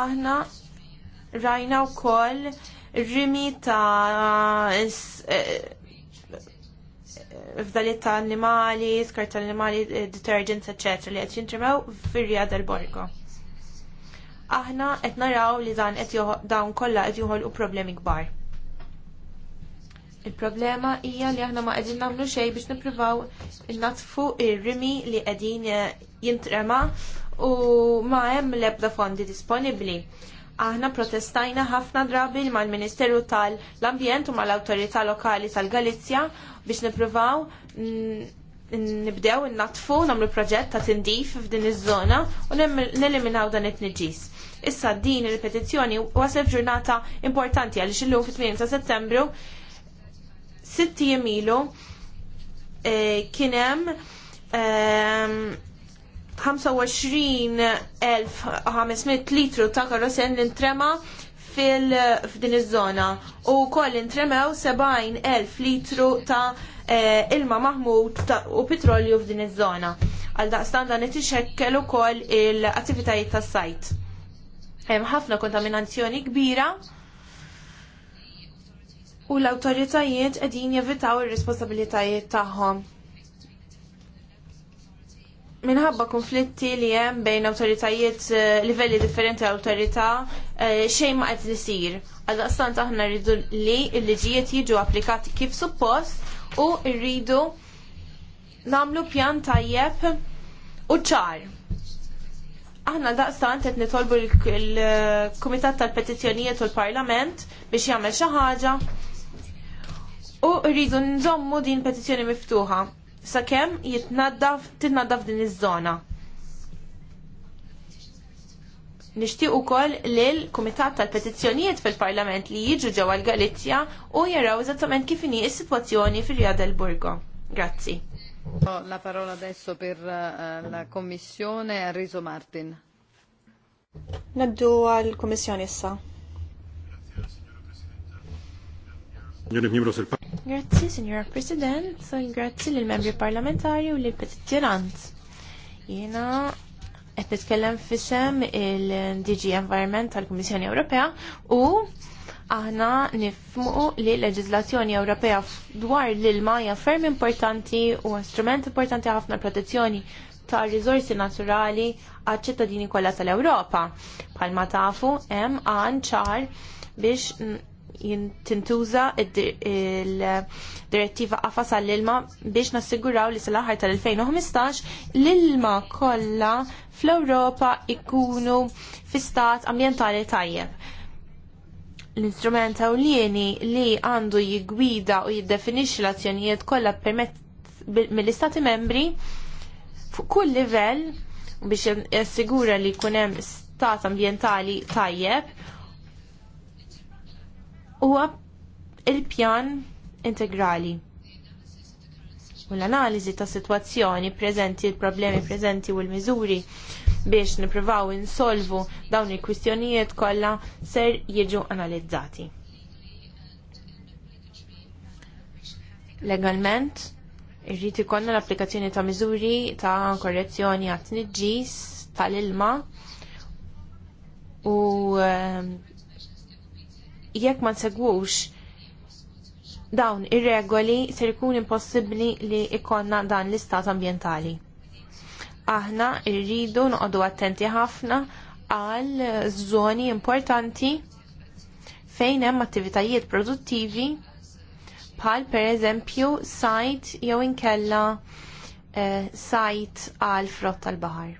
Aħna rajna wkoll rimi ta' eh, f'dalit ta' animali, skart ta' animali, eh, detergents, etc. li qed jintremew fir-rija del-borgo. Aħna qed naraw li dan qed dawn kollha qed joħolqu problemi kbar. Il-problema hija li aħna ma qegħdin nagħmlu xejn biex nippruvaw innatfu ir-rimi li qegħdin eh, jintrema u ma hemm l-ebda fondi disponibbli. Aħna protestajna ħafna drabi mal-Ministeru tal-Ambjent u mal-Awtorità Lokali tal-Galizja biex nippruvaw mm, nibdew innatfu nagħmlu proġett ta' tindif f'din iż-żona u neliminaw dan it-tniġis. Issa din il-petizzjoni wasel ġurnata importanti għaliex illum fit-8 ta' Settembru sitt ilu kien hemm 25,500 litru ta' karosen l-intrema fil-din iż-żona u wkoll intremew 70,000 litru ta' e, ilma maħmud u petrolju f'din iż-żona. Għal daqstan dan itixekkel ukoll il-attivitajiet tas-sajt. Hemm ħafna kontaminazzjoni kbira u l-autoritajiet qegħdin jevitaw ir-responsabilitajiet tagħhom. Minħabba konflitti li hemm bejn awtoritajiet eh, livelli differenti awtorità eh, xejn ma qed isir. Għaldaqstant aħna rridu li l-liġijiet jiġu applikati kif suppost u rridu nagħmlu pjan tajjeb u ċar aħna daqstant qed nitolbu l-Kumitat tal-Petizzjonijiet u l-Parlament biex jagħmel xi ħaġa u rridu nżommu din petizzjoni miftuħa sakemm jitnaddaf titnaddaf din iż-żona. Nixtieq ukoll lil kumitat tal-petizzjonijiet fil-Parlament li jiġu ġewwa l-Galizja u jaraw eżattament kif inhi s-sitwazzjoni fir-Rija del Burgo. Grazzi. La parola adesso per eh, la Commissione a Riso Martin. Naddu għal Kommissjoni issa. Grazzi, Signora President, grazzi lill membri parlamentari u lill petizjonant Jiena qed nitkellem fissem il-DG Environment tal-Kummissjoni Ewropea u aħna nifmu li l-leġizlazzjoni Ewropea dwar l-ilma hija ferm importanti u strument importanti ħafna protezzjoni ta' rizorsi naturali għad ċittadini kollha tal-Ewropa. Palma tafu hemm għan ċar biex tintuża il-direttiva qafas għall-ilma biex nassiguraw li sal-aħħar tal-2015 l-ilma kollha fl-Ewropa ikunu fi stat ambjentali tajjeb. L-instrument ewlieni li għandu jiggwida u jiddefinixxi l-azzjonijiet kollha permezz mill-istati membri fuq kull livell biex jassigura li jkun hemm stat ambjentali tajjeb huwa il-pjan integrali. U l-analiżi ta' sitwazzjoni prezenti il-problemi prezenti u l-miżuri biex nippruvaw insolvu dawn il-kwistjonijiet kollha ser jiġu analizzati. Legalment, irrid ikollna l-applikazzjoni ta' miżuri ta' korrezzjoni għat tniġġis tal-ilma u ehm, jekk ma nsegwux dawn ir-regoli ser ikun impossibbli li ikonna dan l-istat ambjentali. Aħna rridu noqogħdu attenti ħafna għal żoni importanti fejn hemm attivitajiet produttivi bħal pereżempju sajt jew inkella eh, sajt għal frott tal-baħar.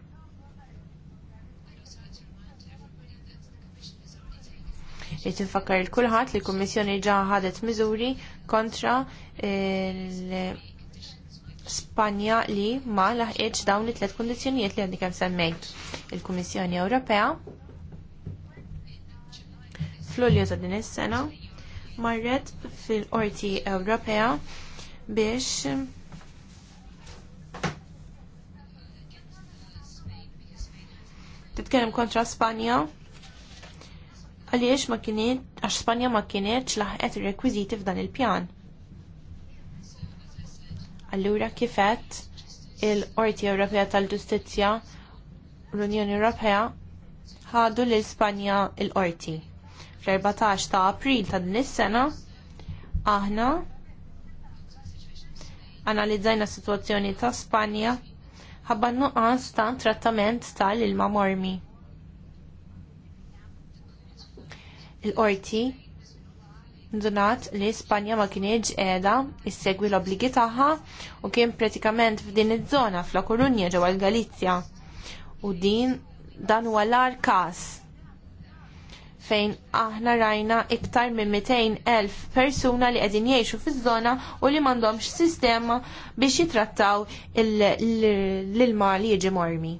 li tinfakkar il kulħadd li l-Kummissjoni ġa ħadet miżuri kontra Spanja li ma laħqitx dawn it tlet kundizzjonijiet li għandi kemm semmejt. Il-Kummissjoni Ewropea fl-Ulju ta' din is-sena marret fil-Qorti Ewropea biex titkellem kontra Spanja għaliex ma kienet għax Spanja ma kinitx laħqet ir-rekwiżiti f'dan il-pjan. Allura kifet il-Qorti Ewropea tal-Ġustizzja l-Unjoni Ewropea ħadu l ispanja il-qorti. Fl-14 ta' April ta' din is-sena aħna analizzajna s-sitwazzjoni ta' Spanja ħabba nuqqas ta' trattament tal-ilma mormi. Il-qorti ndunat li Spanja ma kienieġ edha issegwi l-obligi tagħha u kien pratikament f'din iż-żona fl Korunja ġewwa l-Galizja. U din dan huwa l-ar każ fejn aħna rajna iktar minn 200.000 persuna li qegħdin jgħixu fiż-żona u li m'għandhomx sistema biex jitrattaw l-ilma li jiġi mormi.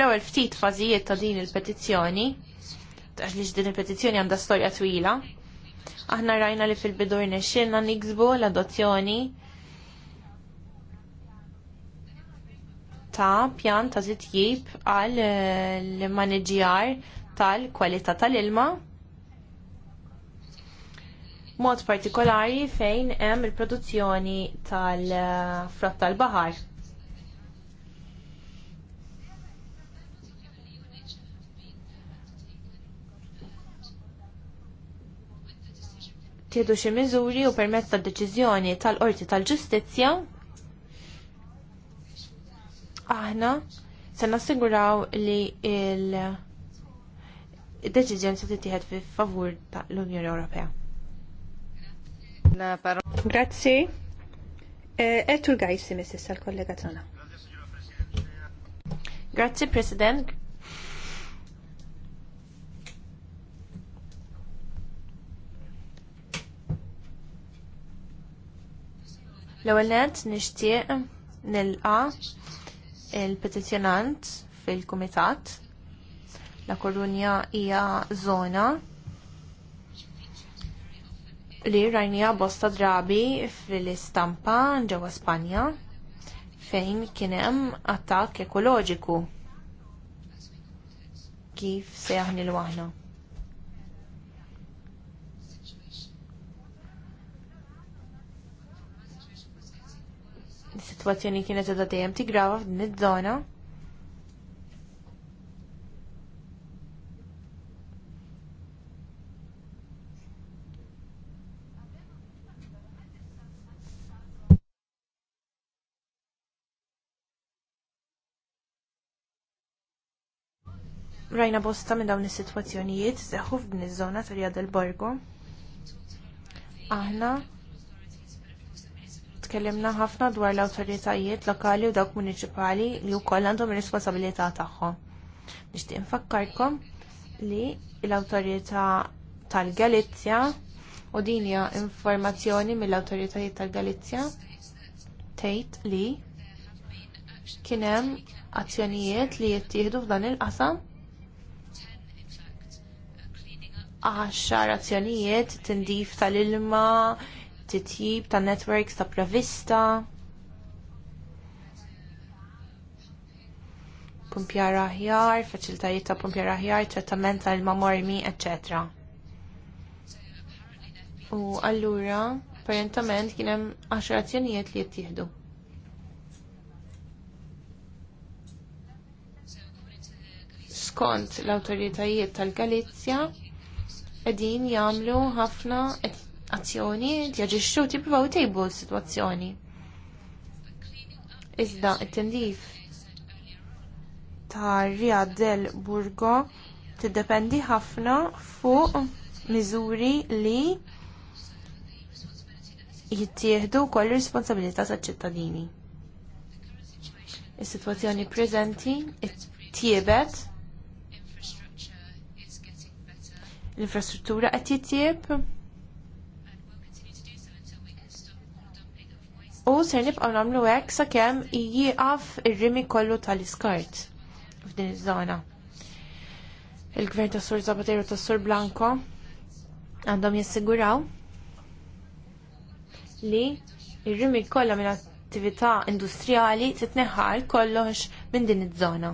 fl-ewwel ftit fażijiet ta' din il-petizzjoni, għax li din il-petizzjoni għandha storja twila, aħna rajna li fil-bidur nexxilna niksbu l-adozzjoni ta' pjan ta' zitjib għal eh, l-maniġjar tal-kwalità tal-ilma mod partikolari fejn hemm il-produzzjoni tal-frott eh, tal-baħar. tiedu xi miżuri u permezz tad-deċiżjoni tal-Qorti tal-Ġustizzja aħna se nassiguraw li il deċiżjoni se tittieħed fi favur tal-Unjoni Ewropea. Grazzi. Ettur eh, gajsi, Mrs. l-kollega tana. Grazzi, President. L-ewwel nett nixtieq nilqa il-petizzjonant fil-kumitat. La Korunja hija żona li rajnija bosta drabi fil-istampa ġewwa Spanja fejn kien hemm attakk ekoloġiku kif se jaħni l-waħna. sitwazzjoni kienet edha dejjem tigrava f'din iż-żona. rajna bosta minn dawn is-sitwazzjonijiet seħħu f'din iż-żona tal-Jad borgo Aħna tkellimna ħafna dwar l-awtoritajiet lokali u dawk municipali li wkoll għandhom ir-responsabilità tagħhom. Nixtieq infakkarkom li l-awtorità tal-Galizja u din hija informazzjoni mill-awtoritajiet tal-Galizja tgħid li kien hemm azzjonijiet li jittieħdu f'dan il-qasam għaxar azzjonijiet tindif tal-ilma, titjib ta' networks ta' provista, pumpjar aħjar, faċilitajiet ta' pumpjar aħjar, trattament tal mamormi ecc. U allura, apparentament kien hemm azzjonijiet li jittieħdu. Skont l-awtoritajiet tal-Galizja, qegħdin jagħmlu ħafna azzjoni, jaġixxu tippruvaw tejbu s-sitwazzjoni. Iżda it-tendif ta' Riyad del Burgo tiddependi ħafna fuq miżuri li jittieħdu wkoll responsabilità taċ ċittadini Is-sitwazzjoni preżenti tjiebet l-infrastruttura qed jittieb u ser nibqgħu nagħmlu hekk sakemm jieqaf ir-rimi kollu tal-iskart f'din iż-żona. Il-Gvern tas Sur Zapatero tas Sur Blanco għandhom jessiguraw li il rimi kollha minn attività industrijali titneħħar kollox minn din iż-żona.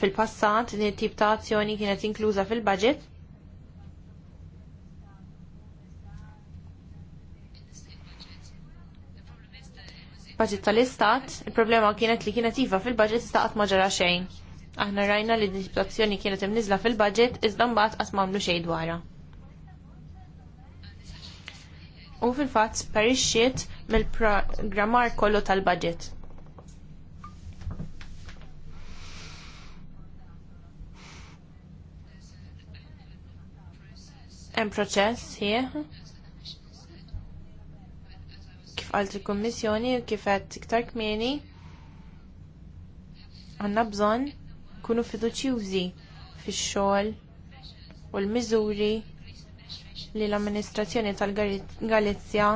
Fil-passat, din it-tip ta' azzjoni kienet inkluża fil-budget budget tal-istat, il-problema kienet li kienet iva fil-budget sta' maġara ma ġara xejn. Aħna rajna li d-disputazzjoni kienet imnizla fil-budget iżda mbagħad qatt m'għamlu xejn dwarha. U fil-fatt perixxiet mill-programmar kollu tal-budget. Hemm proċess jieħ f'altri għalt il-Kommissjoni u kif qed iktar kmieni għandna bżonn kunu fiduċjużi fix-xogħol u l-miżuri li l-amministrazzjoni tal-Galizja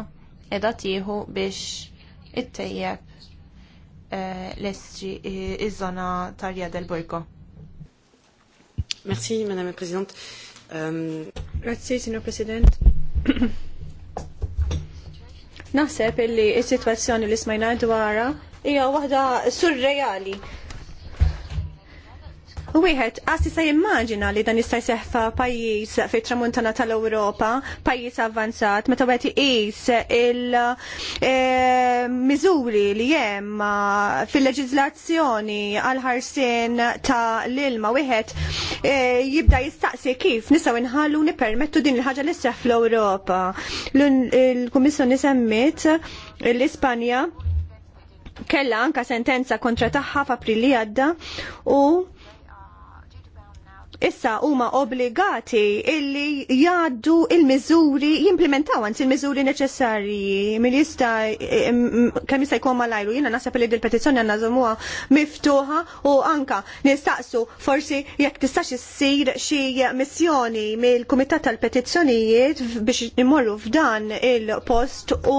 qiegħda tieħu biex ittejjeb eh, l-estri eh, iż-żona ta' rja del Borgo. Merci, Madame la Présidente. Euh, Grazie, Signor President. Naħseb illi s-sitwazzjoni li smajna dwarha hija waħda surreali Wieħed, għas se jimmaġina li dan jista' jseħħ pajjiż fit tramuntana tal-Ewropa, pajjiż avvanzat, meta wieħed iqis il-miżuri e, li hemm fil-leġiżlazzjoni għal ħarsien ta' l-ilma wieħed e, jibda jistaqsi kif nistgħu inħallu nippermettu din il-ħaġa li seħħ fl-Ewropa. Il-Kummissjoni semmit l-Ispanja kella anka sentenza kontra tagħha f'April li għadda u issa huma obbligati illi jgħaddu il-miżuri jimplementaw għanzi il-miżuri neċessarji mill-jista kemm jista' jkun malajru jiena naħseb li dil-petizzjoni għandna żomuha miftuħa u anka nistaqsu forsi jekk tistax issir xi missjoni mill-Kumitat tal-Petizzjonijiet biex imorru f'dan il-post u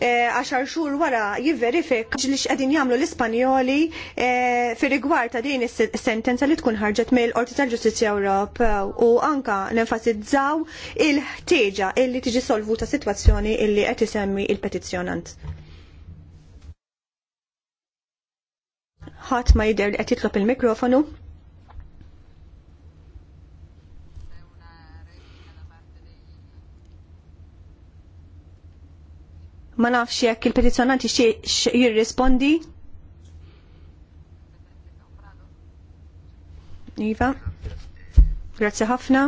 eh, għaxar xhur wara jivverifika li x'qegħdin jagħmlu l-Ispanjoli eh, fir-rigward ta' din is-sentenza li tkun ħarġet mill-Qorti tal-Ġustizja tal-Ġustizzja Ewropew u anka nenfasizzaw il-ħtieġa illi tiġi solvuta sitwazzjoni illi qed isemmi il-petizzjonant. Ħadd ma jidher li qed jitlob il-mikrofonu. Ma nafx jekk il-petizzjonant petizzjonanti jirrispondi. Iva. grazie ħafna.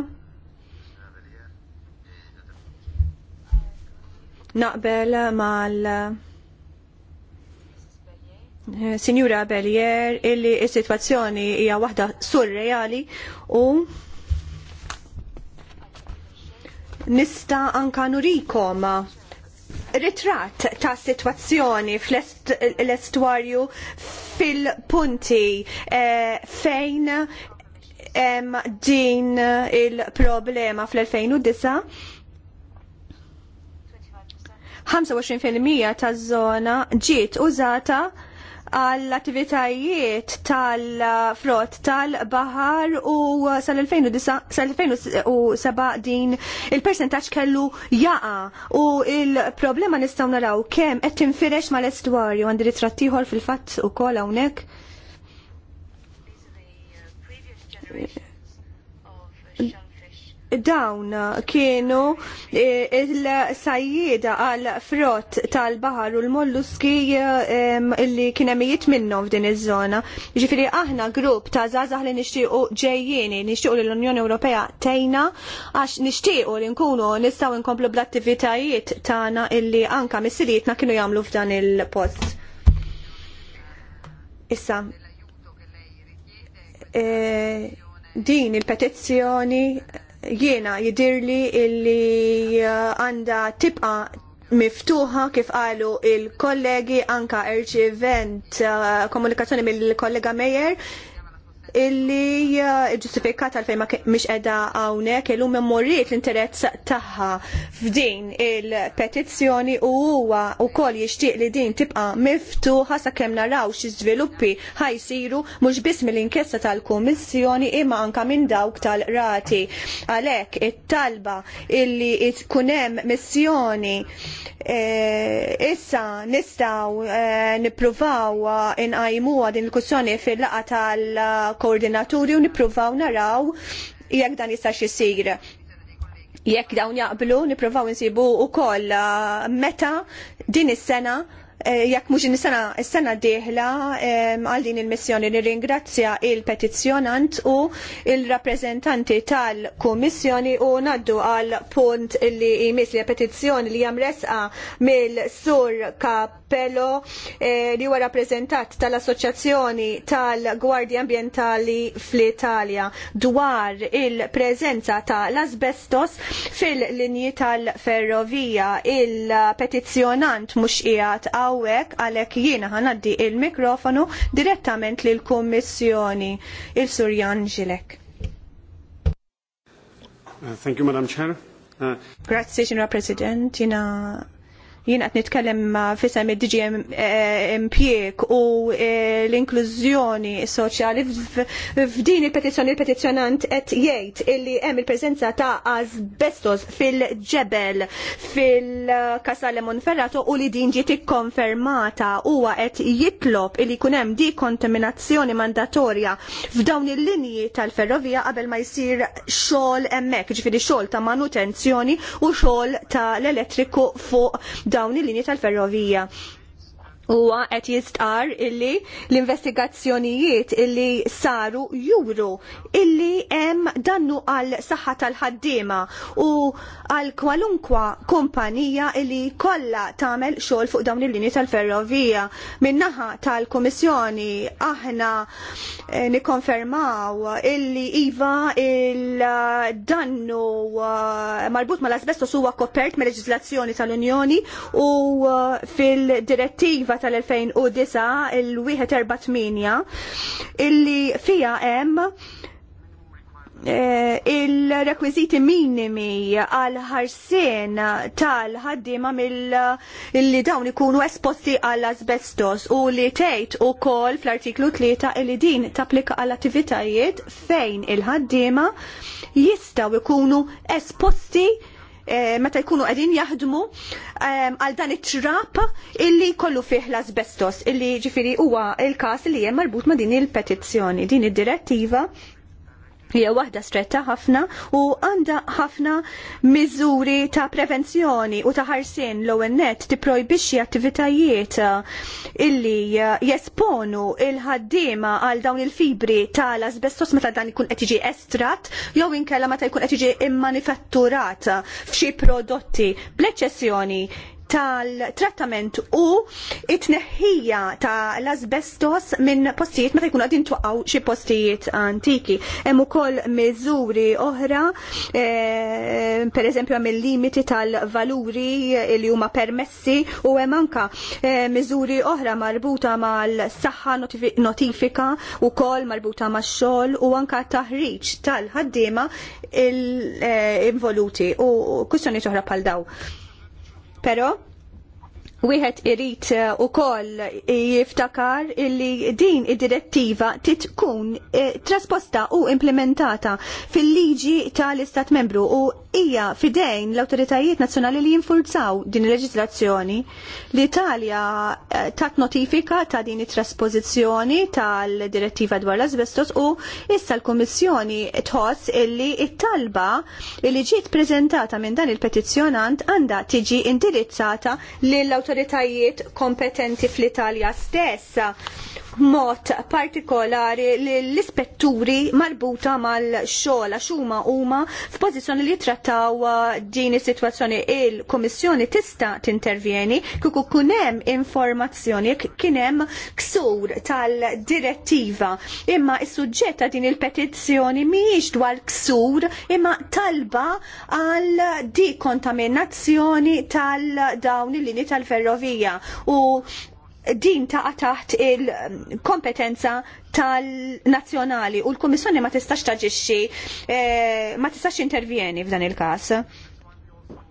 Naqbel mal eh, Signora Bellier illi s-sitwazzjoni hija waħda surreali u nista anka nurikom ritratt ta' sitwazzjoni fl-estwarju fil-punti eh, fejn hemm din il-problema fl-2009 25% taż-żona ġiet użata għall attivitajiet tal-frott tal-bahar u sal-2007 din il-percentaċ kellu jaqa u il-problema nistaw naraw kem qed tinfirex mal-estwarju għandi ritrattiħor fil-fatt ukoll hawnhekk dawn kienu e, il-sajjida għal frott tal-bahar u l-molluski e, illi kienemijiet minnhom f'din iż-żona. Ġifiri, aħna grupp ta' zazah li nixtiequ ġejjieni, nixtiequ li l-Unjoni Ewropea tejna għax nixtiequ li nkunu nistgħu nkomplu bl-attivitajiet tagħna illi anka mis kienu jagħmlu f'dan il-post. Issa, E, din il-petizzjoni jiena jidirli illi e, għanda tibqa miftuħa kif qalu il-kollegi anka irċivent e, komunikazzjoni mill-kollega Meyer illi ġustifikat għalfej ma mish edha hawnhekk illum memorriet l-interess tagħha f'din il-petizzjoni u huwa wkoll jixtieq li din tibqa' miftuħa kem naraw xi żviluppi ħajsiru mhux biss mill-inkjesta tal-Kummissjoni imma anka minn dawk tal-rati. Għalhekk it-talba illi tkun hemm missjoni e, issa nistgħu e, nippruvaw inqajmuha din il-kussjoni fil-laqa tal- koordinaturi u nippruvaw naraw jekk dan jistax jsir. Jekk dawn jaqblu, nippruvaw insibu wkoll uh, meta din is-sena Eh, jekk mhux is-sena is-sena dieħla għal din il-missjoni nirringrazzja il-petizzjonant u il-rappreżentanti tal-Kummissjoni u naddu għal punt li jmiss li petizzjoni li jamresqa mill-Sur Capello eh, li huwa rappreżentat tal-Assoċjazzjoni tal-Gwardji Ambientali fl-Italja dwar il-preżenza tal-asbestos fil-linji tal-ferrovija il-petizzjonant mhux qiegħed hawnhekk għalhekk jiena ħanaddi il-mikrofonu direttament lil kummissjoni il-Sur Jan Ġilek. Uh, thank you, Madam Chair. Uh... Grazie, Signora President. Jina jien qed nitkellem ma' fisem id-DGMPK eh, u eh, l-inklużjoni soċjali f'din il-petizzjoni il-petizzjonant qed jgħid illi hemm il-preżenza ta' asbestos fil-ġebel fil-Casale Monferrato u li din ġiet ikkonfermata huwa qed jitlob illi jkun hemm kontaminazzjoni mandatorja f'dawn il-linji tal-ferrovija qabel ma jsir xogħol hemmhekk, ġifieri xogħol ta' manutenzjoni u xogħol tal-elettriku fuq dawn il-linji tal-ferrovija huwa qed jistqar illi l-investigazzjonijiet illi saru juru illi hemm dannu għal saħħa tal-ħaddiema u għal kwalunkwa kumpanija illi kollha tagħmel xogħol fuq dawn il-linji tal-ferrovija. Min-naħa tal-Kummissjoni aħna eh, nikkonfermaw illi iva il-dannu eh, marbut mal-asbestos huwa kopert mill-leġiżlazzjoni tal-Unjoni u eh, fil-direttiva tal-2009 il-1448 illi fija hemm eh, il-rekwiziti minimi għal ħarsien tal-ħaddima mill-li dawn ikunu esposti għall azbestos u li tgħid ukoll fl-artiklu 3 li din tapplika għall attivitajiet fejn il-ħaddima jistgħu ikunu esposti Eh, meta jkunu qegħdin jaħdmu eh, għal dan it-trap illi kollu fih l-asbestos illi ġifiri huwa il-każ li hemm marbut ma' din il-petizzjoni, din id-direttiva il petizzjoni din id direttiva hija waħda stretta ħafna u għandha ħafna miżuri ta' prevenzjoni u ta' ħarsien l ewwel nett tipprojbixxi attivitajiet eh, illi eh, jesponu il-ħaddiema għal dawn il-fibri tal-asbestos meta dan ikun qed jiġi estrat jew inkella meta jkun qed jiġi immanifatturat f'xi prodotti bl-eċċessjoni tal-trattament u it-neħħija tal-asbestos minn postijiet meta jkunu għadin tuqaw xi postijiet antiki. Hemm ukoll miżuri oħra, e, per eżempju hemm il-limiti tal-valuri li huma permessi u hemm anka e, miżuri oħra marbuta mal-saħħa notifika wkoll marbuta max-xogħol u anka taħriġ tal-ħaddiema eh, involuti u kwistjoni oħra pal daw. Pero wieħed irid eh, ukoll jiftakar illi din id-direttiva titkun eh, trasposta u implementata fil-liġi tal-Istat membru u hija fidejn l-awtoritajiet nazzjonali li jinfurzaw din il-leġislazzjoni. L-Italja eh, tat notifika ta' din it-trasposizzjoni tal-direttiva dwar l-asbestos u issa l-Kummissjoni tħoss illi it-talba li ġiet preżentata minn dan il-petizzjonant għandha tiġi indirizzata lill-awtoritajiet l-autoritajiet kompetenti fl-Italja stessa mod partikolari l-ispetturi marbuta mal-xogħol xuma huma f'pożizzjoni li trattaw uh, din is-sitwazzjoni il-Kummissjoni tista' tintervjeni kieku kun hemm informazzjoni kien hemm ksur tal-direttiva. Imma is-suġġett ta' din il-petizzjoni mhijiex dwar ksur imma talba għal dikontaminazzjoni tal-dawn il-lini tal-ferrovija u din taqa' taħt il-kompetenza tal-nazzjonali u l-Kummissjoni ma tistax taġixxi eh, ma tistax intervjeni f'dan il-każ.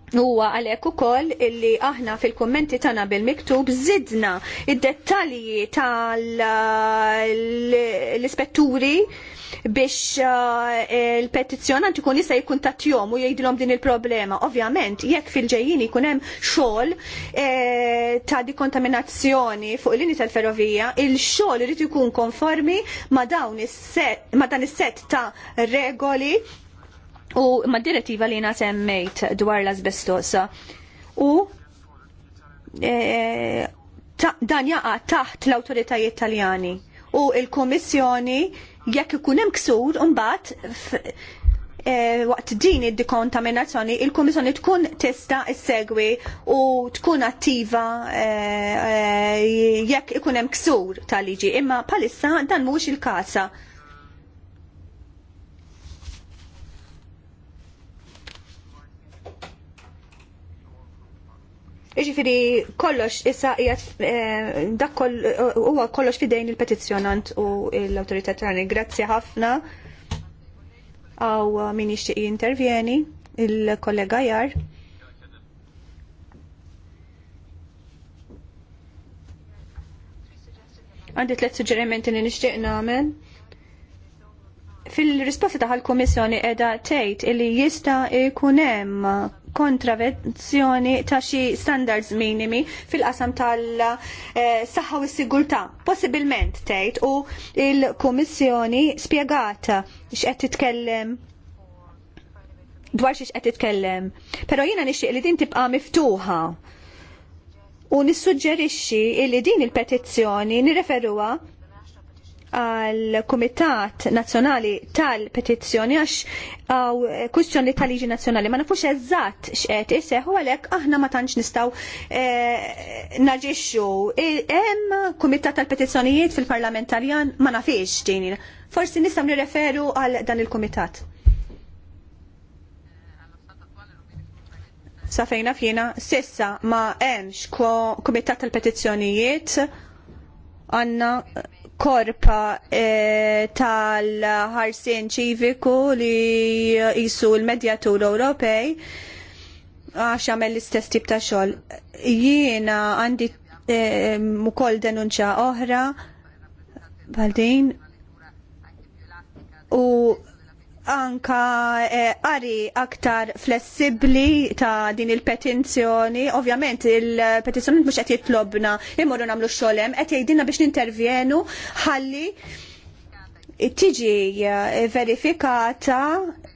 Huwa għalhekk ukoll illi aħna fil-kummenti tagħna bil-miktub żidna id-dettalji tal-ispetturi biex eh, il-petizzjonant ikun jista' jikkuntattjhom u jgħidilhom din il-problema. Ovvjament, jekk fil-ġejjin ikun hemm xogħol eh, ta' dikontaminazzjoni fuq il-lini tal-ferrovija, il-xogħol irid ikun konformi ma' dawn ma' dan is-set ta' regoli u ma' direttiva li jiena semmejt dwar l-asbestos. U eh, dan jaqa' taħt l-awtoritajiet Taljani u il-Komissjoni jekk ikun hemm ksur mbagħad e, waqt din id-dekontaminazzjoni il-Kummissjoni tkun tista' issegwi u tkun attiva e, e, jekk ikun hemm ksur tal-liġi. Imma bħalissa dan mhux il-kasa. Jiġifieri kollox issa jgħat eh, dak huwa kollox fidejn il-petizzjonant u l-autorità tagħna. Grazzi ħafna għaw eh, min jixtieq jintervjeni il-kollega jar. Għandi tlet suġġerimenti li nixtieq nagħmel. Fil-risposta taħal kummissjoni qiegħda tgħid li jista' jkun hemm kontravenzjoni ta' xi standards minimi fil-qasam tal-saħħa u s-sigurtà. Possibilment tgħid u il-Kummissjoni spjegata x'qed titkellem dwar xiex qed titkellem. Però jiena nixtieq li din tibqa' miftuħa. U nissuġġerixxi li din il-petizzjoni nirreferuha għal Kumitat Nazzjonali tal-Petizzjoni għax għaw eh, kwistjoni tal-Liġi Nazzjonali ma nafux eżatt x'qed iseħħu għalhekk aħna ma tantx nistgħu e, naġixxu. Hemm Kumitat tal-Petizzjonijiet fil-Parlamentarjan ma nafiex din. Forsi nistaw nirreferu għal dan il-Kumitat. Sa fejna fjena, sissa ma hemmx kumitat tal-petizzjonijiet għanna korpa eh, tal ħarsien ċiviku li jisu l-medjatur Ewropej għax għamel l-istess tip ta' xogħol. Jiena għandi eh, ukoll denunċja oħra baldin, u anka eh, qari eh, aktar flessibbli ta' din il-petizzjoni. Ovvjament il-petizzjoni mhux qed jitlobna imorru nagħmlu xolem qed jgħidilna biex nintervjenu ħalli tiġi eh, verifikata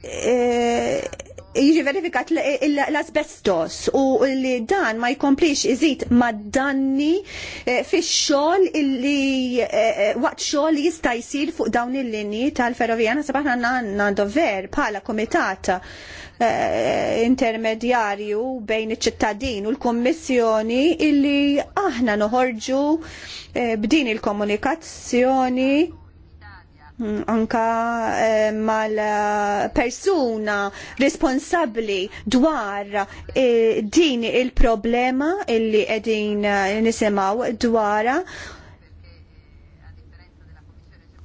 eh, jiġi verifikat l-asbestos u li dan ma jkomplix iżid mad-danni eh, fix xogħol illi eh, eh, waqt xogħol jista' jsir fuq dawn il-linji tal-ferrovija. Nasab aħna għandna dover bħala komitat intermedjarju bejn iċ-ċittadin u l-Kummissjoni illi aħna noħorġu b'din il-komunikazzjoni anka eh, mal-persuna responsabbli dwar eh, din il-problema illi qegħdin eh, nisimaw dwar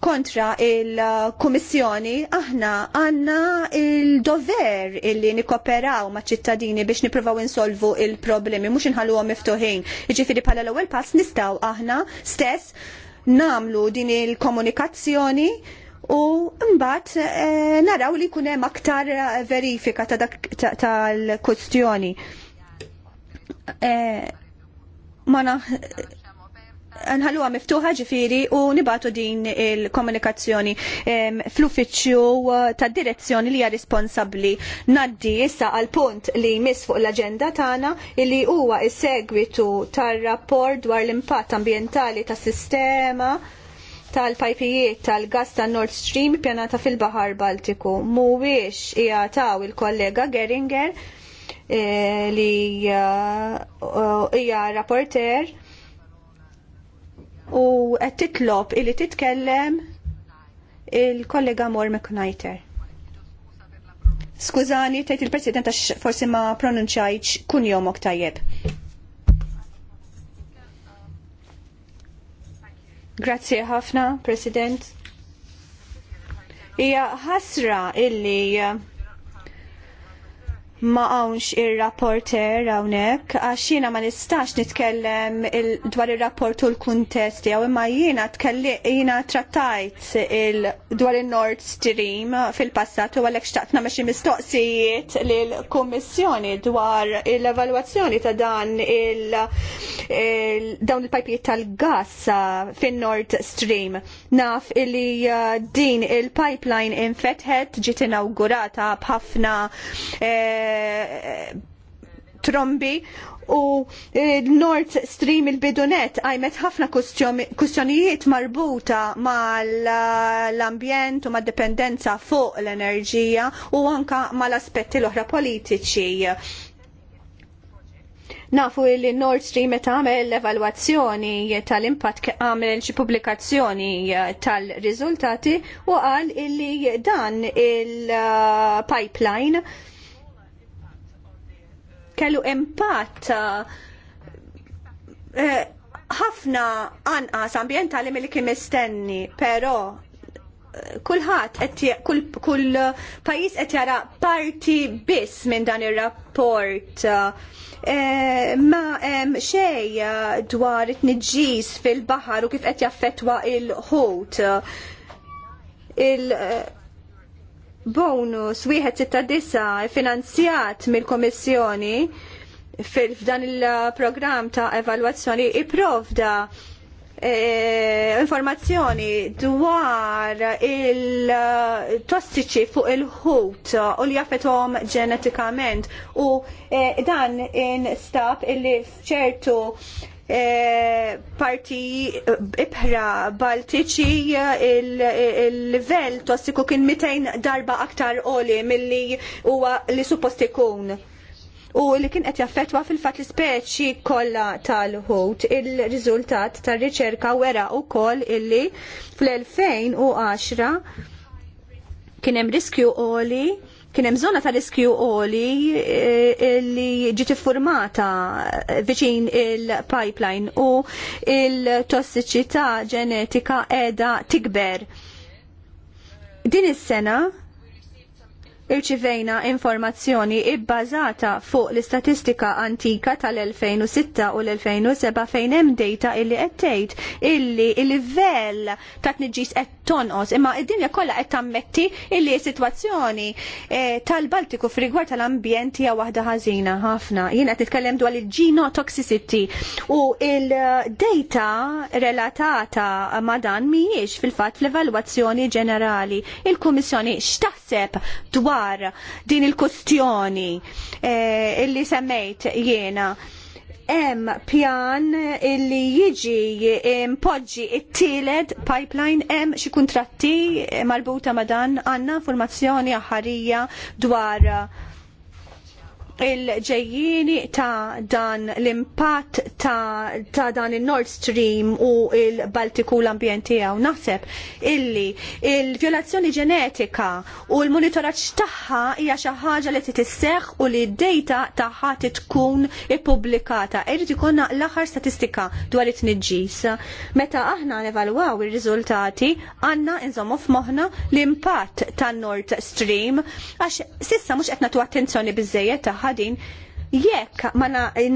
kontra il-Kummissjoni aħna għanna il-dover illi nikoperaw ma' ċittadini biex niprofaw insolvu il-problemi, mux nħallu miftuħin. Iġifiri pala l-ewel pass nistaw aħna stess namlu din il-komunikazzjoni u mbagħad e, naraw li jkun hemm aktar eh, verifika ta' dak tal-kustjoni. e, eh, ma nħalluha miftuħa ġifiri u nibatu din il-komunikazzjoni fl-uffiċċju eh, ta' direzzjoni li hija responsabbli. Naddi issa għal punt li jmiss fuq l-aġenda tagħna li huwa s-segwitu tar-rapport dwar l-impatt ambjentali tas sistema tal-pajpijiet tal-gas ta' Nord Stream pjanata fil-Bahar Baltiku. Mhuwiex hija taw il-kollega Geringer eh, li eh, hija rapporter u qed titlob illi titkellem il-kollega Mor McNighter. Skużani, tgħid il-President għax forsi ma pronunċajċ kun jomok tajjeb. Grazie ħafna, President. Ija ħasra illi ma għawnx il-rapporter għawnek, għax jina ma nistax nitkellem dwar il-rapport u l-kuntesti, għaw imma jina jina trattajt dwar il-Nord Stream fil-passat u għalek xtaqtna maċi mistoqsijiet l-Kommissjoni dwar l-evaluazzjoni ta' dan il, dawn il-pajpijiet tal-gas fil-Nord Stream. Naf illi uh, din il-pipeline infetħet ġiet inaugurata bħafna eh, trombi u e, Nord Stream il-bidunet għajmet ħafna kustjonijiet marbuta mal-ambjent u mad-dependenza fuq l-enerġija u anka mal-aspetti l-oħra politiċi. Nafu li Nord Stream qed għamel l-evalwazzjoni tal-impatt għamel xi pubblikazzjoni tal-riżultati u qal illi dan il-pipeline il pipeline kellu impatt eh, ħafna anqas ambjentali milli kien mistenni, però eh, kulħadd kull kull pajjiż qed jara parti biss minn dan ir-rapport. Eh, ma hemm xej dwar it fil-baħar u kif qed jaffettwa il-ħut. Il-, -ħut. il bonus wieħed sitta disa finanzjat mill-Komissjoni f'dan il-programm ta' evalwazzjoni iprovda eh, informazzjoni dwar il-tossiċi fuq il-ħut u li jaffetom ġenetikament u eh, dan instab illi fċertu E, parti e, ibħra baltiċi e, il-livell tossiku kien 200 darba aktar oli milli huwa li suppost ikun u li kien qed jaffettwa fil-fatt l-speċi kollha tal-ħut. Il-riżultat tar-riċerka wera wkoll illi fl-2010 kien hemm riskju oli Kien hemm żona ta' riskju oli eh, li ġiet iffurmata viċin il-pipeline u il-tossiċità ġenetika qiegħda tikber. Din is-sena irċivejna informazzjoni ibbażata fuq l-istatistika antika tal-2006 u l-2007 fejn hemm data illi qed tgħid illi l-livell ta' tniġġis qed tonqos imma id-dinja kollha qed tammetti illi s-sitwazzjoni eh, tal-Baltiku f'rigward tal-ambjent hija waħda ħażina ħafna. Jiena qed nitkellem dwar il genotoxicity toxicity u il-data relatata ma' dan mhijiex fil-fatt fl-evalwazzjoni ġenerali. Il-Kummissjoni x'taħseb dwar dwar din il-kustjoni eh, illi semmejt jiena hemm pjan illi jiġi impoġġi it-tielet pipeline hemm xi kuntratti marbuta ma' dan għandna informazzjoni aħħarija dwar il-ġejjini ta' dan l-impatt ta', ta dan il-Nord Stream u il-Baltiku l-ambjent tiegħu. Naħseb illi il-vjolazzjoni ġenetika u l-monitoraġġ tagħha hija xi ħaġa li titisseħ u li d-dejta tagħha tkun ippubblikata. Irid ikun l-aħħar statistika dwar it-tniġġis. Meta aħna nevalwaw ir-riżultati għandna inżommu f'moħħna l-impatt tan Nord Stream għax sissa mhux qed nagħtu attenzjoni biżejjed tagħha ħadin, din jekk ma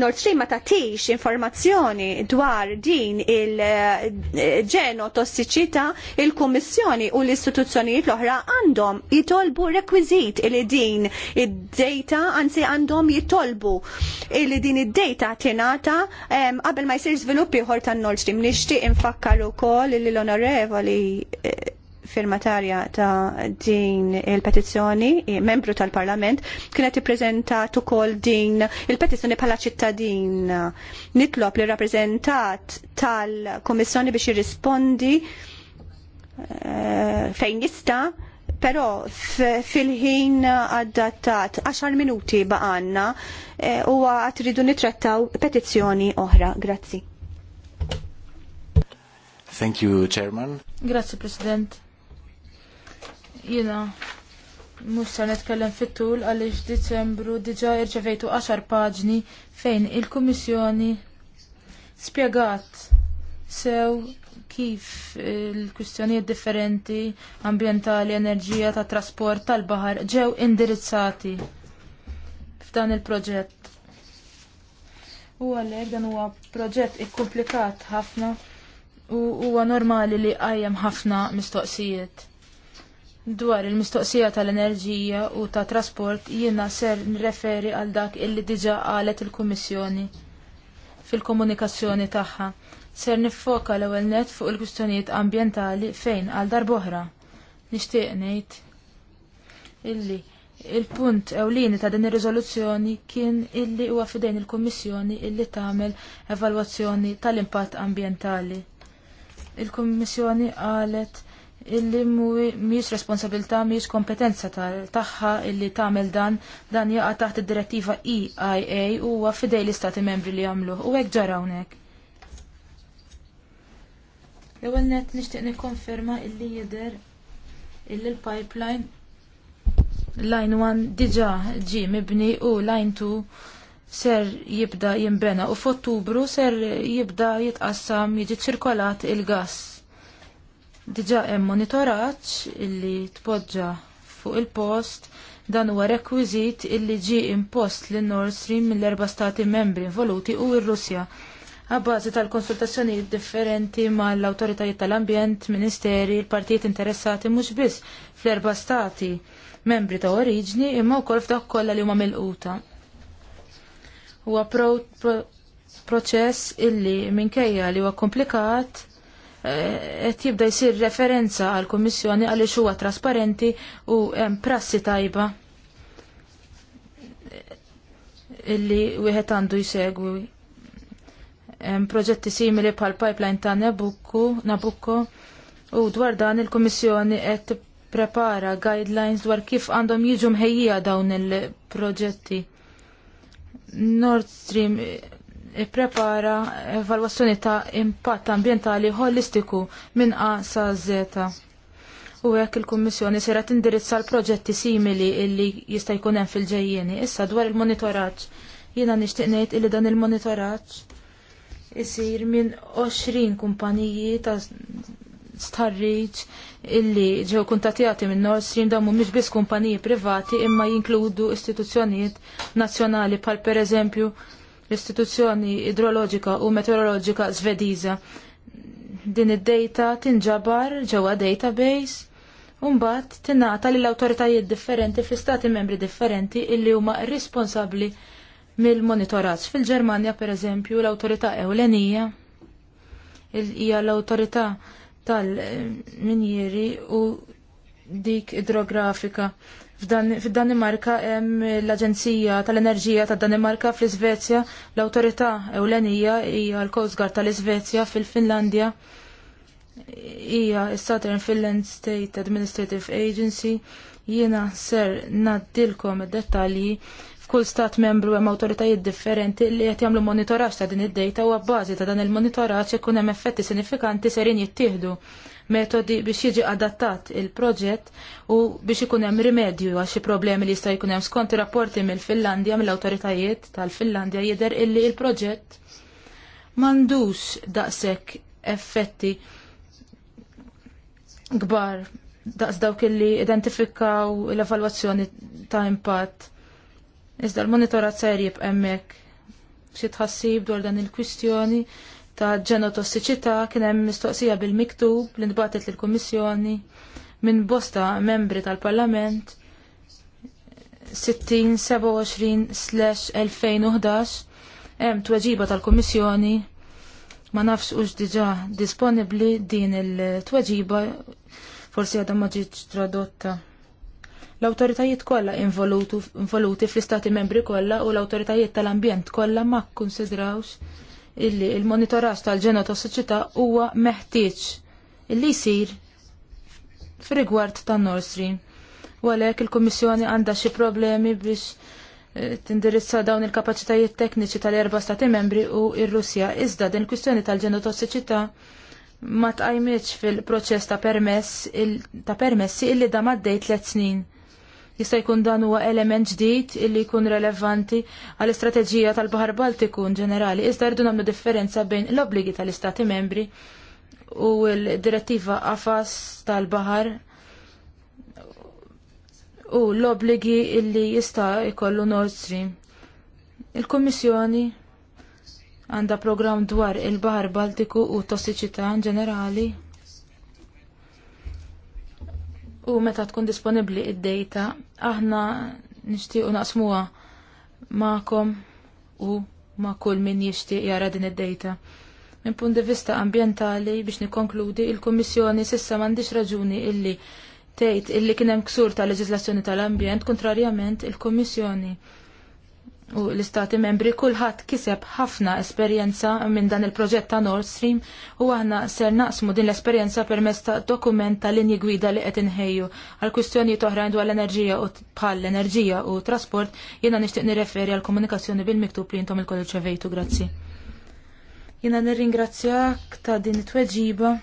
Nord Stream ma tatix informazzjoni dwar din il-ġeno tossiċità, il-Kummissjoni u l-istituzzjonijiet l-oħra għandhom jitolbu rekwizit li din id-data, anzi għandhom jitolbu li din id-data tingħata qabel ma jsir żviluppi ieħor tan-Nord Stream. Nixtieq infakkar ukoll li l-onorevoli eh, firmatarja ta' din il-petizzjoni, membru tal-Parlament, kienet ippreżentat ukoll din il-petizzjoni bħala ċittadin. Nitlob li rappreżentat tal-Komissjoni biex jirrispondi uh, fejn jista' Pero fil-ħin adattat 10 minuti baqanna eh, u għat ridu nitrattaw petizzjoni oħra. Grazzi. Thank you, Chairman. Grazie President. Jina, mux sa' netkellem fit-tul għalix Deċembru diġa irċevejtu 10 paġni fejn il-Kummissjoni spiegat sew kif il-kwistjonijiet differenti ambientali, enerġija, ta' trasport, tal-bahar ġew indirizzati f'dan il-proġett. U għalhekk dan huwa proġett ikkomplikat ħafna u huwa normali li qajjem ħafna mistoqsijiet. Dwar il-mistoqsija tal-enerġija u ta' trasport jiena ser nreferi għal dak illi diġa qalet il-Kummissjoni fil-komunikazzjoni tagħha. Ser niffoka l-ewwel net fuq il-kwistjonijiet ambjentali fejn għal darb'oħra. Nixtieq ngħid illi il-punt ewlieni ta' din ir-riżoluzzjoni kien illi huwa fidejn il-Kummissjoni illi tagħmel evalwazzjoni tal-impatt ambjentali. Il-Kummissjoni qalet illi mhijiex responsabilità mhijiex kompetenza tagħha illi tagħmel dan dan jaqa' taħt id-direttiva EIA huwa fidej l-istati membri li jagħmluh u hekk ġara hawnhekk. L-ewwel nett nixtieq nikkonferma illi jidher illi l-pipeline line 1 diġa ġi mibni u line 2 ser jibda jimbena u f'Ottubru ser jibda jitqassam jiġi ċirkolat il-gas. Diġa hemm monitoraġġ illi tpoġġa fuq il-post dan huwa rekwiżit illi ġi impost lin Nord Stream mill-erba' stati membri involuti u r-Russja. Għabbażi tal-konsultazzjonijiet differenti mal-awtoritajiet tal-ambjent, ministeri, l-partijiet interessati mhux biss fl-erba' stati membri ta' oriġni imma wkoll f'dak kollha li huma milquta. Huwa proċess illi minkejja li huwa komplikat qed jibda jsir referenza għal kummissjoni għaliex huwa trasparenti u hemm prassi tajba illi wieħed għandu jsegwi. Hemm proġetti simili bħal pipeline ta' Nabucco, Nabucco u dwar dan il-Kummissjoni qed prepara guidelines dwar kif għandhom jiġu mħejjija dawn il-proġetti. Nord Stream ipprepara evalwazzjoni ta' impatt ambjentali holistiku minn A sa Z. U hekk il-Kummissjoni sera tindirizza l-proġetti simili illi jista' jkun hemm fil-ġejjieni. Issa dwar il-monitoraġġ. Jiena nixtieq ngħid illi dan il-monitoraġġ isir minn 20 kumpaniji ta' starriċ illi ġew kuntatjati minn Nord Stream dawn mhumiex biss kumpaniji privati imma jinkludu istituzzjonijiet nazzjonali bħal pereżempju l-istituzzjoni idroloġika u meteoroloġika svediża. Din id-data tinġabar ġewwa database u mbagħad tingħata lill awtoritajiet differenti fl-istati membri differenti illi huma responsabbli mill-monitoraġġ. Fil-Ġermanja pereżempju l-awtorità ewlenija hija l-awtorità tal-minjieri u dik idrografika Fid-Danimarka hemm l-Aġenzija tal-Enerġija tad-Danimarka fl-Iżvezja, l-Awtorità Ewlenija hija l-Coast Guard tal-Iżvezja fil-Finlandja. Hija s-Southern Finland State Administrative Agency. Jiena ser naddilkom id-dettalji f'kull stat membru hemm awtoritajiet differenti li qed jagħmlu monitoraġġ ta' din id-dejta u għabbażi ta' dan il-monitoraġġ ikun hemm effetti sinifikanti serin jittieħdu metodi biex jiġi adattat il-proġett u biex ikun hemm rimedju għal xi problemi li jista' jkun hemm skont rapporti mill-Finlandja mill-awtoritajiet tal-Finlandja jidher illi il-proġett m'għandux daqshekk effetti kbar daqs dawk illi identifikaw l-evalwazzjoni ta' impatt. Iżda l-monitorat ser hemmhekk xi tħassib dwar dan il-kwistjoni ta' ġenotossiċità kien hemm mistoqsija bil-miktub li nbatet lill-Kummissjoni minn bosta membri tal-Parlament 2011 hemm tweġiba tal-Kummissjoni ma nafx ux diġa disponibli din il-tweġiba forsi għadha ma ġietx tradotta. L-awtoritajiet kollha involuti fl-istati membri kollha u l-awtoritajiet tal-ambjent kollha ma kkunsidrawx illi il-monitoraġġ tal-ġenot tas-soċjetà huwa meħtieġ illi jsir f'rigward tan Nord Stream. U għalhekk il-Kummissjoni għandha xi problemi biex eh, tindirizza dawn il-kapaċitajiet tekniċi tal-erba stati membri u r russja Iżda din kwistjoni tal-ġenotossiċità ma tqajmitx fil-proċess ta' permess ta' permessi illi da maddej tliet snin. Jista' jkun dan huwa element ġdid illi jkun relevanti għall istrateġija tal-Baħar Baltiku in ġenerali. Iżda rridu nagħmlu differenza bejn l-obbligi tal-Istati membri u l-direttiva Afas tal-Baħar u l-obbligi illi jista' jkollu Nord Stream. Il-Kummissjoni għandha programm dwar il-Baħar Baltiku u t tossiċità in ġenerali u meta tkun disponibbli id-data aħna nixtiequ naqsmuha magħkom u ma' kull min jixtieq jara din id-data. Minn punt di vista ambjentali biex nikkonkludi il-Kummissjoni sissa m'għandix raġuni illi tgħid illi kien hemm ksur tal leġislazzjoni tal-ambjent, kontrarjament il-Kummissjoni u l-istati membri kulħadd kiseb ħafna esperjenza minn dan il-proġett ta' Nord Stream u aħna ser naqsmu din l-esperjenza permezz ta' dokument ta' linji gwida li qed inħejju għal kustjoni oħrajn dwar l-enerġija u bħal l-enerġija u trasport jiena nixtieq nirreferi għal komunikazzjoni bil-miktub li intom il-kollu ċevejtu grazzi. Jiena nirringrazzjak ta' din it-tweġiba.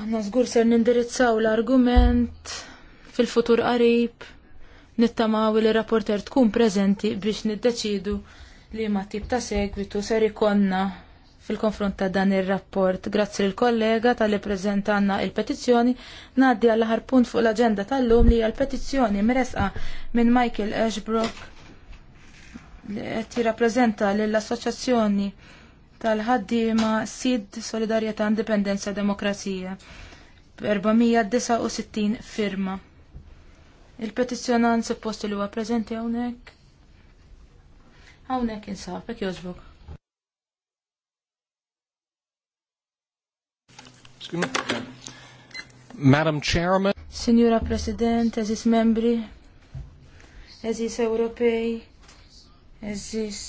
Aħna żgur ser nindirizzaw l-argument fil-futur qarib nittamaw li rapporter tkun preżenti biex niddeċidu li ma tip ta' segwitu ser ikonna fil-konfront ta' dan ir-rapport. Grazzi l kollega tal-li prezentanna il-petizzjoni, naddi għall aħar punt fuq l-agenda tal-lum li għal-petizzjoni mresqa minn Michael Ashbrook li qed rapprezenta lill-Assoċjazzjoni tal-ħaddiema Sid Solidarjetà Indipendenza Demokrazija 469 firma. Il-petizjonant suppost li huwa preżenti hawnhekk. Hawnhekk insab, hekk jogħġbok. Madam Chairman. Signora President, eżis membri, eżis Ewropej, eżis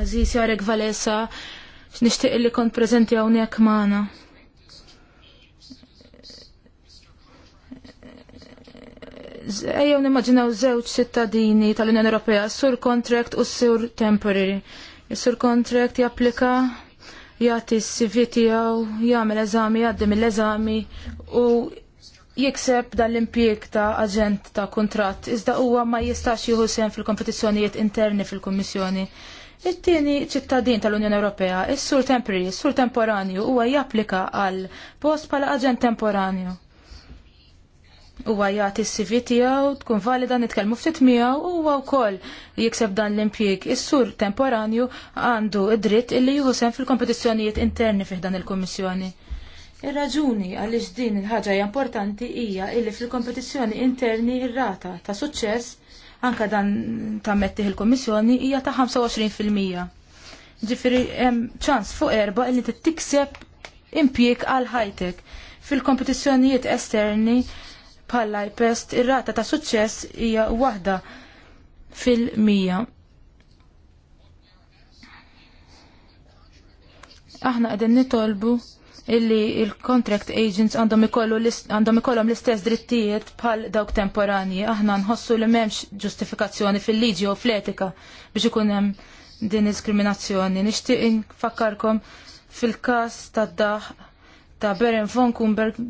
Aziz Jarek Valesa, x'nixtieq li kont prezenti hawnhekk magħna. ejjew nimmaġinaw żewġ sittadini tal-Unjoni Ewropea, sur contract u sur temporary. Is-sur contract japplika jagħti s-CV tiegħu, jagħmel eżami, jgħaddi mill-eżami u jikseb dan l-impjieg ta' aġent ta' kuntratt, iżda huwa ma jistax jieħu sehem fil-kompetizzjonijiet interni fil-Kummissjoni. It-tieni ċittadin tal-Unjoni Ewropea, is-sur temporary, is-sur temporanju, huwa japplika għal post bħala aġent temporanju huwa jagħti s-CV tiegħu tkun valida nitkellmu ftit miegħu huwa wkoll jikseb dan l-impjieg. Is-sur temporanju għandu id-dritt illi jieħu fil-kompetizzjonijiet interni fih dan il-Kummissjoni. Ir-raġuni għaliex din il-ħaġa importanti hija illi fil-kompetizzjoni interni ir-rata ta' suċċess anka dan mettiħ il-Kummissjoni hija ta' 25%. Ġifieri hemm ċans fuq erba' illi tikseb impjieg għal ħajtek. Fil-kompetizzjonijiet esterni bħalla Pest, ir-rata ta' suċċess hija waħda fil-mija. Aħna qegħdin nitolbu illi il-contract agents għandhom ikollhom l-istess drittijiet bħal dawk temporani. Aħna nħossu li m'hemmx ġustifikazzjoni fil-liġi u fl-etika biex ikun hemm din diskriminazzjoni. Nixtieq nfakkarkom fil-każ tad-daħ ta' Beren von Kumberg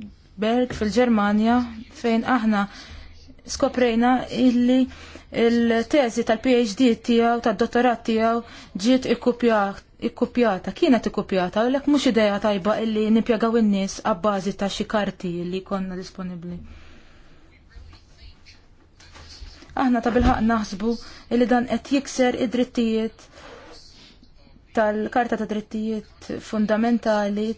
Berg fil-Ġermanja fejn aħna skoprejna illi il-teżi tal-PhD tiegħu tad-dottorat tiegħu ġiet ikkupjata, kienet ikkupjata, u l-ek mhux idea tajba illi nipjagaw in-nies għabbazi ta' xi karti li konna disponibbli aħna ta' bilħaq naħsbu illi dan qed jikser id-drittijiet tal-Karta ta' Drittijiet Fundamentali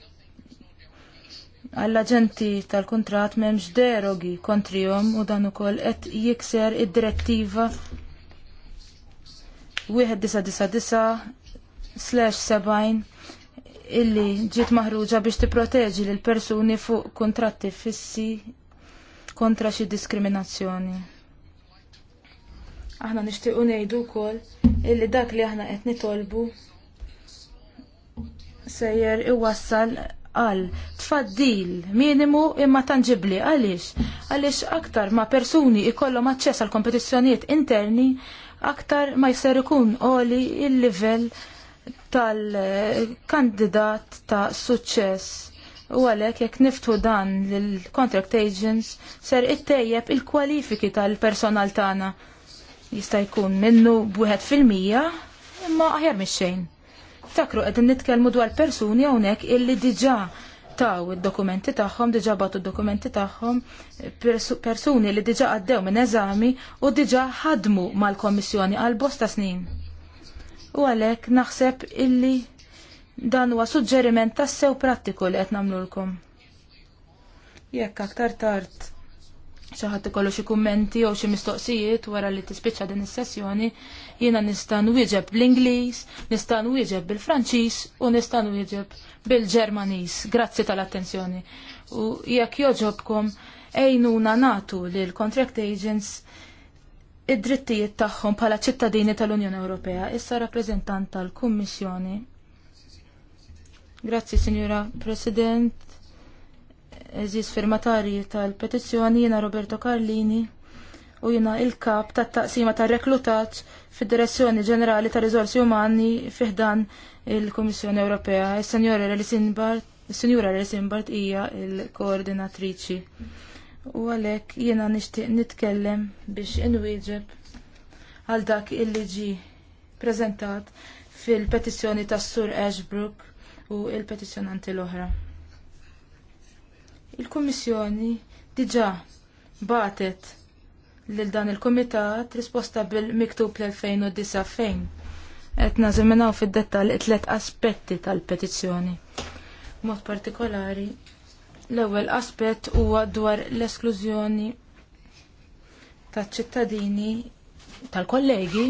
għall-aġenti tal-kontrat m'hemmx derogi kontrihom u dan ukoll qed jikser id-direttiva 1999/70 illi ġiet maħruġa biex tipproteġi lil persuni fuq kontratti fissi kontra xi diskriminazzjoni. Aħna nixtiequ ngħidu wkoll illi dak li aħna qed nitolbu sejjer iwassal għal tfaddil minimu imma tangibli għaliex għaliex aktar ma persuni ikollhom aċċess għal kompetizzjonijiet interni aktar ma jser ikun għoli il-livell tal-kandidat ta' suċċess. U għalek jekk niftu dan l-contract agents ser it-tejjeb il-kwalifiki tal-personal tagħna jista' jkun minnu b'wieħed fil-mija imma aħjar mix-xejn. Niftakru qegħdin nitkellmu dwar persuni hawnhekk illi diġà taw id-dokumenti tagħhom, diġà batu d-dokumenti tagħhom, persuni li diġa' għaddew minn eżami u diġà ħadmu mal-Kommissjoni għal bosta snin. U għalhekk naħseb illi dan huwa suġġeriment tassew prattiku li qed nagħmlulkom. Jekk aktar tard xi ħadd ikollu xi kummenti jew xi mistoqsijiet wara li tispiċċa din is-sessjoni, jiena nista' nwieġeb bl-Ingliż, nista' nwieġeb bil-Franċiż u nista' nwieġeb bil-Ġermaniż. Grazzi tal-attenzjoni. U jekk joġobkom ejnuna natu l contract agents id-drittijiet tagħhom bħala ċittadini tal-Unjoni Ewropea, issa rappreżentant tal-Kummissjoni. Grazzi, Signora President eżis firmatari tal-petizzjoni jiena Roberto Carlini u jina il-kap ta' taqsima ta' reklutat fid-Direzzjoni Ġenerali ta' Rizorsi Umani fiħdan il-Komissjoni Ewropea. Il-Senjora Relisinbart, il-Senjora hija il-koordinatriċi. U għalek jina nishtiq nitkellem biex inwieġeb għal dak il-liġi prezentat fil-petizjoni ta' Sur Ashbrook u il-petizjonanti l-oħra. Il-Komissjoni diġa batet lil dan il-Kumitat risposta bil-miktub l-2009 fejn qed nażiminaw fid-dettall tlet aspetti tal-petizzjoni. Mod partikolari, l-ewwel aspett huwa dwar l-esklużjoni taċ-ċittadini tal-kollegi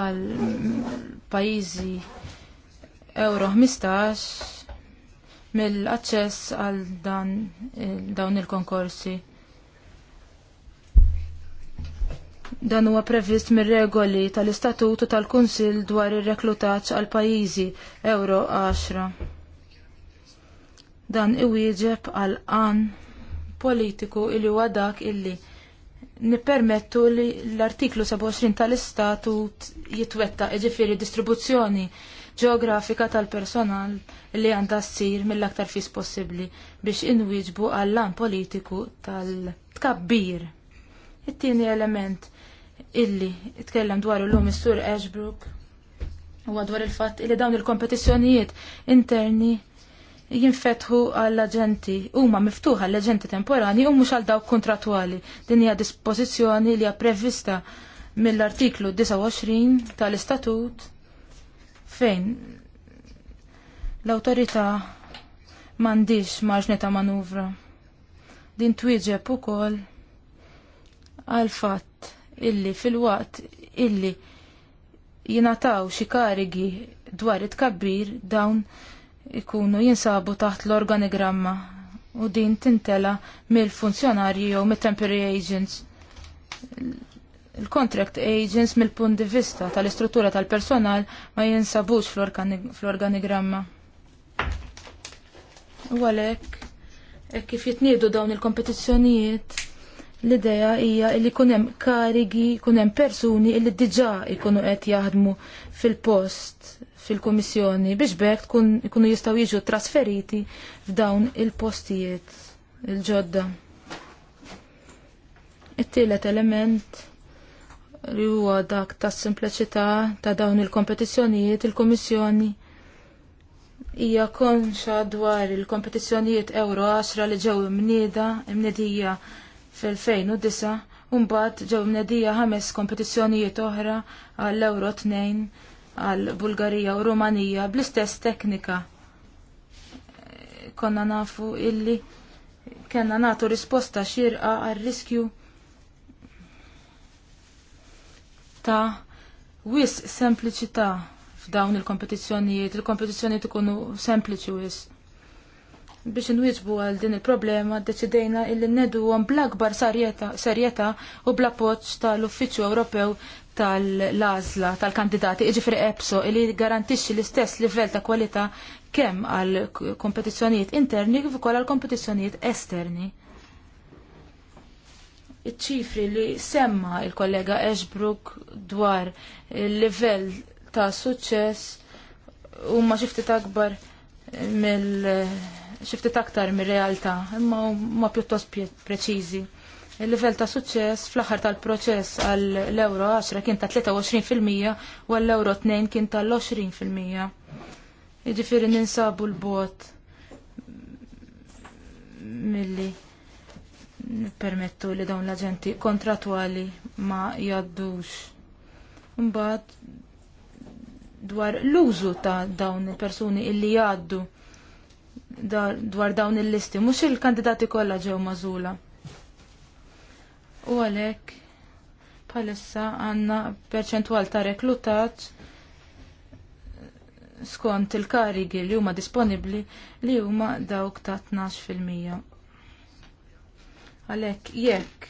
tal-pajjiżi Euro 15 mill-aċċess għal dawn il-konkorsi. il konkorsi Dan huwa previst mir-regoli tal-Istatutu tal-Kunsill dwar ir-reklutaġġ għal pajjiżi Euro 10. Dan iwieġeb għal an politiku illi huwa dak illi nippermettu li l-artiklu 27 tal-Istatut jitwetta iġifieri distribuzzjoni ġeografika tal-personal li għandha ssir mill-aktar fis possibbli biex inwieġbu għall-lan politiku tal-tkabbir. It-tieni element illi itkellem dwar l-lum is-sur Ashbrook huwa dwar il-fatt illi dawn il-kompetizzjonijiet interni jinfetħu għall-aġenti huma miftuħa għall-aġenti temporani u mhux għal dawk kontratwali. Din hija dispożizzjoni li hija prevista mill-artiklu 29 tal-istatut fejn l-awtorità m'għandix marġni ta' manuvra. Din twieġeb ukoll għal fatt illi fil-waqt illi jinataw xi karigi dwar it-kabbir dawn ikunu jinsabu taħt l-organigramma u din tintela mill-funzjonarji jew mit-temporary agents il-contract agents mill-punt di vista tal-istruttura tal-personal ma jinsabux fl-organigramma. U għalhekk, kif jitniedu dawn il kompetizzjonijiet L-ideja hija li kunem karigi, kunem persuni illi diġa ikunu qed jaħdmu fil-post, fil-komissjoni, biex bekk ikunu jistgħu jiġu trasferiti f'dawn il-postijiet il-ġodda. It-tielet element li huwa dak tas simpliċità ta' dawn il-kompetizzjonijiet, il-komissjoni hija konxa dwar il-kompetizzjonijiet Euro 10 li ġew imnieda, imnedija fl-2009 mbagħad ġew mnedija ħames kompetizzjonijiet oħra għall euro 2 għal Bulgarija u Rumanija bl-istess teknika. Konna nafu illi kena natu risposta xirqa għal riskju ta' wis sempliċità f'dawn il-kompetizzjonijiet, il-kompetizzjonijiet ikunu sempliċi wis biex nwiġbu għal din il-problema deċidejna illi nedu għan bl-akbar serjeta u bla poċ tal-Uffiċċju Ewropew tal-lazla tal-kandidati iġifri EPSO illi garantixxi l-istess livell ta' kwalità kemm għal kompetizzjonijiet interni kif ukoll għal kompetizzjonijiet esterni. Iċ-ċifri li semma il-kollega Ashbrook dwar il-livell ta' suċċess huma xifti akbar mill- xiftit aktar mir-realtà, imma ma pjuttost preċiżi. Il-livell ta' suċċess fl-aħħar tal-proċess għall euro 10 kien ta' 23% u għall euro 2 kien tal-20%. Jiġifieri ninsabu l-bot milli permettu li dawn l-aġenti kontratwali ma jaddux. Mbagħad dwar l-użu ta' dawn il-persuni illi jgħaddu dwar dawn il-listi, mhux il-kandidati kollha ġew mażula. U għalhekk bħalissa għandna perċentwal ta' reklutat skont il-karigi li huma disponibbli li huma dawk ta' 12%. Għalhekk jekk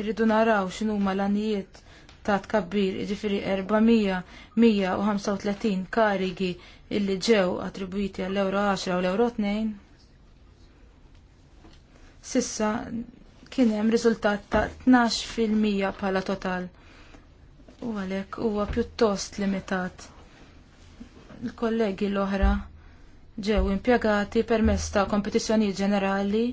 irridu naraw x'inhuma l-anijiet ta' tkabbir, ġifiri 435 karigi illi ġew attribwiti għall euro 10 u l-euro 2 sissa kien hemm riżultat ta' 12% bħala total. U għalhekk huwa pjuttost limitat. Il-kollegi l-oħra ġew impjegati permezz ta' kompetizzjonijiet ġenerali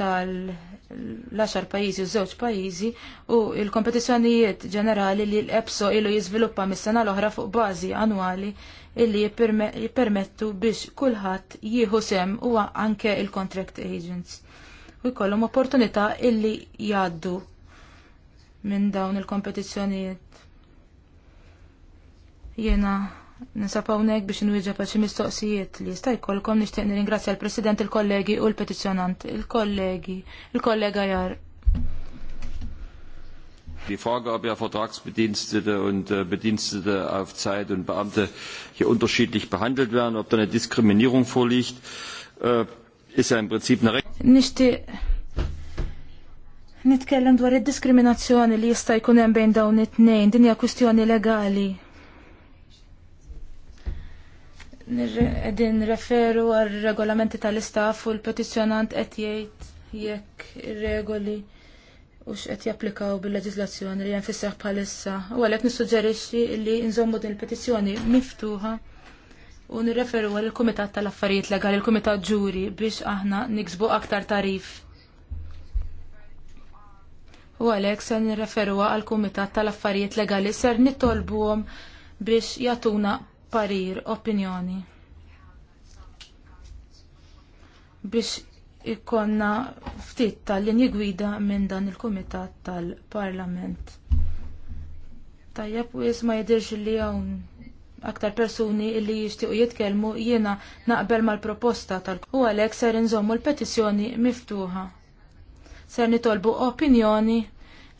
tal-10 pajjiżi u żewġ pajjiżi u l kompetizzjonijiet ġenerali li l-EPSO ilu jiżviluppa mis-sena l-oħra fuq bażi annwali illi jippermettu biex kulħadd jieħu sem u anke il-contract agents. U jkollhom opportunità illi jgħaddu minn dawn il-kompetizzjonijiet. Jena nisab hawnhekk biex nwieġa paċi xi mistoqsijiet li jista' jkollkom nixtieq nirringrazzja l-President il-kollegi u l-petizzjonant, il-kollegi, il-kollega jar Die Frage, ob ja Vertragsbedienstete und äh, Bedienstete auf Zeit und Beamte hier unterschiedlich behandelt werden, ob da eine Diskriminierung vorliegt, äh, ist ja im Prinzip eine Rechte. Nitkellem dwar id-diskriminazzjoni li jista' jkun hemm bejn dawn it-tnejn, din hija kwistjoni legali. Qegħdin referu għar regolamenti tal-istaff u l-petizzjonant qed jgħid jekk ir-regoli u x'qed japplikaw bil-leġiżlazzjoni li jenfisser bħalissa. U għalhekk nissuġġerixxi li nżommu din il-petizzjoni miftuħa u nirreferu għal kumitat tal-Affarijiet Legali, il-Kumitat Ġuri biex aħna niksbu aktar tarif. U għalhekk se nirreferu għal kumitat tal-Affarijiet Legali ser nittolbuhom biex jatuna parir, opinjoni. Biex ikonna ftit tal-linji gwida minn dan il-Kumitat tal-Parlament. Tajjeb u jisma jidirx li hawn aktar persuni illi jixtiequ jitkellmu jiena naqbel mal-proposta tal u għalek ser inżommu l-petizzjoni miftuħa. Ser nitolbu opinjoni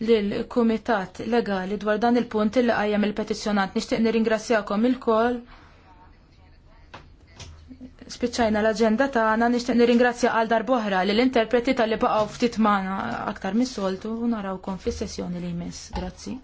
lill kumitat legali dwar dan il-punt illi qajjem il petizjonant nixtieq nirringrazzjakom il-koll spiċċajna l-agenda tagħna nixtieq nirringrazzja għal li lill interpreti tal-li baqgħu ftit magħna aktar mis-soltu u narawkom fis-sessjoni li jmiss. Grazzi.